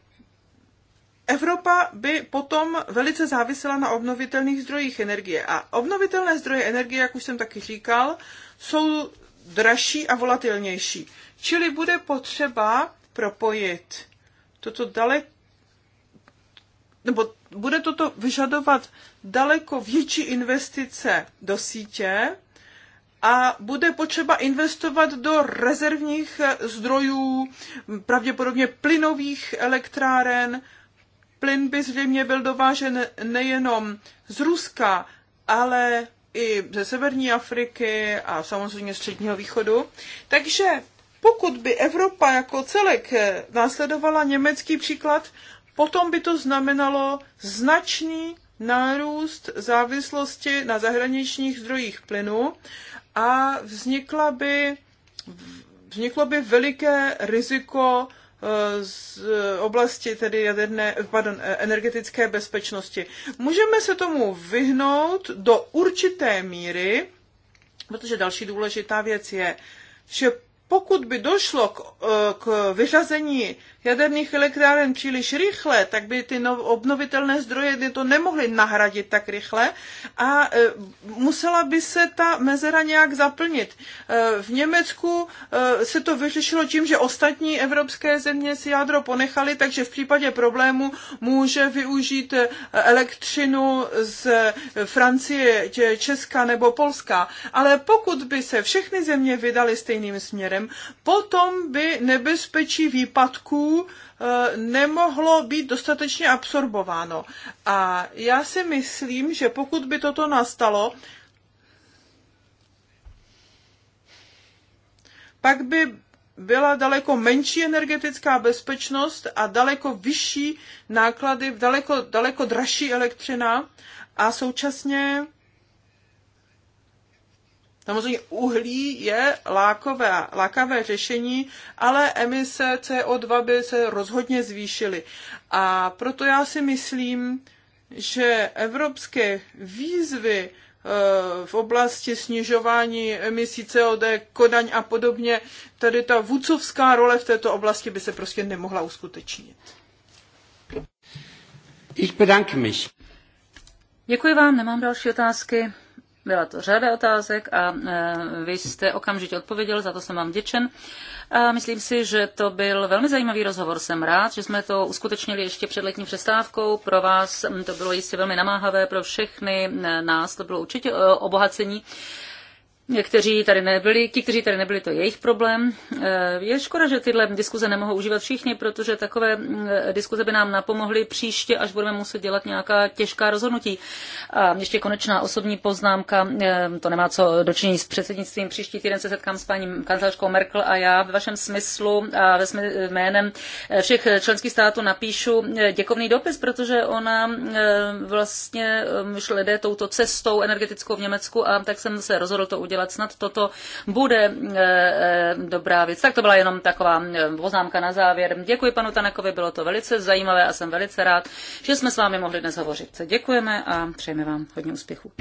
Evropa by potom velice závisela na obnovitelných zdrojích energie. A obnovitelné zdroje energie, jak už jsem taky říkal, jsou dražší a volatilnější. Čili bude potřeba propojit toto daleko nebo bude toto vyžadovat daleko větší investice do sítě a bude potřeba investovat do rezervních zdrojů, pravděpodobně plynových elektráren. Plyn by zřejmě byl dovážen nejenom z Ruska, ale i ze severní Afriky a samozřejmě středního východu. Takže pokud by Evropa jako celek eh, následovala německý příklad, potom by to znamenalo značný nárůst závislosti na zahraničních zdrojích plynu a vznikla by, vzniklo by veliké riziko z oblasti tedy jaderné, pardon, energetické bezpečnosti. Můžeme se tomu vyhnout do určité míry, protože další důležitá věc je, že pokud by došlo k, k vyřazení jaderných elektráren příliš rychle, tak by ty nov, obnovitelné zdroje to nemohly nahradit tak rychle a e, musela by se ta mezera nějak zaplnit. E, v Německu e, se to vyřešilo tím, že ostatní evropské země si jádro ponechaly, takže v případě problému může využít e, elektřinu z e, Francie, Česka nebo Polska. Ale pokud by se všechny země vydaly stejným směrem, potom by nebezpečí výpadků Eh, nemohlo být dostatečně absorbováno. A já si myslím, že pokud by toto nastalo, pak by byla daleko menší energetická bezpečnost a daleko vyšší náklady, daleko, daleko dražší elektřina a současně Samozřejmě uhlí je lákové, lákavé řešení, ale emise CO2 by se rozhodně zvýšily. A proto já si myslím, že evropské výzvy eh, v oblasti snižování emisí CO2, Kodaň a podobně, tady ta vůcovská role v této oblasti by se prostě nemohla uskutečnit. Ich bedanke mich. Děkuji vám, nemám další otázky. Byla to řada otázek a e, vy jste okamžitě odpověděl, za to jsem vám děčen. A myslím si, že to byl velmi zajímavý rozhovor. Jsem rád, že jsme to uskutečnili ještě před letní přestávkou. Pro vás mm, to bylo jistě velmi namáhavé, pro všechny e, nás to bylo určitě e, obohacení kteří tady nebyli, ti, kteří tady nebyli, to je jejich problém. Eh, je škoda, že tyhle diskuze nemohou užívat všichni, protože takové mm, diskuze by nám napomohly příště, až budeme muset dělat nějaká těžká rozhodnutí. A ještě konečná osobní poznámka, eh, to nemá co dočinit s předsednictvím. Příští týden se setkám s paní kancelářkou Merkel a já ve vašem smyslu a ve smyslu jménem eh, všech členských států napíšu děkovný dopis, protože ona vlastně šla touto cestou energetickou v Německu a tak jsem se rozhodl to udělat dělat. Snad toto bude eh, eh, dobrá věc. Tak to byla jenom taková eh, poznámka na závěr. Děkuji panu Tanakovi, bylo to velice zajímavé a jsem velice rád, že jsme s vámi mohli dnes hovořit. Děkujeme a přejeme vám hodně úspěchů.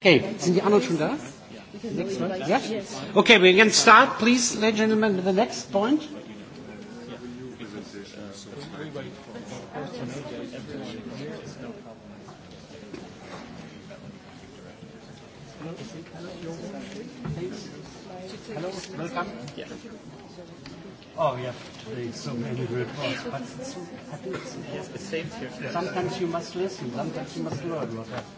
Okay, sind die anderen schon da? Next Okay, we can start, please, ladies and gentlemen, with the next point. Hello, welcome. Yeah. Oh, we today so many reports, but it's, I think it's, yes, it's saved here. Sometimes you must listen, sometimes you must learn what happens.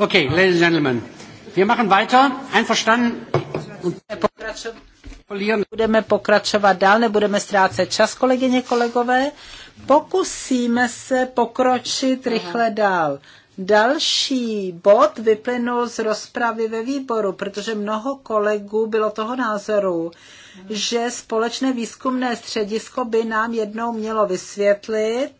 Okay, ladies and gentlemen, wir machen weiter. Einverstanden? Budeme pokračovat dál, nebudeme ztrácet čas, kolegyně, kolegové. Pokusíme se pokročit rychle dál. Další bod vyplynul z rozpravy ve výboru, protože mnoho kolegů bylo toho názoru, že společné výzkumné středisko by nám jednou mělo vysvětlit,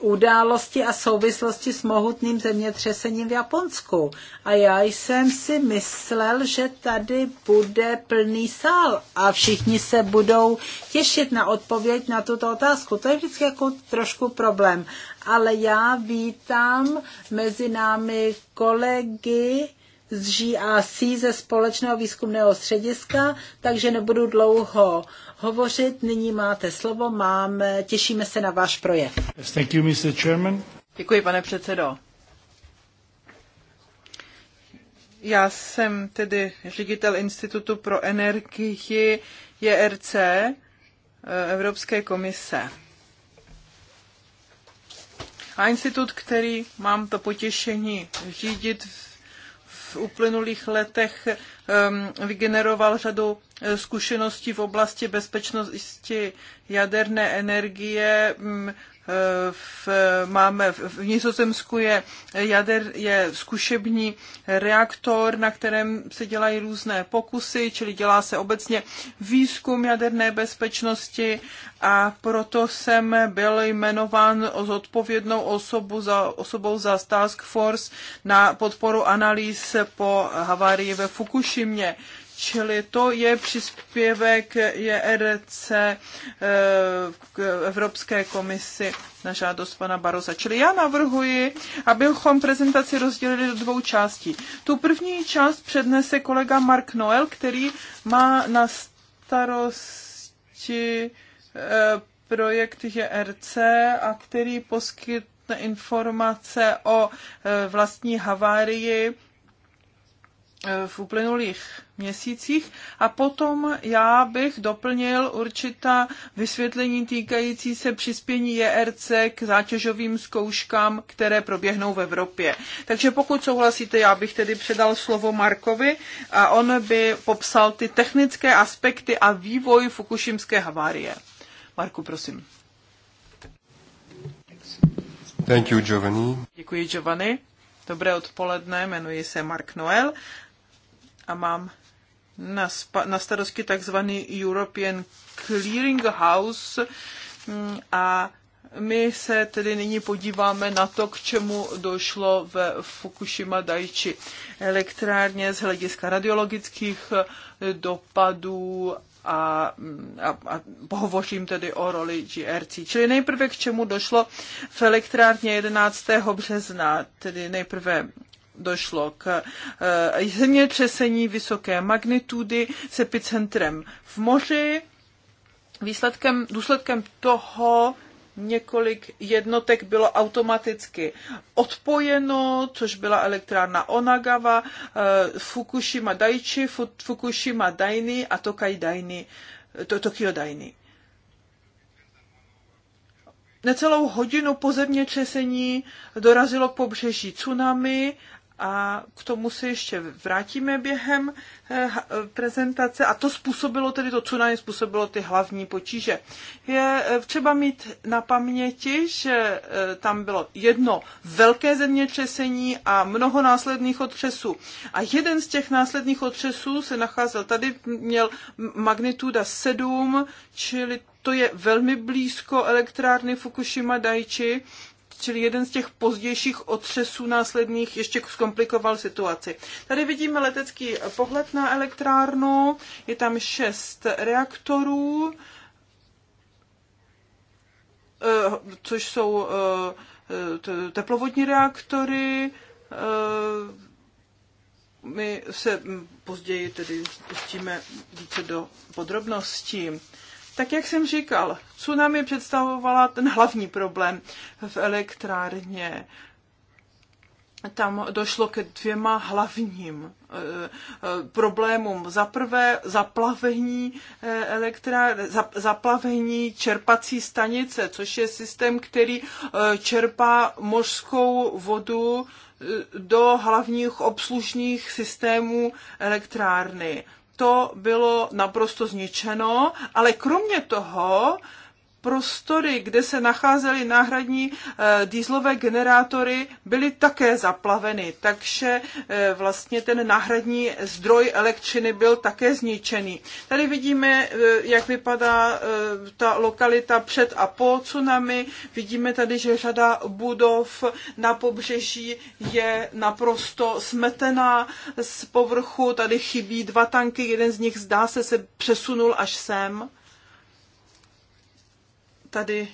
události a souvislosti s mohutným zemětřesením v Japonsku. A já jsem si myslel, že tady bude plný sál a všichni se budou těšit na odpověď na tuto otázku. To je vždycky jako trošku problém. Ale já vítám mezi námi kolegy, z GRC, ze Společného výzkumného střediska, takže nebudu dlouho hovořit. Nyní máte slovo, máme, těšíme se na váš projev. thank you, Mr. Chairman. Děkuji, pane předsedo. Já jsem tedy ředitel Institutu pro energii JRC eh, Evropské komise. A institut, který mám to potěšení řídit v uplynulých letech ehm, vygeneroval řadu eh, zkušeností v oblasti bezpečnosti jaderné energie, mm, v, máme v Nizozemsku je, jader, je zkušební reaktor, na kterém se dělají různé pokusy, čili dělá se obecně výzkum jaderné bezpečnosti a proto jsem byl jmenován zodpovědnou osobu za, osobou za Task Force na podporu analýz po havárii ve Fukušimě. Čili to je příspěvek JRC e eh, k Evropské komisi na žádost pana Baroza. Čili já navrhuji, abychom prezentaci rozdělili do dvou částí. Tu první část přednese kolega Mark Noel, který má na starosti eh, projekt JRC e a který poskytne informace o eh, vlastní havárii v uplynulých měsících a potom já bych doplnil určitá vysvětlení týkající se přispění JRC e k zátěžovým zkouškám, které proběhnou v Evropě. Takže pokud souhlasíte, já bych tedy předal slovo Markovi a on by popsal ty technické aspekty a vývoj fukušimské havárie. Marku, prosím. Thank you, Giovanni. Děkuji, Giovanni. Dobré odpoledne, jmenuji se Mark Noel a mám na, spa, na starosti takzvaný European Clearing House mm, a my se tedy nyní podíváme na to, k čemu došlo ve Fukushima Daiichi elektrárně z hlediska radiologických eh, dopadů a, mm, a, a pohovořím tedy o roli GRC. Čili nejprve k čemu došlo v elektrárně 11. března, tedy nejprve došlo k eh, zemětřesení vysoké magnitudy s epicentrem v moři. Výsledkem, důsledkem toho několik jednotek bylo automaticky odpojeno, což byla elektrárna Onagawa, eh, Fukushima Daiichi, Fukushima Daini a Tokai Daini, eh, Tokyo Daini. Necelou hodinu po zemětřesení dorazilo pobřeží tsunami a k tomu se ještě vrátíme během eh, eh, prezentace a to způsobilo tedy to co na ně způsobilo ty hlavní potíže. Je eh, třeba mít na paměti, že tam bylo jedno velké zemětřesení a mnoho následných otřesů. A jeden z těch následných otřesů se nacházel tady, měl magnituda 7, čili to je velmi blízko elektrárny Fukushima Daiichi Čili jeden z těch pozdějších otřesů následných ještě zkomplikoval situaci. Tady vidíme letecký pohled na elektrárnu, je tam šest reaktorů, eh, což jsou eh, teplovodní reaktory. Eh, my se hm, později tedy pustíme více do podrobností. Tak jak jsem říkal, tsunami představovala ten hlavní problém v elektrárně tam došlo ke dvěma hlavním eh, eh, problémům. Za prvé zaplavení, eh, elektrá, zaplavení čerpací stanice, což je systém, který čerpá mořskou vodu do hlavních obslužných systémů elektrárny to bylo naprosto zničeno, ale kromě toho prostory, kde se nacházely náhradní eh, dýzlové generátory, byly také zaplaveny, takže eh, vlastně ten náhradní zdroj elektřiny byl také zničený. Tady vidíme, eh, jak vypadá ta lokalita před a po tsunami. Vidíme tady, že řada budov na pobřeží je naprosto smetená z povrchu. Tady chybí dva tanky, jeden z nich zdá se se přesunul až sem tady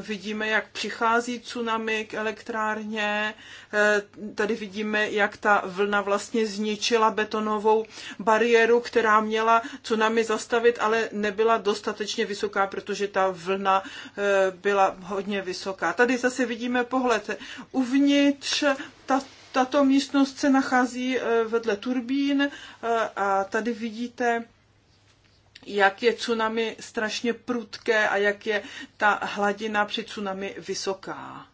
vidíme, jak přichází tsunami k elektrárně, eh, tady vidíme, jak ta vlna vlastně zničila betonovou bariéru, která měla tsunami zastavit, ale nebyla dostatečně vysoká, protože ta vlna eh, byla hodně vysoká. Tady zase vidíme pohled uvnitř, ta tato místnost se nachází eh, vedle turbín a tady vidíte jak je tsunami strašně prudké a jak je ta hladina při tsunami vysoká.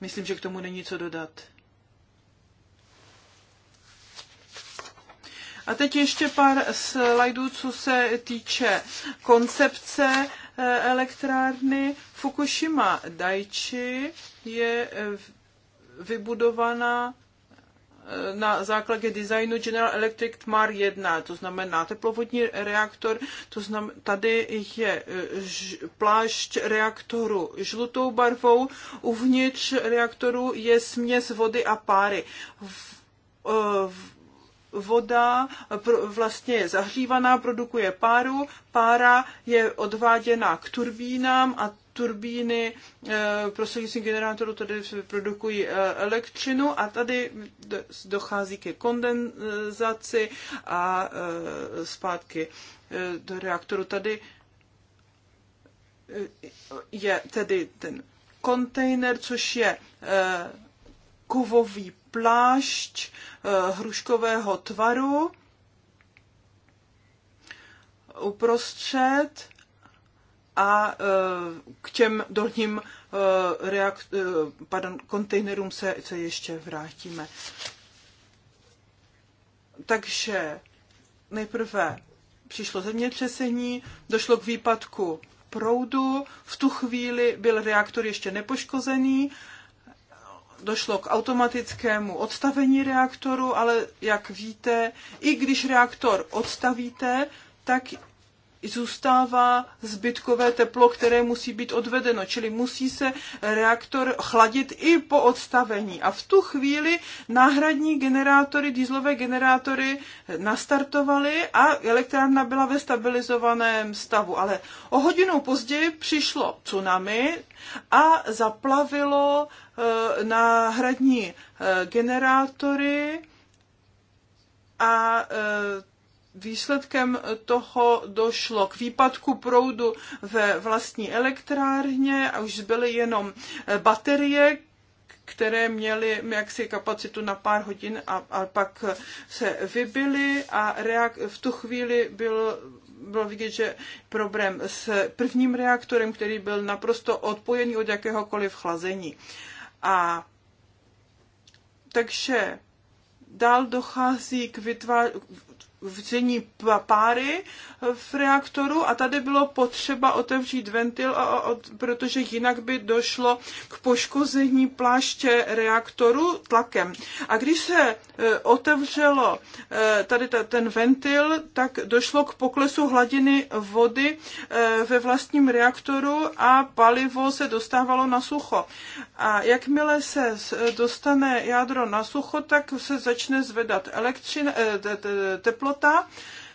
Myslím, že k tomu není co dodat. A teď ještě pár slajdů, co se týče koncepce eh, elektrárny Fukushima Daiichi je vybudovaná na základě designu General Electric TMAR 1, to znamená teplovodní reaktor, to znamená, tady je e, ž, plášť reaktoru žlutou barvou, uvnitř reaktoru je směs vody a páry. V, e, v, voda vlastně je zahřívaná, produkuje páru, pára je odváděna k turbínám a turbíny eh, prostřednictvím generátoru tady produkují eh, elektřinu a tady dochází ke kondenzaci a eh, zpátky do reaktoru. Tady je tedy ten kontejner, což je kovový plášť hruškového tvaru uprostřed a eh, k těm dolním eh, reakt, eh, pardon, kontejnerům se, se ještě vrátíme. Takže nejprve přišlo zemětřesení, došlo k výpadku proudu, v tu chvíli byl reaktor ještě nepoškozený, došlo k automatickému odstavení reaktoru, ale jak víte, i když reaktor odstavíte, tak zůstává zbytkové teplo, které musí být odvedeno, čili musí se reaktor chladit i po odstavení. A v tu chvíli náhradní generátory, dýzlové generátory nastartovaly a elektrárna byla ve stabilizovaném stavu. Ale o hodinu později přišlo tsunami a zaplavilo e, náhradní e, generátory a e, výsledkem toho došlo k výpadku proudu ve vlastní elektrárně a už zbyly jenom eh, baterie, které měly jaksi kapacitu na pár hodin a, a pak se vybily a reak- v tu chvíli byl bylo vidět, že problém s prvním reaktorem, který byl naprosto odpojený od jakéhokoliv chlazení. A takže dál dochází k, vytvář- vření páry v reaktoru a tady bylo potřeba otevřít ventil, a, a, protože jinak by došlo k poškození pláště reaktoru tlakem. A když se e, otevřelo e, tady ta, ten ventil, tak došlo k poklesu hladiny vody e, ve vlastním reaktoru a palivo se dostávalo na sucho. A jakmile se dostane jádro na sucho, tak se začne zvedat elektřin, e, te, te, teplo teplota.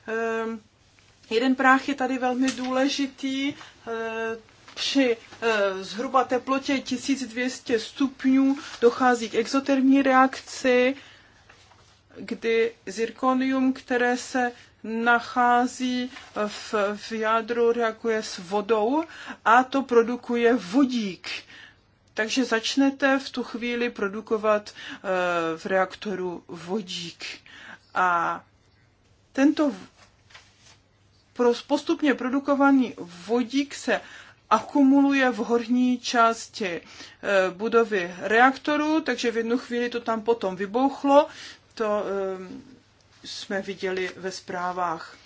Ehm, jeden práh je tady velmi důležitý. Ehm, při ehm, zhruba teplotě 1200 stupňů dochází k exotermní reakci, kdy zirkonium, které se nachází v, v jádru, reaguje s vodou a to produkuje vodík. Takže začnete v tu chvíli produkovat v reaktoru vodík. A tento postupně produkovaný vodík se akumuluje v horní části e, budovy reaktoru, takže v jednu chvíli to tam potom vybouchlo. To e, jsme viděli ve zprávách.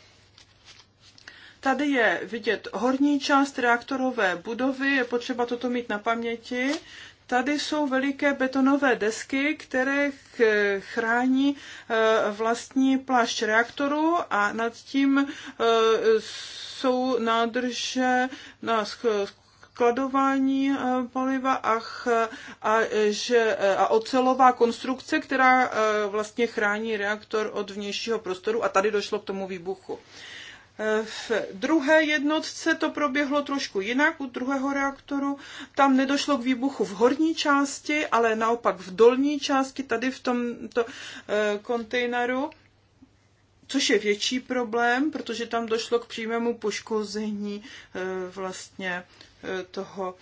Tady je vidět horní část reaktorové budovy, je potřeba toto mít na paměti. Tady jsou veliké betonové desky, které chrání eh, vlastní plášť reaktoru a nad tím eh, jsou nádrže na skladování eh, paliva a, a, že, a ocelová konstrukce, která vlastně chrání reaktor od vnějšího prostoru a tady došlo k tomu výbuchu. V druhé jednotce to proběhlo trošku jinak, u druhého reaktoru tam nedošlo k výbuchu v horní části, ale naopak v dolní části, tady v tomto eh, kontejneru, což je větší problém, protože tam došlo k přímému poškození eh, vlastně eh, toho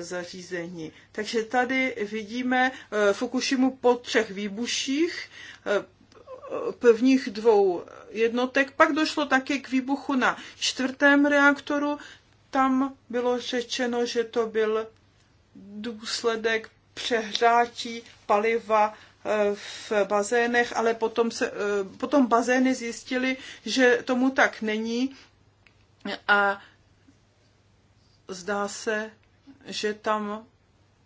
zařízení. Takže tady vidíme Fukushimu po třech výbuších prvních dvou jednotek. Pak došlo také k výbuchu na čtvrtém reaktoru. Tam bylo řečeno, že to byl důsledek přehrátí paliva eh, v bazénech, ale potom, se, eh, potom bazény zjistili, že tomu tak není a zdá se, že tam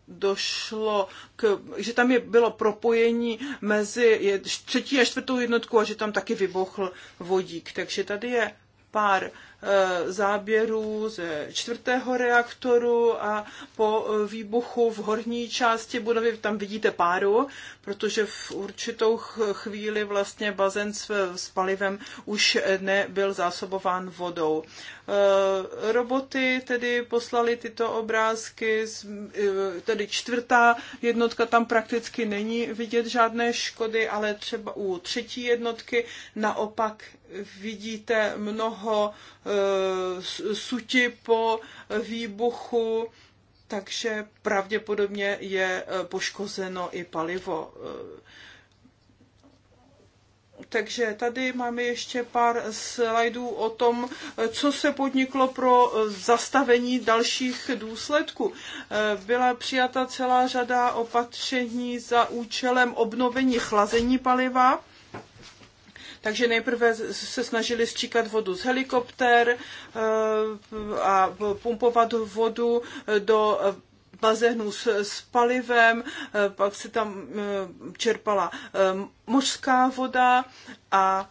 došlo k, že tam je, bylo propojení mezi třetí a čtvrtou jednotkou a že tam taky vybuchl vodík. Takže tady je pár Eh, záběrů ze čtvrtého reaktoru a po výbuchu v horní části budovy tam vidíte páru, protože v určitou chvíli vlastně bazén s, s palivem už nebyl zásobován vodou. Eh, roboty tedy poslali tyto obrázky, eh, tedy čtvrtá jednotka tam prakticky není vidět žádné škody, ale třeba u třetí jednotky naopak vidíte mnoho Eh, suti po výbuchu, takže pravděpodobně je eh, poškozeno i palivo. Eh, takže tady máme ještě pár slajdů o tom, co se podniklo pro zastavení dalších důsledků. Byla přijata celá řada opatření za účelem obnovení chlazení paliva takže nejprve se snažili stříkat vodu z helikoptér eh, a pumpovat vodu eh, do eh, bazénů s, s palivem, pak se tam čerpala mořská voda a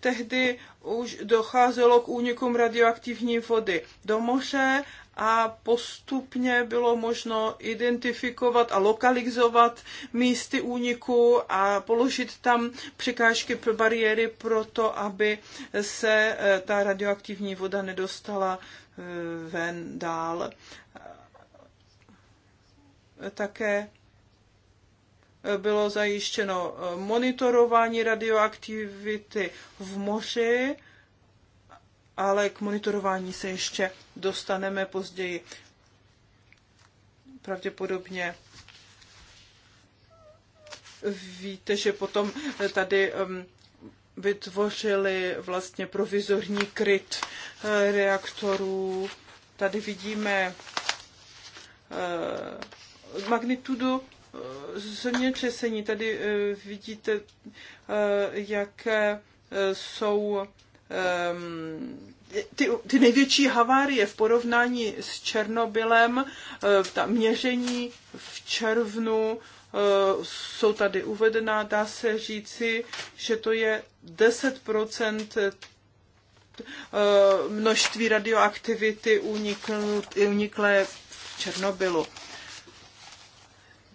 tehdy už docházelo k únikům radioaktivní vody do moře a postupně bylo možno identifikovat a lokalizovat místy úniku a položit tam překážky pro bariéry pro to, aby se eh, ta radioaktivní voda nedostala eh, ven dál. Také eh, bylo zajištěno monitorování radioaktivity v moři ale k monitorování se ještě dostaneme později. Pravděpodobně víte, že potom tady um, vytvořili vlastně provizorní kryt eh, reaktorů. Tady vidíme eh, magnitudu eh, zemětřesení. Tady vidíte, jaké jsou Ehm, ty, ty největší havárie v porovnání s Černobylem, eh, ta měření v červnu eh, jsou tady uvedená, dá se říci, že to je 10 eh, množství radioaktivity uniklé v Černobylu.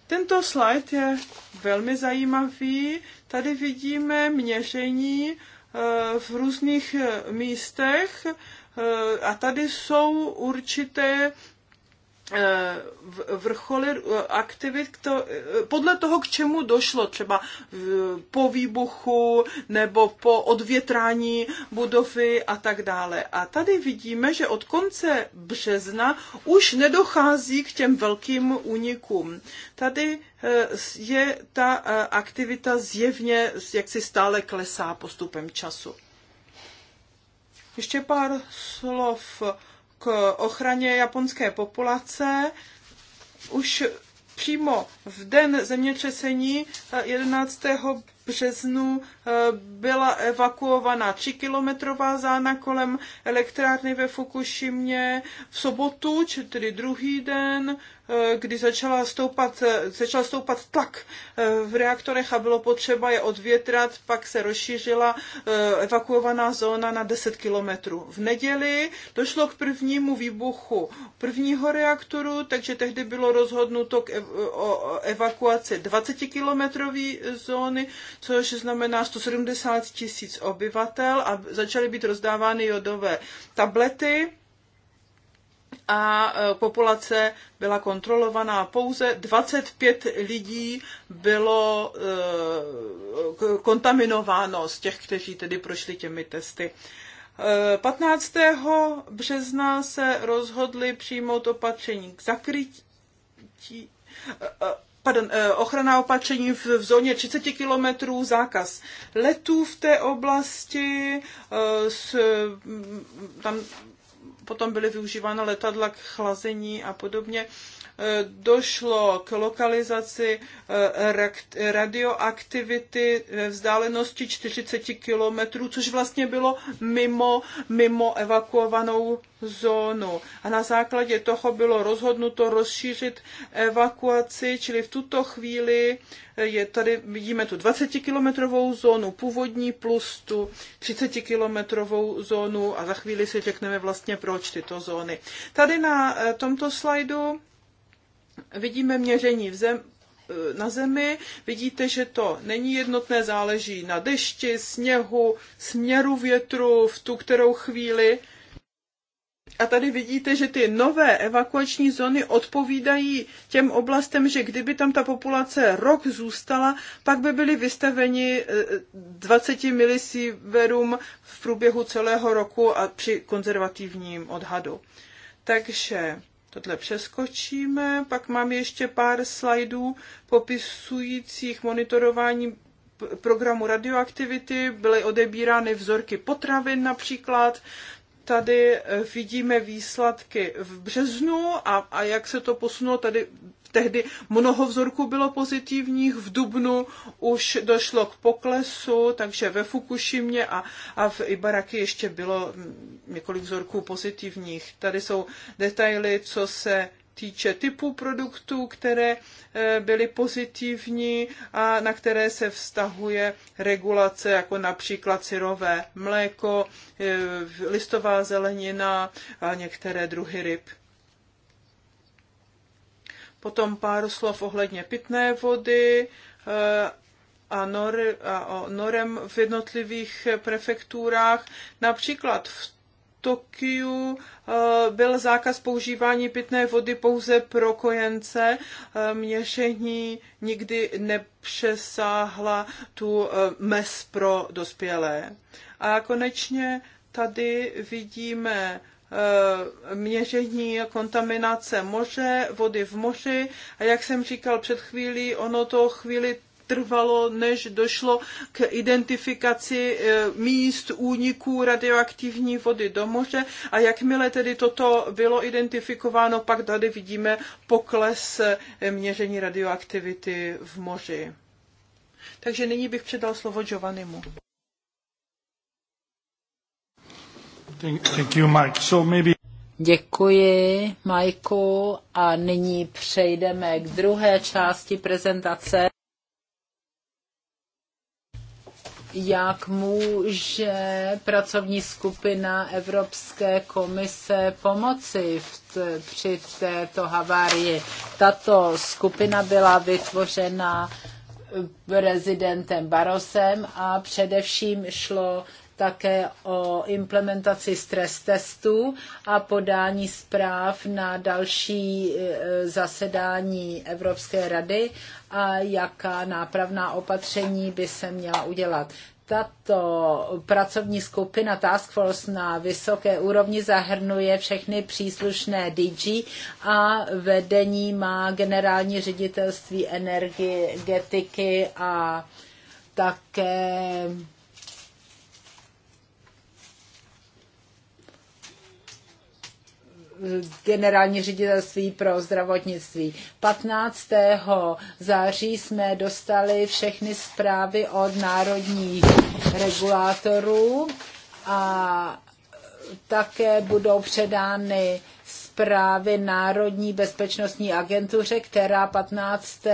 Tento slide je velmi zajímavý. Tady vidíme měření Eh, v různých místech eh, a tady jsou určité vrcholy eh, aktivit, to, eh, podle toho, k čemu došlo, třeba po výbuchu nebo po odvětrání budovy a tak dále. A tady vidíme, že od konce března už nedochází k těm velkým únikům. Tady eh, je ta aktivita zjevně, jak si stále klesá postupem času. Ještě pár slov k ochraně japonské populace. Už přímo v den zemětřesení 11. Eh, březnu eh, byla evakuovaná 3-kilometrová zána kolem elektrárny ve Fukušimě. V sobotu, tedy druhý den, Eh, kdy začala stoupat, eh, začal stoupat tlak eh, v reaktorech a bylo potřeba je odvětrat, pak se rozšířila evakuovaná zóna na 10 kilometrů. V neděli došlo k prvnímu výbuchu prvního reaktoru, takže tehdy bylo rozhodnuto k o evakuaci 20-kilometrové zóny, což znamená 170 tisíc obyvatel a začaly být rozdávány jodové tablety a e, populace byla kontrolovaná. Pouze 25 lidí bylo e, kontaminováno z těch, kteří tedy prošli těmi testy. 15. E, března se rozhodli přijmout opatření k zakrytí, pardon, ochrana opatření v, v zóně 30 kilometrů, zákaz letů v té oblasti, s, tam potom byly využívána letadla k chlazení a podobně. Eh, došlo k lokalizaci eh, radioaktivity ve vzdálenosti 40 kilometrů, což vlastně bylo mimo, mimo evakuovanou zónu. A na základě toho bylo rozhodnuto rozšířit evakuaci, čili v tuto chvíli eh, je tady, vidíme tu 20-kilometrovou zónu původní plus tu 30-kilometrovou zónu a za chvíli si řekneme vlastně proč tyto zóny. Tady na tomto slajdu vidíme měření v zem, e, na zemi, vidíte, že to není jednotné, záleží na dešti, sněhu, směru větru v tu kterou chvíli. A tady vidíte, že ty nové evakuační zóny odpovídají těm oblastem, že kdyby tam ta populace rok zůstala, pak by byli vystaveni 20 e, milisieverům v průběhu celého roku a při konzervativním odhadu. Takže Tohle přeskočíme, pak mám ještě pár slajdů popisujících monitorování programu radioaktivity. Byly odebírány vzorky potravin například, tady eh, vidíme výsledky v březnu a, a jak se to posunulo, tady tehdy mnoho vzorků bylo pozitivních, v Dubnu už došlo k poklesu, takže ve Fukušimě a, a v Ibaraki ještě bylo mm, několik vzorků pozitivních. Tady jsou detaily, co se týče typu produktů, které e, byly pozitivní a na které se vztahuje regulace, jako například syrové mléko, e, listová zelenina a některé druhy ryb. Potom pár slov ohledně pitné vody eh, a, nor, a o norem v jednotlivých prefekturách. Například v Tokiu eh, byl zákaz používání pitné vody pouze pro kojence. Eh, měšení nikdy nepřesáhla tu mes pro dospělé. A konečně tady vidíme Eh, měření kontaminace moře, vody v moři a jak jsem říkal před chvílí, ono to chvíli trvalo, než došlo k identifikaci eh, míst úniků radioaktivní vody do moře a jakmile tedy toto bylo identifikováno, pak tady vidíme pokles eh, měření radioaktivity v moři. Takže nyní bych předal slovo Giovannimu. Thank you, Mike. So maybe... Děkuji, Majku, a nyní přejdeme k druhé části prezentace. Jak může pracovní skupina Evropské komise pomoci v t- při této havárii? Tato skupina byla vytvořena prezidentem Barosem a především šlo také o implementaci stres testů a podání zpráv na další e, zasedání Evropské rady a jaká nápravná opatření by se měla udělat tato pracovní skupina Task Force na vysoké úrovni zahrnuje všechny příslušné DG a vedení má generální ředitelství energetiky a také generální ředitelství pro zdravotnictví. 15. září jsme dostali všechny zprávy od národních regulátorů a také budou předány zprávy Národní bezpečnostní agentuře, která 15.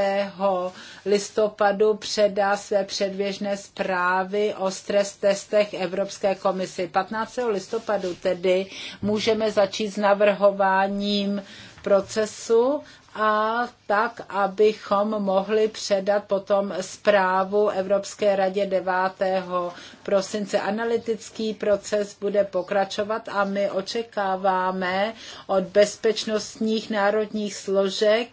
listopadu předá své předběžné zprávy o stres testech Evropské komisi. 15. listopadu tedy můžeme začít s navrhováním procesu a tak, abychom mohli předat potom zprávu Evropské radě 9. prosince. Analytický proces bude pokračovat a my očekáváme od bezpečnostních národních složek,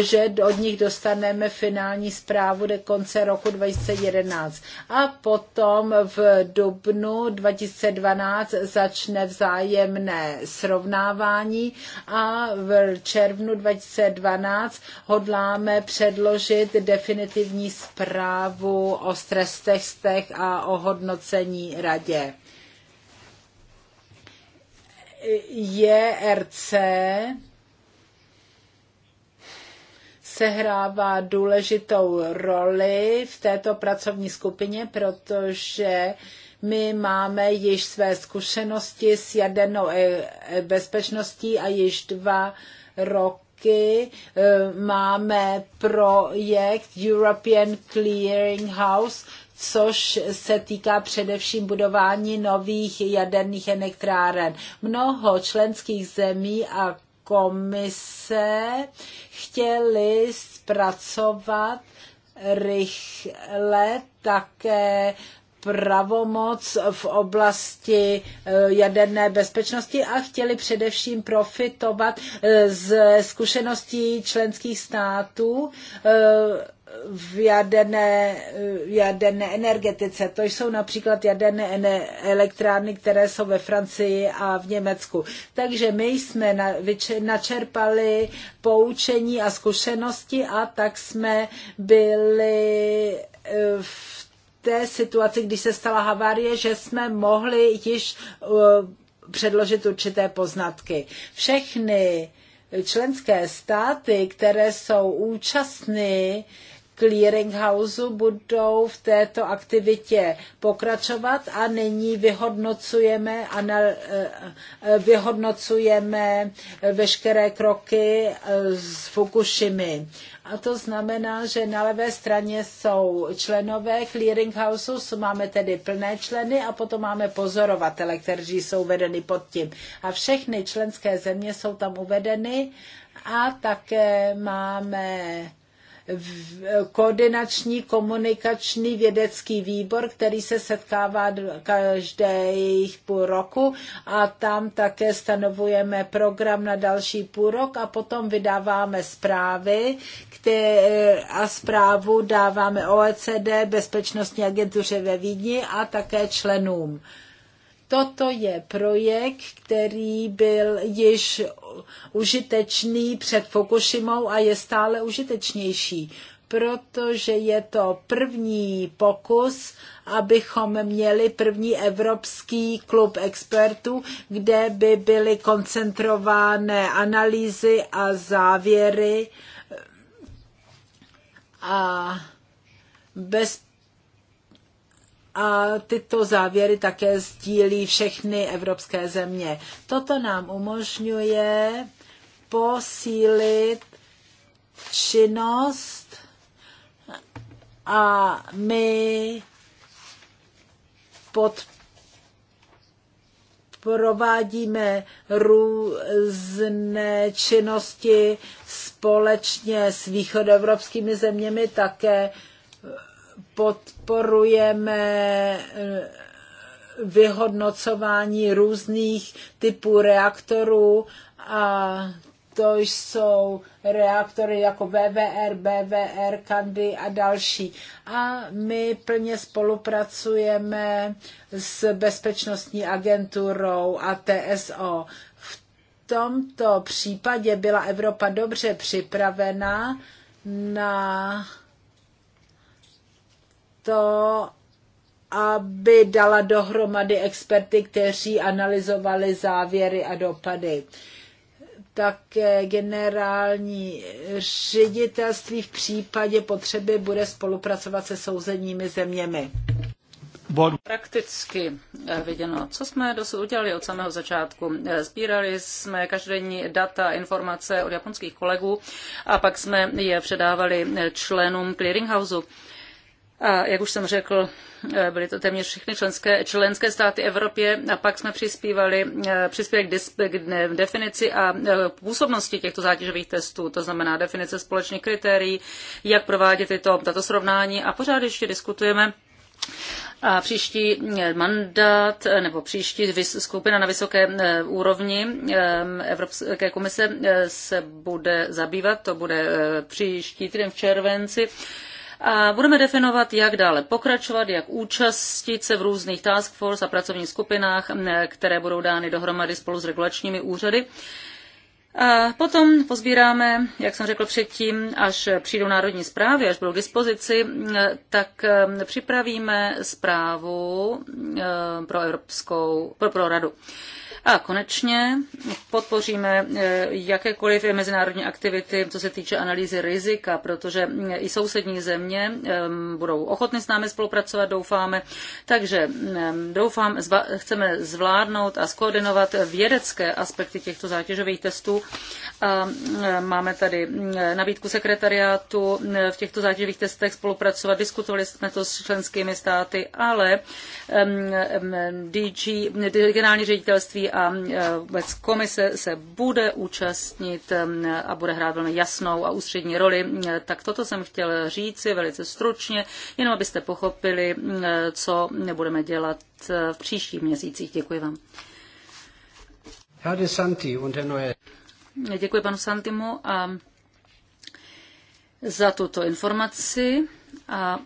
že od nich dostaneme finální zprávu do konce roku 2011. A potom v dubnu 2012 začne vzájemné srovnávání a v červnu 2012 12. hodláme předložit definitivní zprávu o stres testech a o hodnocení radě. JRC e sehrává důležitou roli v této pracovní skupině, protože my máme již své zkušenosti s jadernou e- e- bezpečností a již dva roky taky eh, máme projekt European Clearing House, což se týká především budování nových jaderných elektráren. Mnoho členských zemí a komise chtěli zpracovat rychle také pravomoc v oblasti eh, jaderné bezpečnosti a chtěli především profitovat eh, z zkušeností členských států eh, v jaderné, jaderné energetice. To jsou například jaderné elektrárny, které jsou ve Francii a v Německu. Takže my jsme načerpali poučení a zkušenosti a tak jsme byli v té situaci, když se stala havárie, že jsme mohli již uh, předložit určité poznatky. Všechny členské státy, které jsou účastny clearinghouse budou v této aktivitě pokračovat a nyní vyhodnocujeme, anal, eh, vyhodnocujeme veškeré kroky eh, s Fukushimy. A to znamená, že na levé straně jsou členové clearinghouse, máme tedy plné členy a potom máme pozorovatele, kteří jsou vedeny pod tím. A všechny členské země jsou tam uvedeny a také máme koordinační komunikační vědecký výbor, který se setkává každé jejich půl roku a tam také stanovujeme program na další půl rok a potom vydáváme zprávy a zprávu dáváme OECD, Bezpečnostní agentuře ve Vídni a také členům. Toto je projekt, který byl již užitečný před Fukushimou a je stále užitečnější, protože je to první pokus, abychom měli první evropský klub expertů, kde by byly koncentrované analýzy a závěry a bez a tyto závěry také sdílí všechny evropské země. Toto nám umožňuje posílit činnost a my pod provádíme různé činnosti společně s východoevropskými zeměmi, také podporujeme eh, vyhodnocování různých typů reaktorů a to jsou reaktory jako VVR, BVR, Kandy a další. A my plně spolupracujeme s bezpečnostní agenturou a TSO. V tomto případě byla Evropa dobře připravena na to, aby dala dohromady experty, kteří analyzovali závěry a dopady. Také generální ředitelství v případě potřeby bude spolupracovat se souzenními zeměmi. Prakticky eh, viděno, co jsme dosud udělali od samého začátku. Eh, sbírali jsme každodenní data, informace od japonských kolegů a pak jsme je předávali eh, členům clearinghouse a jak už jsem řekl, eh, byly to téměř všechny členské, členské státy Evropě a pak jsme přispívali, eh, přispěli k, k definici a eh, působnosti těchto zátěžových testů, to znamená definice společných kritérií, jak provádět tyto, tato srovnání a pořád ještě diskutujeme a příští mandát nebo příští skupina na vysoké úrovni Evropské komise se bude zabývat, to bude příští týden v červenci. A budeme definovat, jak dále pokračovat, jak účastit se v různých task force a pracovních skupinách, které budou dány dohromady spolu s regulačními úřady. A potom pozbíráme, jak jsem řekl předtím, až přijdou národní zprávy, až budou k dispozici, tak připravíme zprávu pro Evropskou, pro, pro radu. A konečně podpoříme eh, jakékoliv mezinárodní aktivity, co se týče analýzy rizika, protože eh, i sousední země eh, budou ochotny s námi spolupracovat, doufáme. Takže doufám, zva, chceme zvládnout a skoordinovat vědecké aspekty těchto zátěžových testů. A máme tady nabídku sekretariátu v těchto zátěžových testech spolupracovat. Diskutovali jsme to s členskými státy, ale DG, generální ředitelství a e, vůbec komise se bude účastnit e, a bude hrát velmi jasnou a ústřední roli. E, tak toto jsem chtěl říci velice stručně, jenom abyste pochopili, co budeme dělat v příštích měsících. Děkuji vám. Děkuji panu Santimu a za tuto informaci a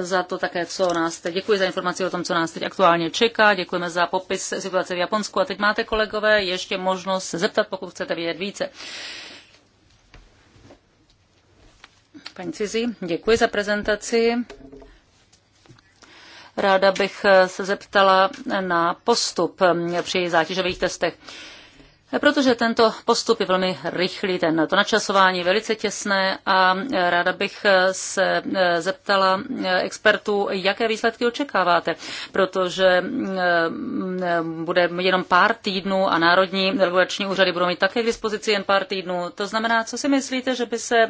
za to také, co nás teď, děkuji za informaci o tom, co nás teď aktuálně čeká, děkujeme za popis situace v Japonsku a teď máte, kolegové, ještě možnost se zeptat, pokud chcete vědět více. Paní Cizí, děkuji za prezentaci. Ráda bych se zeptala na postup při zátěžových testech. Protože tento postup je velmi rychlý, ten, to načasování je velice těsné a eh, ráda bych eh, se eh, zeptala expertů, jaké výsledky očekáváte, protože mm, mm, bude jenom pár týdnů a národní regulační úřady budou mít také k dispozici jen pár týdnů. To znamená, co si myslíte, že by se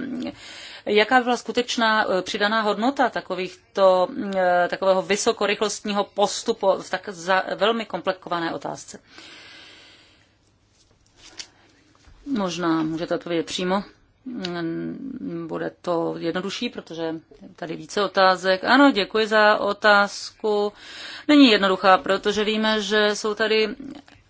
Jaká byla skutečná přidaná hodnota takovýchto, takového vysokorychlostního postupu v tak za velmi komplikované otázce? Možná můžete odpovědět přímo. Mm, Bude to jednodušší, protože tady více otázek. Ano, děkuji za otázku. Není jednoduchá, protože víme, že jsou tady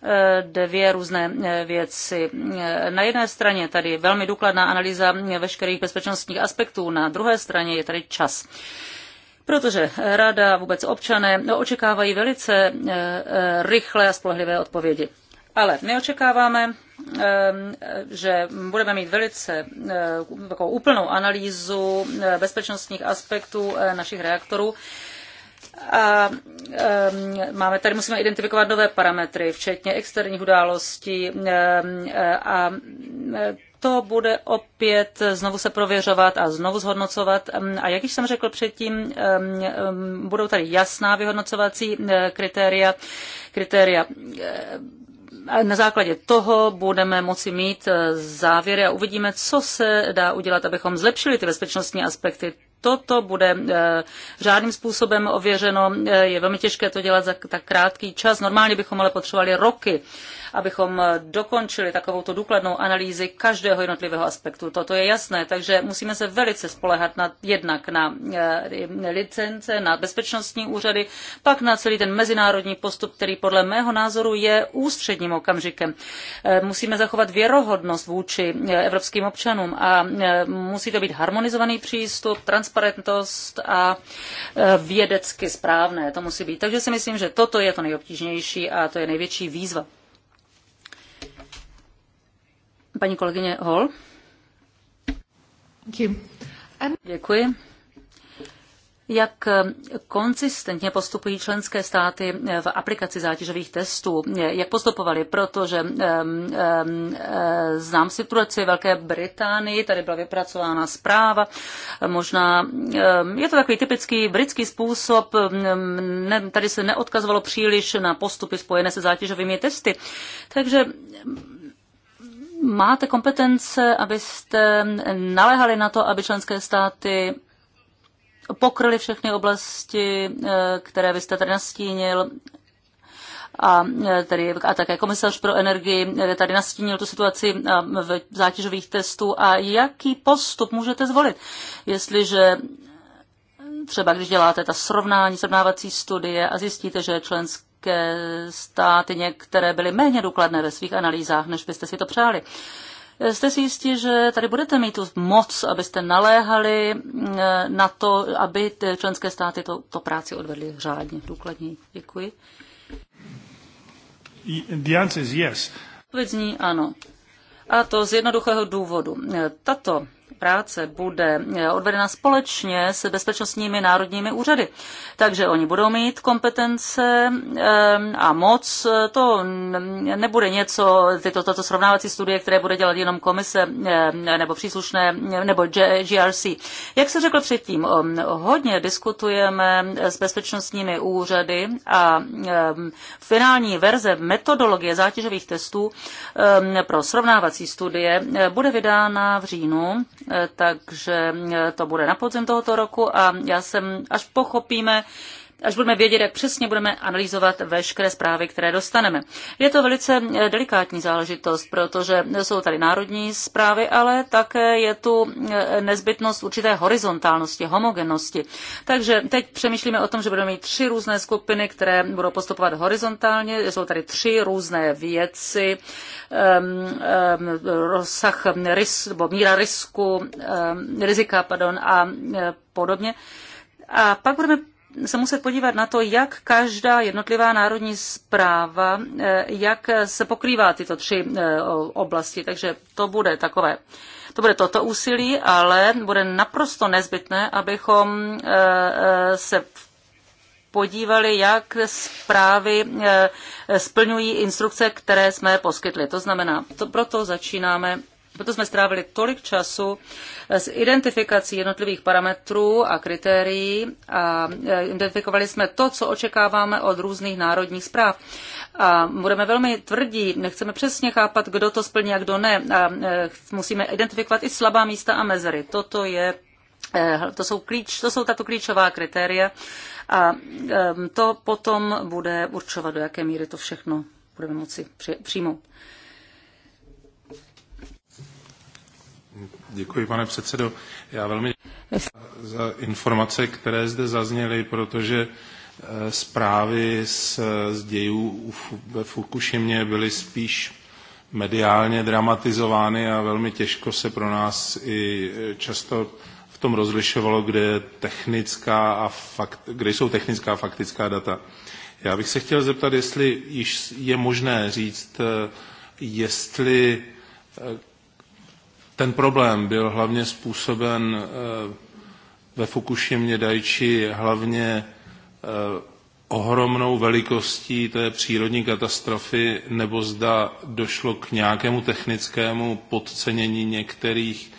eh, dvě různé eh, věci. Eh, na jedné straně tady velmi důkladná analýza veškerých bezpečnostních aspektů, na druhé straně je tady čas protože rada vůbec občané no, očekávají velice rychlé a spolehlivé odpovědi. Ale my očekáváme, Ehm, že budeme mít velice eh, takovou úplnou analýzu eh, bezpečnostních aspektů eh, našich reaktorů. A ehm, máme tady, musíme identifikovat nové parametry, včetně externích událostí ehm, a to bude opět znovu se prověřovat a znovu zhodnocovat. A jak již jsem řekl předtím, budou tady jasná vyhodnocovací kritéria, kritéria na základě toho budeme moci mít eh, závěry a uvidíme, co se dá udělat, abychom zlepšili ty bezpečnostní aspekty toto bude eh, řádným způsobem ověřeno. Eh, je velmi těžké to dělat za tak krátký čas. Normálně bychom ale potřebovali roky, abychom eh, dokončili takovou důkladnou analýzi každého jednotlivého aspektu. Toto je jasné, takže musíme se velice spolehat na, jednak na licence, na bezpečnostní úřady, pak na celý ten mezinárodní postup, který podle mého názoru je ústředním okamžikem. Musíme zachovat věrohodnost vůči evropským občanům a musí to být harmonizovaný přístup, transparentní transparentnost a e, vědecky správné to musí být. Takže si myslím, že toto je to nejobtížnější a to je největší výzva. Paní kolegyně Hol. Děkuji. Děkuji jak konzistentně postupují členské státy v aplikaci zátěžových testů, jak postupovali, protože eh, znám situaci Velké Británii, tady byla vypracována zpráva, možná je to takový typický britský způsob, ne, tady se neodkazovalo příliš na postupy spojené se zátěžovými testy, takže máte kompetence, abyste naléhali na to, aby členské státy pokryly všechny oblasti, eh, které vy jste tady nastínil a, eh, tedy, a také komisař pro energii eh, tady nastínil tu situaci v zátěžových testů a jaký postup můžete zvolit, jestliže třeba když děláte ta srovnání, srovnávací studie a zjistíte, že členské státy některé byly méně důkladné ve svých analýzách, než byste si to přáli. Uh, Jste si jistí, že tady budete mít tu moc, abyste naléhali eh, na to, aby členské státy to, to práci odvedly řádně, důkladně? Děkuji. The answer is yes. Odpověď zní ano. A to z jednoduchého důvodu. Eh, tato práce bude eh, odvedena společně s bezpečnostními národními úřady. Takže oni budou mít kompetence eh, a moc. Eh, to nebude něco, tyto, toto srovnávací studie, které bude dělat jenom komise nebo příslušné, nebo GRC. Jak se řekl předtím, hodně diskutujeme s bezpečnostními úřady a finální verze metodologie zátěžových testů pro srovnávací studie bude vydána v říjnu Eh, takže eh, to bude na podzim tohoto roku a já jsem, až pochopíme, až budeme vědět, jak přesně budeme analyzovat veškeré zprávy, které dostaneme. Je to velice eh, delikátní záležitost, protože jsou tady národní zprávy, ale také je tu eh, nezbytnost určité horizontálnosti, homogennosti. Takže teď přemýšlíme o tom, že budeme mít tři různé skupiny, které budou postupovat horizontálně. Jsou tady tři různé věci, ehm, ehm, rozsah ris, nebo míra risku, ehm, rizika pardon, a eh, podobně. A pak budeme se muset podívat na to, jak každá jednotlivá národní zpráva, eh, jak se pokrývá tyto tři eh, oblasti. Takže to bude takové. To bude toto úsilí, ale bude naprosto nezbytné, abychom eh, se podívali, jak zprávy splňují instrukce, které jsme poskytli. To znamená, to proto začínáme proto jsme strávili tolik času eh, s identifikací jednotlivých parametrů a kritérií a eh, identifikovali jsme to, co očekáváme od různých národních zpráv. A budeme velmi tvrdí, nechceme přesně chápat, kdo to splní a kdo ne. A eh, musíme identifikovat i slabá místa a mezery. Toto je to jsou, klíč, to jsou tato klíčová kritéria a to potom bude určovat, do jaké míry to všechno budeme moci přijmout. Děkuji, pane předsedo. Já velmi za informace, které zde zazněly, protože eh, zprávy z, z dějů ve Fukušimě byly spíš mediálně dramatizovány a velmi těžko se pro nás i eh, často v tom rozlišovalo, kde, je technická a fakt, kde jsou technická a faktická data. Já bych se chtěl zeptat, jestli již je možné říct, eh, jestli ten problém byl hlavně způsoben eh, ve Fukushimě Daiichi hlavně eh, ohromnou velikostí té přírodní katastrofy, nebo zda došlo k nějakému technickému podcenění některých,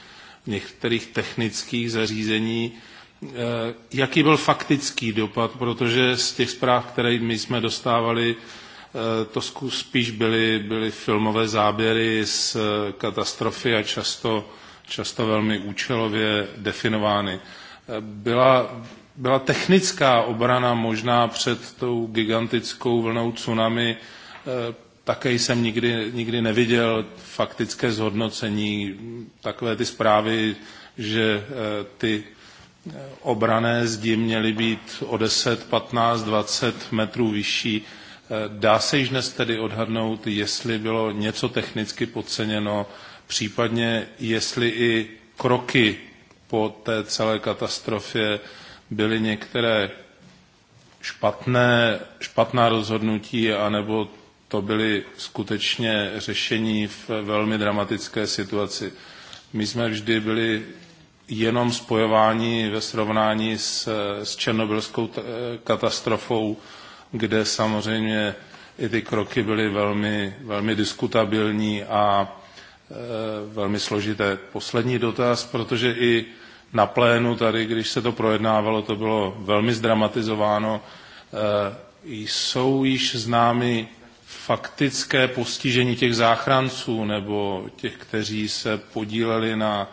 některých technických zařízení. Eh, jaký byl faktický dopad, protože z těch zpráv, které my jsme dostávali, Eh, to spíš byly, byly filmové záběry z eh, katastrofy a často, často velmi účelově definovány. Eh, byla, byla technická obrana možná před tou gigantickou vlnou tsunami. Také jsem nikdy, nikdy neviděl faktické zhodnocení, takové ty zprávy, že ty obrané zdi měly být o 10, 15, 20 metrů vyšší Dá se již dnes tedy odhadnout, jestli bylo něco technicky podceněno, případně jestli i kroky po té celé katastrofě byly některé špatné, špatná rozhodnutí, anebo to byly skutečně řešení v velmi dramatické situaci. My jsme vždy byli jenom spojování ve srovnání s, s černobylskou eh, katastrofou kde samozřejmě i ty kroky byly velmi, velmi diskutabilní a e, velmi složité. Poslední dotaz, protože i na plénu tady, když se to projednávalo, to bylo velmi zdramatizováno. E, jsou již známy faktické postižení těch záchranců nebo těch, kteří se podíleli na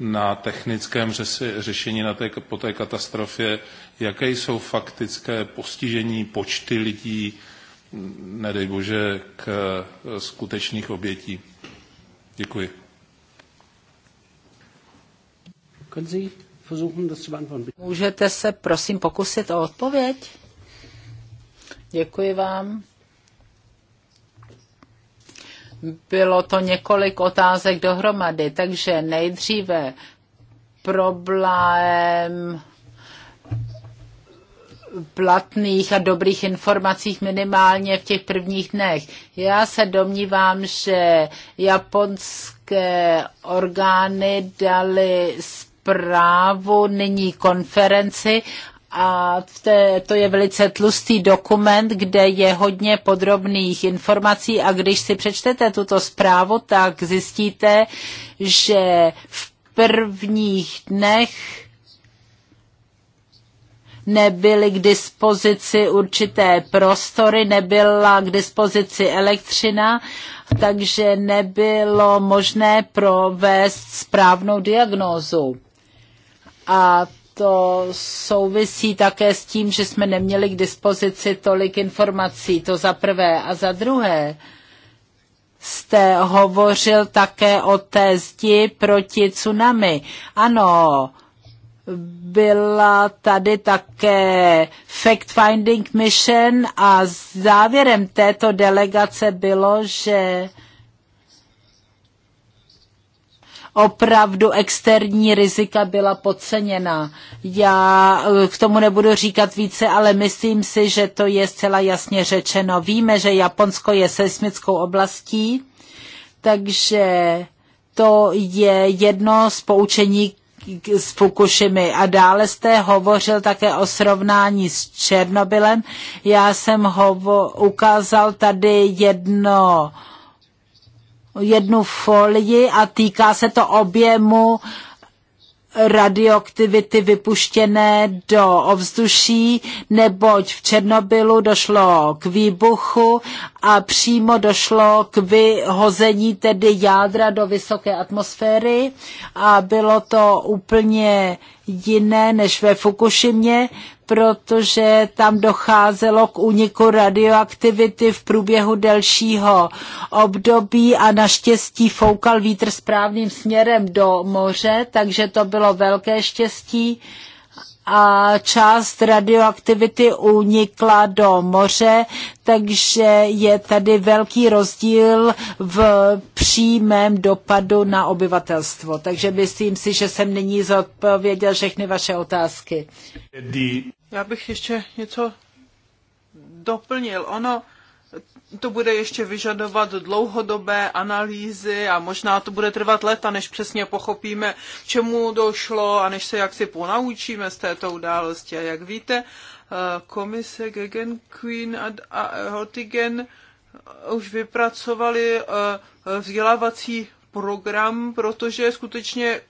na technickém řešení na té, po té katastrofě, jaké jsou faktické postižení počty lidí, nedej bože, k eh, skutečných obětí. Děkuji. Můžete se prosím pokusit o odpověď? Děkuji vám. Bylo to několik otázek dohromady, takže nejdříve problém platných a dobrých informacích minimálně v těch prvních dnech. Já se domnívám, že japonské orgány dali zprávu nyní konferenci a te, to je velice tlustý dokument, kde je hodně podrobných informací a když si přečtete tuto zprávu, tak zjistíte, že v prvních dnech nebyly k dispozici určité prostory, nebyla k dispozici elektřina, takže nebylo možné provést správnou diagnózu. A to souvisí také s tím, že jsme neměli k dispozici tolik informací, to za prvé. A za druhé, jste hovořil také o té zdi proti tsunami. Ano, byla tady také fact-finding mission a závěrem této delegace bylo, že opravdu externí rizika byla podceněna. Já eh, k tomu nebudu říkat více, ale myslím si, že to je zcela jasně řečeno. Víme, že Japonsko je seismickou oblastí, takže to je jedno z poučení s Fukušimi. A dále jste hovořil také o srovnání s Černobylem. Já jsem ho ukázal tady jedno uh, jednu folii a týká se to objemu radioaktivity vypuštěné do ovzduší, neboť v Černobylu došlo k výbuchu a přímo došlo k vyhození tedy jádra do vysoké atmosféry a bylo to úplně jiné než ve Fukušimě, protože tam docházelo k úniku radioaktivity v průběhu delšího období a naštěstí foukal vítr správným směrem do moře, takže to bylo velké štěstí a část radioaktivity unikla do moře, takže je tady velký rozdíl v přímém dopadu na obyvatelstvo. Takže myslím si, že jsem nyní zodpověděl všechny vaše otázky. Já bych ještě něco doplnil. Ono, to bude ještě vyžadovat dlouhodobé analýzy a možná to bude trvat leta, než přesně pochopíme, čemu došlo a než se jaksi ponaučíme z této události. A jak víte, eh, komise Gegen Queen a Hotigen už vypracovali eh, vzdělávací program, protože skutečně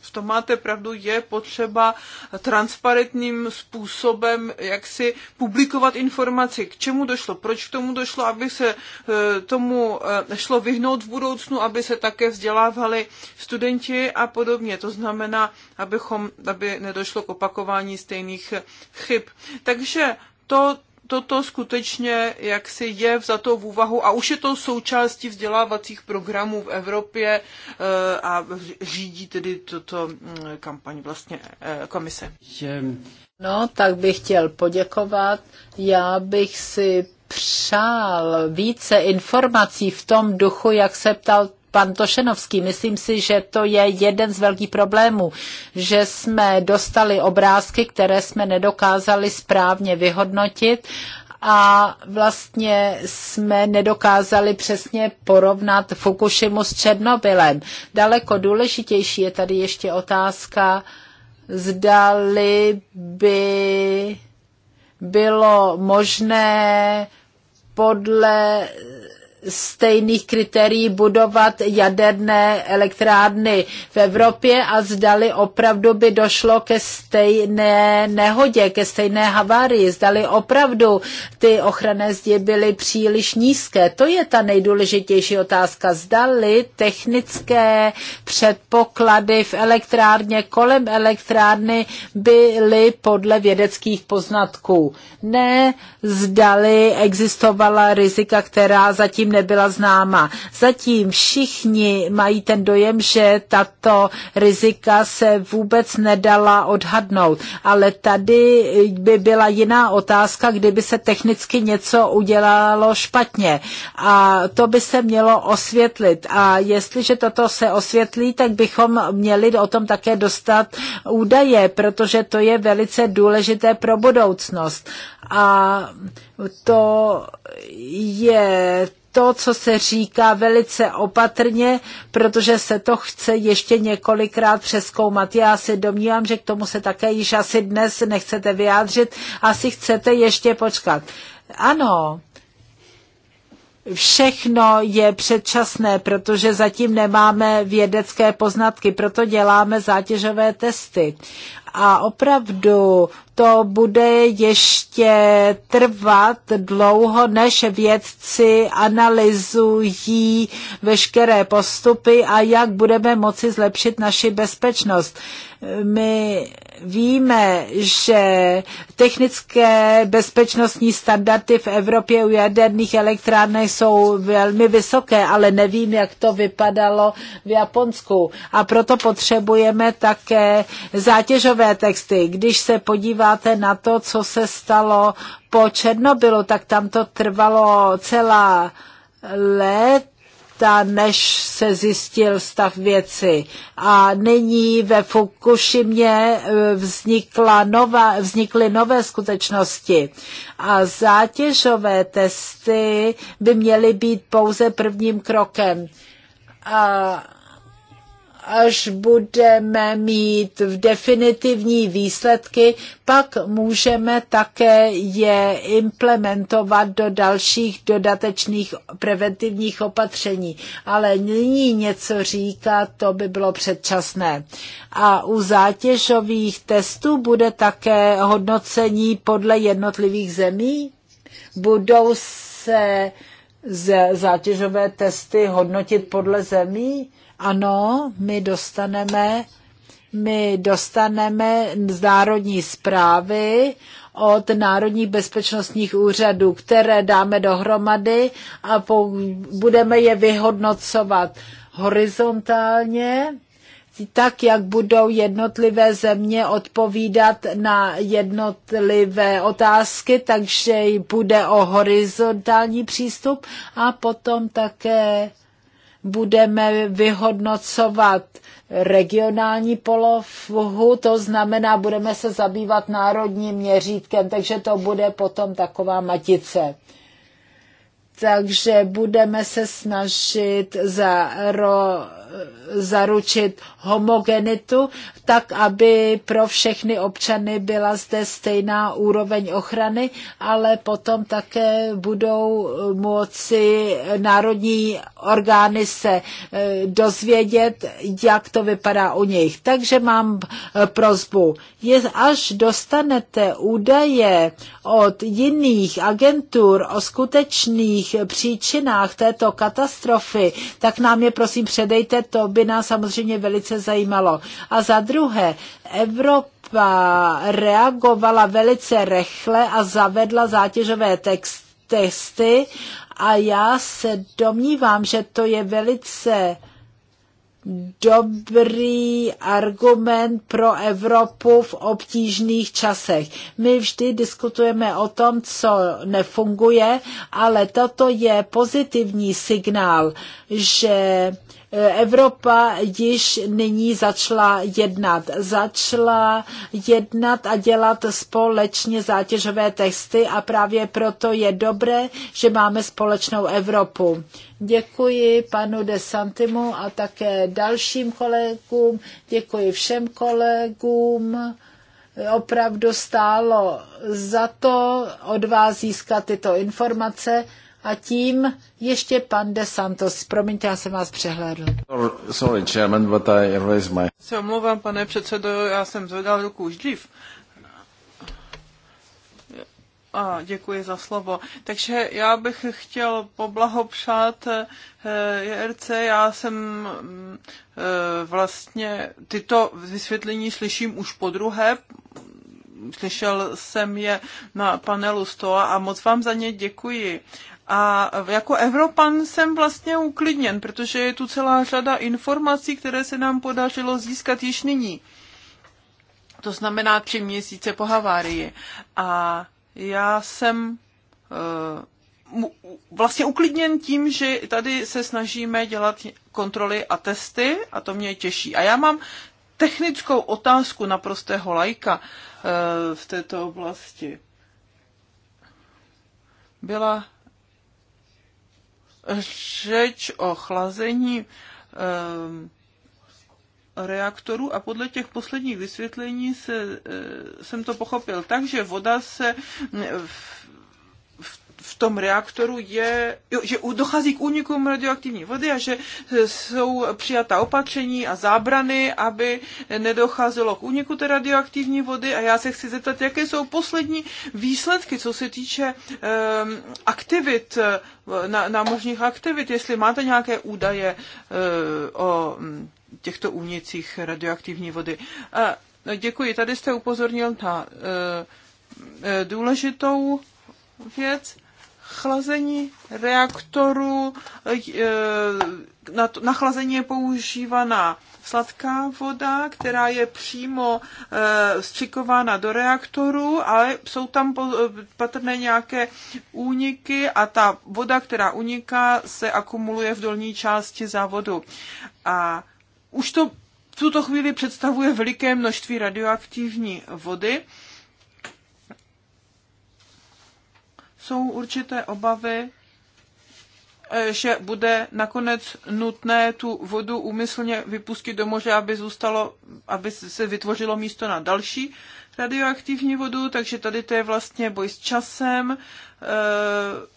v tom máte pravdu, je potřeba transparentním způsobem jak si publikovat informaci, k čemu došlo, proč k tomu došlo, aby se eh, tomu eh, šlo vyhnout v budoucnu, aby se také vzdělávali studenti a podobně. To znamená, abychom, aby nedošlo k opakování stejných chyb. Takže to toto skutečně jaksi je za to v úvahu a už je to součástí vzdělávacích programů v Evropě eh, a řídí tedy toto mm, kampaň vlastně eh, komise. No, tak bych chtěl poděkovat. Já bych si přál více informací v tom duchu, jak se ptal pan Tošenovský. Myslím si, že to je jeden z velkých problémů, že jsme dostali obrázky, které jsme nedokázali správně vyhodnotit a vlastně jsme nedokázali přesně porovnat Fukushimu s Černobylem. Daleko důležitější je tady ještě otázka, zdali by bylo možné podle stejných kritérií budovat jaderné elektrárny v Evropě a zdali opravdu by došlo ke stejné nehodě, ke stejné havárii, zdali opravdu ty ochranné zdi byly příliš nízké. To je ta nejdůležitější otázka. Zdali technické předpoklady v elektrárně, kolem elektrárny byly podle vědeckých poznatků. Ne, zdali existovala rizika, která zatím zatím nebyla známa. Zatím všichni mají ten dojem, že tato rizika se vůbec nedala odhadnout, ale tady by byla jiná otázka, kdyby se technicky něco udělalo špatně a to by se mělo osvětlit a jestliže toto se osvětlí, tak bychom měli o tom také dostat údaje, protože to je velice důležité pro budoucnost. A to je to, co se říká, velice opatrně, protože se to chce ještě několikrát přeskoumat. Já si domnívám, že k tomu se také již asi dnes nechcete vyjádřit, asi chcete ještě počkat. Ano, všechno je předčasné, protože zatím nemáme vědecké poznatky, proto děláme zátěžové testy. A opravdu to bude ještě trvat dlouho, než vědci analyzují veškeré postupy a jak budeme moci zlepšit naši bezpečnost. My víme, že technické bezpečnostní standardy v Evropě u jaderných elektrárnech jsou velmi vysoké, ale nevím, jak to vypadalo v Japonsku. A proto potřebujeme také zátěžové texty. Když se podívá podíváte na to, co se stalo po Černobylu, tak tam to trvalo celá let ta, než se zjistil stav věci. A nyní ve Fukushimě e, vznikla nová, vznikly nové skutečnosti. A zátěžové testy by měly být pouze prvním krokem. A až budeme mít v definitivní výsledky, pak můžeme také je implementovat do dalších dodatečných preventivních opatření. Ale nyní něco říkat, to by bylo předčasné. A u zátěžových testů bude také hodnocení podle jednotlivých zemí? Budou se zátěžové testy hodnotit podle zemí? Ano, my dostaneme my dostaneme z národní zprávy od národních bezpečnostních úřadů, které dáme dohromady a budeme je vyhodnocovat horizontálně tak, jak budou jednotlivé země odpovídat na jednotlivé otázky, takže bude o horizontální přístup a potom také budeme vyhodnocovat regionální polohu, to znamená, budeme se zabývat národním měřítkem, takže to bude potom taková matice. Takže budeme se snažit za ro zaručit homogenitu, tak aby pro všechny občany byla zde stejná úroveň ochrany, ale potom také budou moci národní orgány se eh, dozvědět, jak to vypadá u nich. Takže mám eh, prozbu. Je, až dostanete údaje od jiných agentur o skutečných příčinách této katastrofy, tak nám je prosím předejte víte, to by nás samozřejmě velice zajímalo. A za druhé, Evropa reagovala velice rychle a zavedla zátěžové text, testy a já se domnívám, že to je velice dobrý argument pro Evropu v obtížných časech. My vždy diskutujeme o tom, co nefunguje, ale toto je pozitivní signál, že Evropa již nyní začala jednat. Začala jednat a dělat společně zátěžové testy a právě proto je dobré, že máme společnou Evropu. Děkuji panu De Santimu a také dalším kolegům. Děkuji všem kolegům opravdu stálo za to od vás získat tyto informace a tím ještě pan De Santos. Promiňte, já jsem vás přehlédl. Sorry, Se omlouvám, pane předsedo, já jsem zvedal ruku už dřív. A děkuji za slovo. Takže já bych chtěl poblahopřát eh, JRC. Já jsem eh, vlastně tyto vysvětlení slyším už po druhé, slyšel jsem je na panelu STOA a moc vám za ně děkuji. A jako Evropan jsem vlastně uklidněn, protože je tu celá řada informací, které se nám podařilo získat již nyní. To znamená tři měsíce po havárii. A já jsem eh, vlastně uklidněn tím, že tady se snažíme dělat kontroly a testy a to mě těší. A já mám technickou otázku na prostého lajka eh, v této oblasti. Byla řeč o chlazení ehm, reaktorů a podle těch posledních vysvětlení se, e, jsem to pochopil tak, že voda se v tom reaktoru je, že dochází k únikům radioaktivní vody a že e, jsou přijata opatření a zábrany, aby nedocházelo k úniku té radioaktivní vody. A já se chci zeptat, jaké jsou poslední výsledky, co se týče um, aktivit, e, na, na aktivit, jestli máte nějaké údaje uh, o těchto únicích radioaktivní vody. A, no, děkuji, tady jste upozornil na uh, důležitou věc chlazení reaktoru, e, na, to, na chlazení je používaná sladká voda, která je přímo e, střikována do reaktoru, ale jsou tam po, patrné nějaké úniky a ta voda, která uniká, se akumuluje v dolní části závodu. A už to v tuto chvíli představuje veliké množství radioaktivní vody jsou určité obavy, eh, že bude nakonec nutné tu vodu úmyslně vypustit do moře, aby zůstalo, aby se vytvořilo místo na další radioaktivní vodu, takže tady to je vlastně boj s časem eh,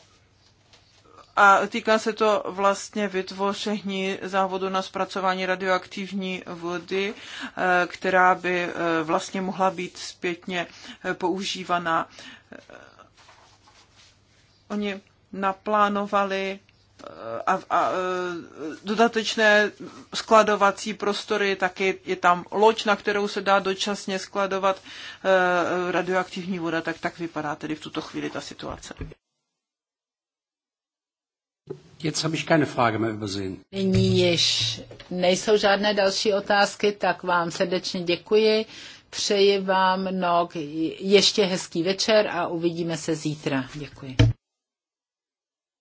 a týká se to vlastně vytvoření závodu na zpracování radioaktivní vody, eh, která by vlastně mohla být zpětně používaná Oni naplánovali eh, a, a a eh, dodatečné skladovací prostory, taky je tam loď, na kterou se dá dočasně skladovat e, radioaktivní voda, tak tak vypadá tedy v tuto chvíli ta situace. Jetzt habe ich keine Frage mehr übersehen. Nyní již nejsou žádné další otázky, tak vám srdečně děkuji. Přeji vám no, ještě hezký večer a uvidíme se zítra. Děkuji.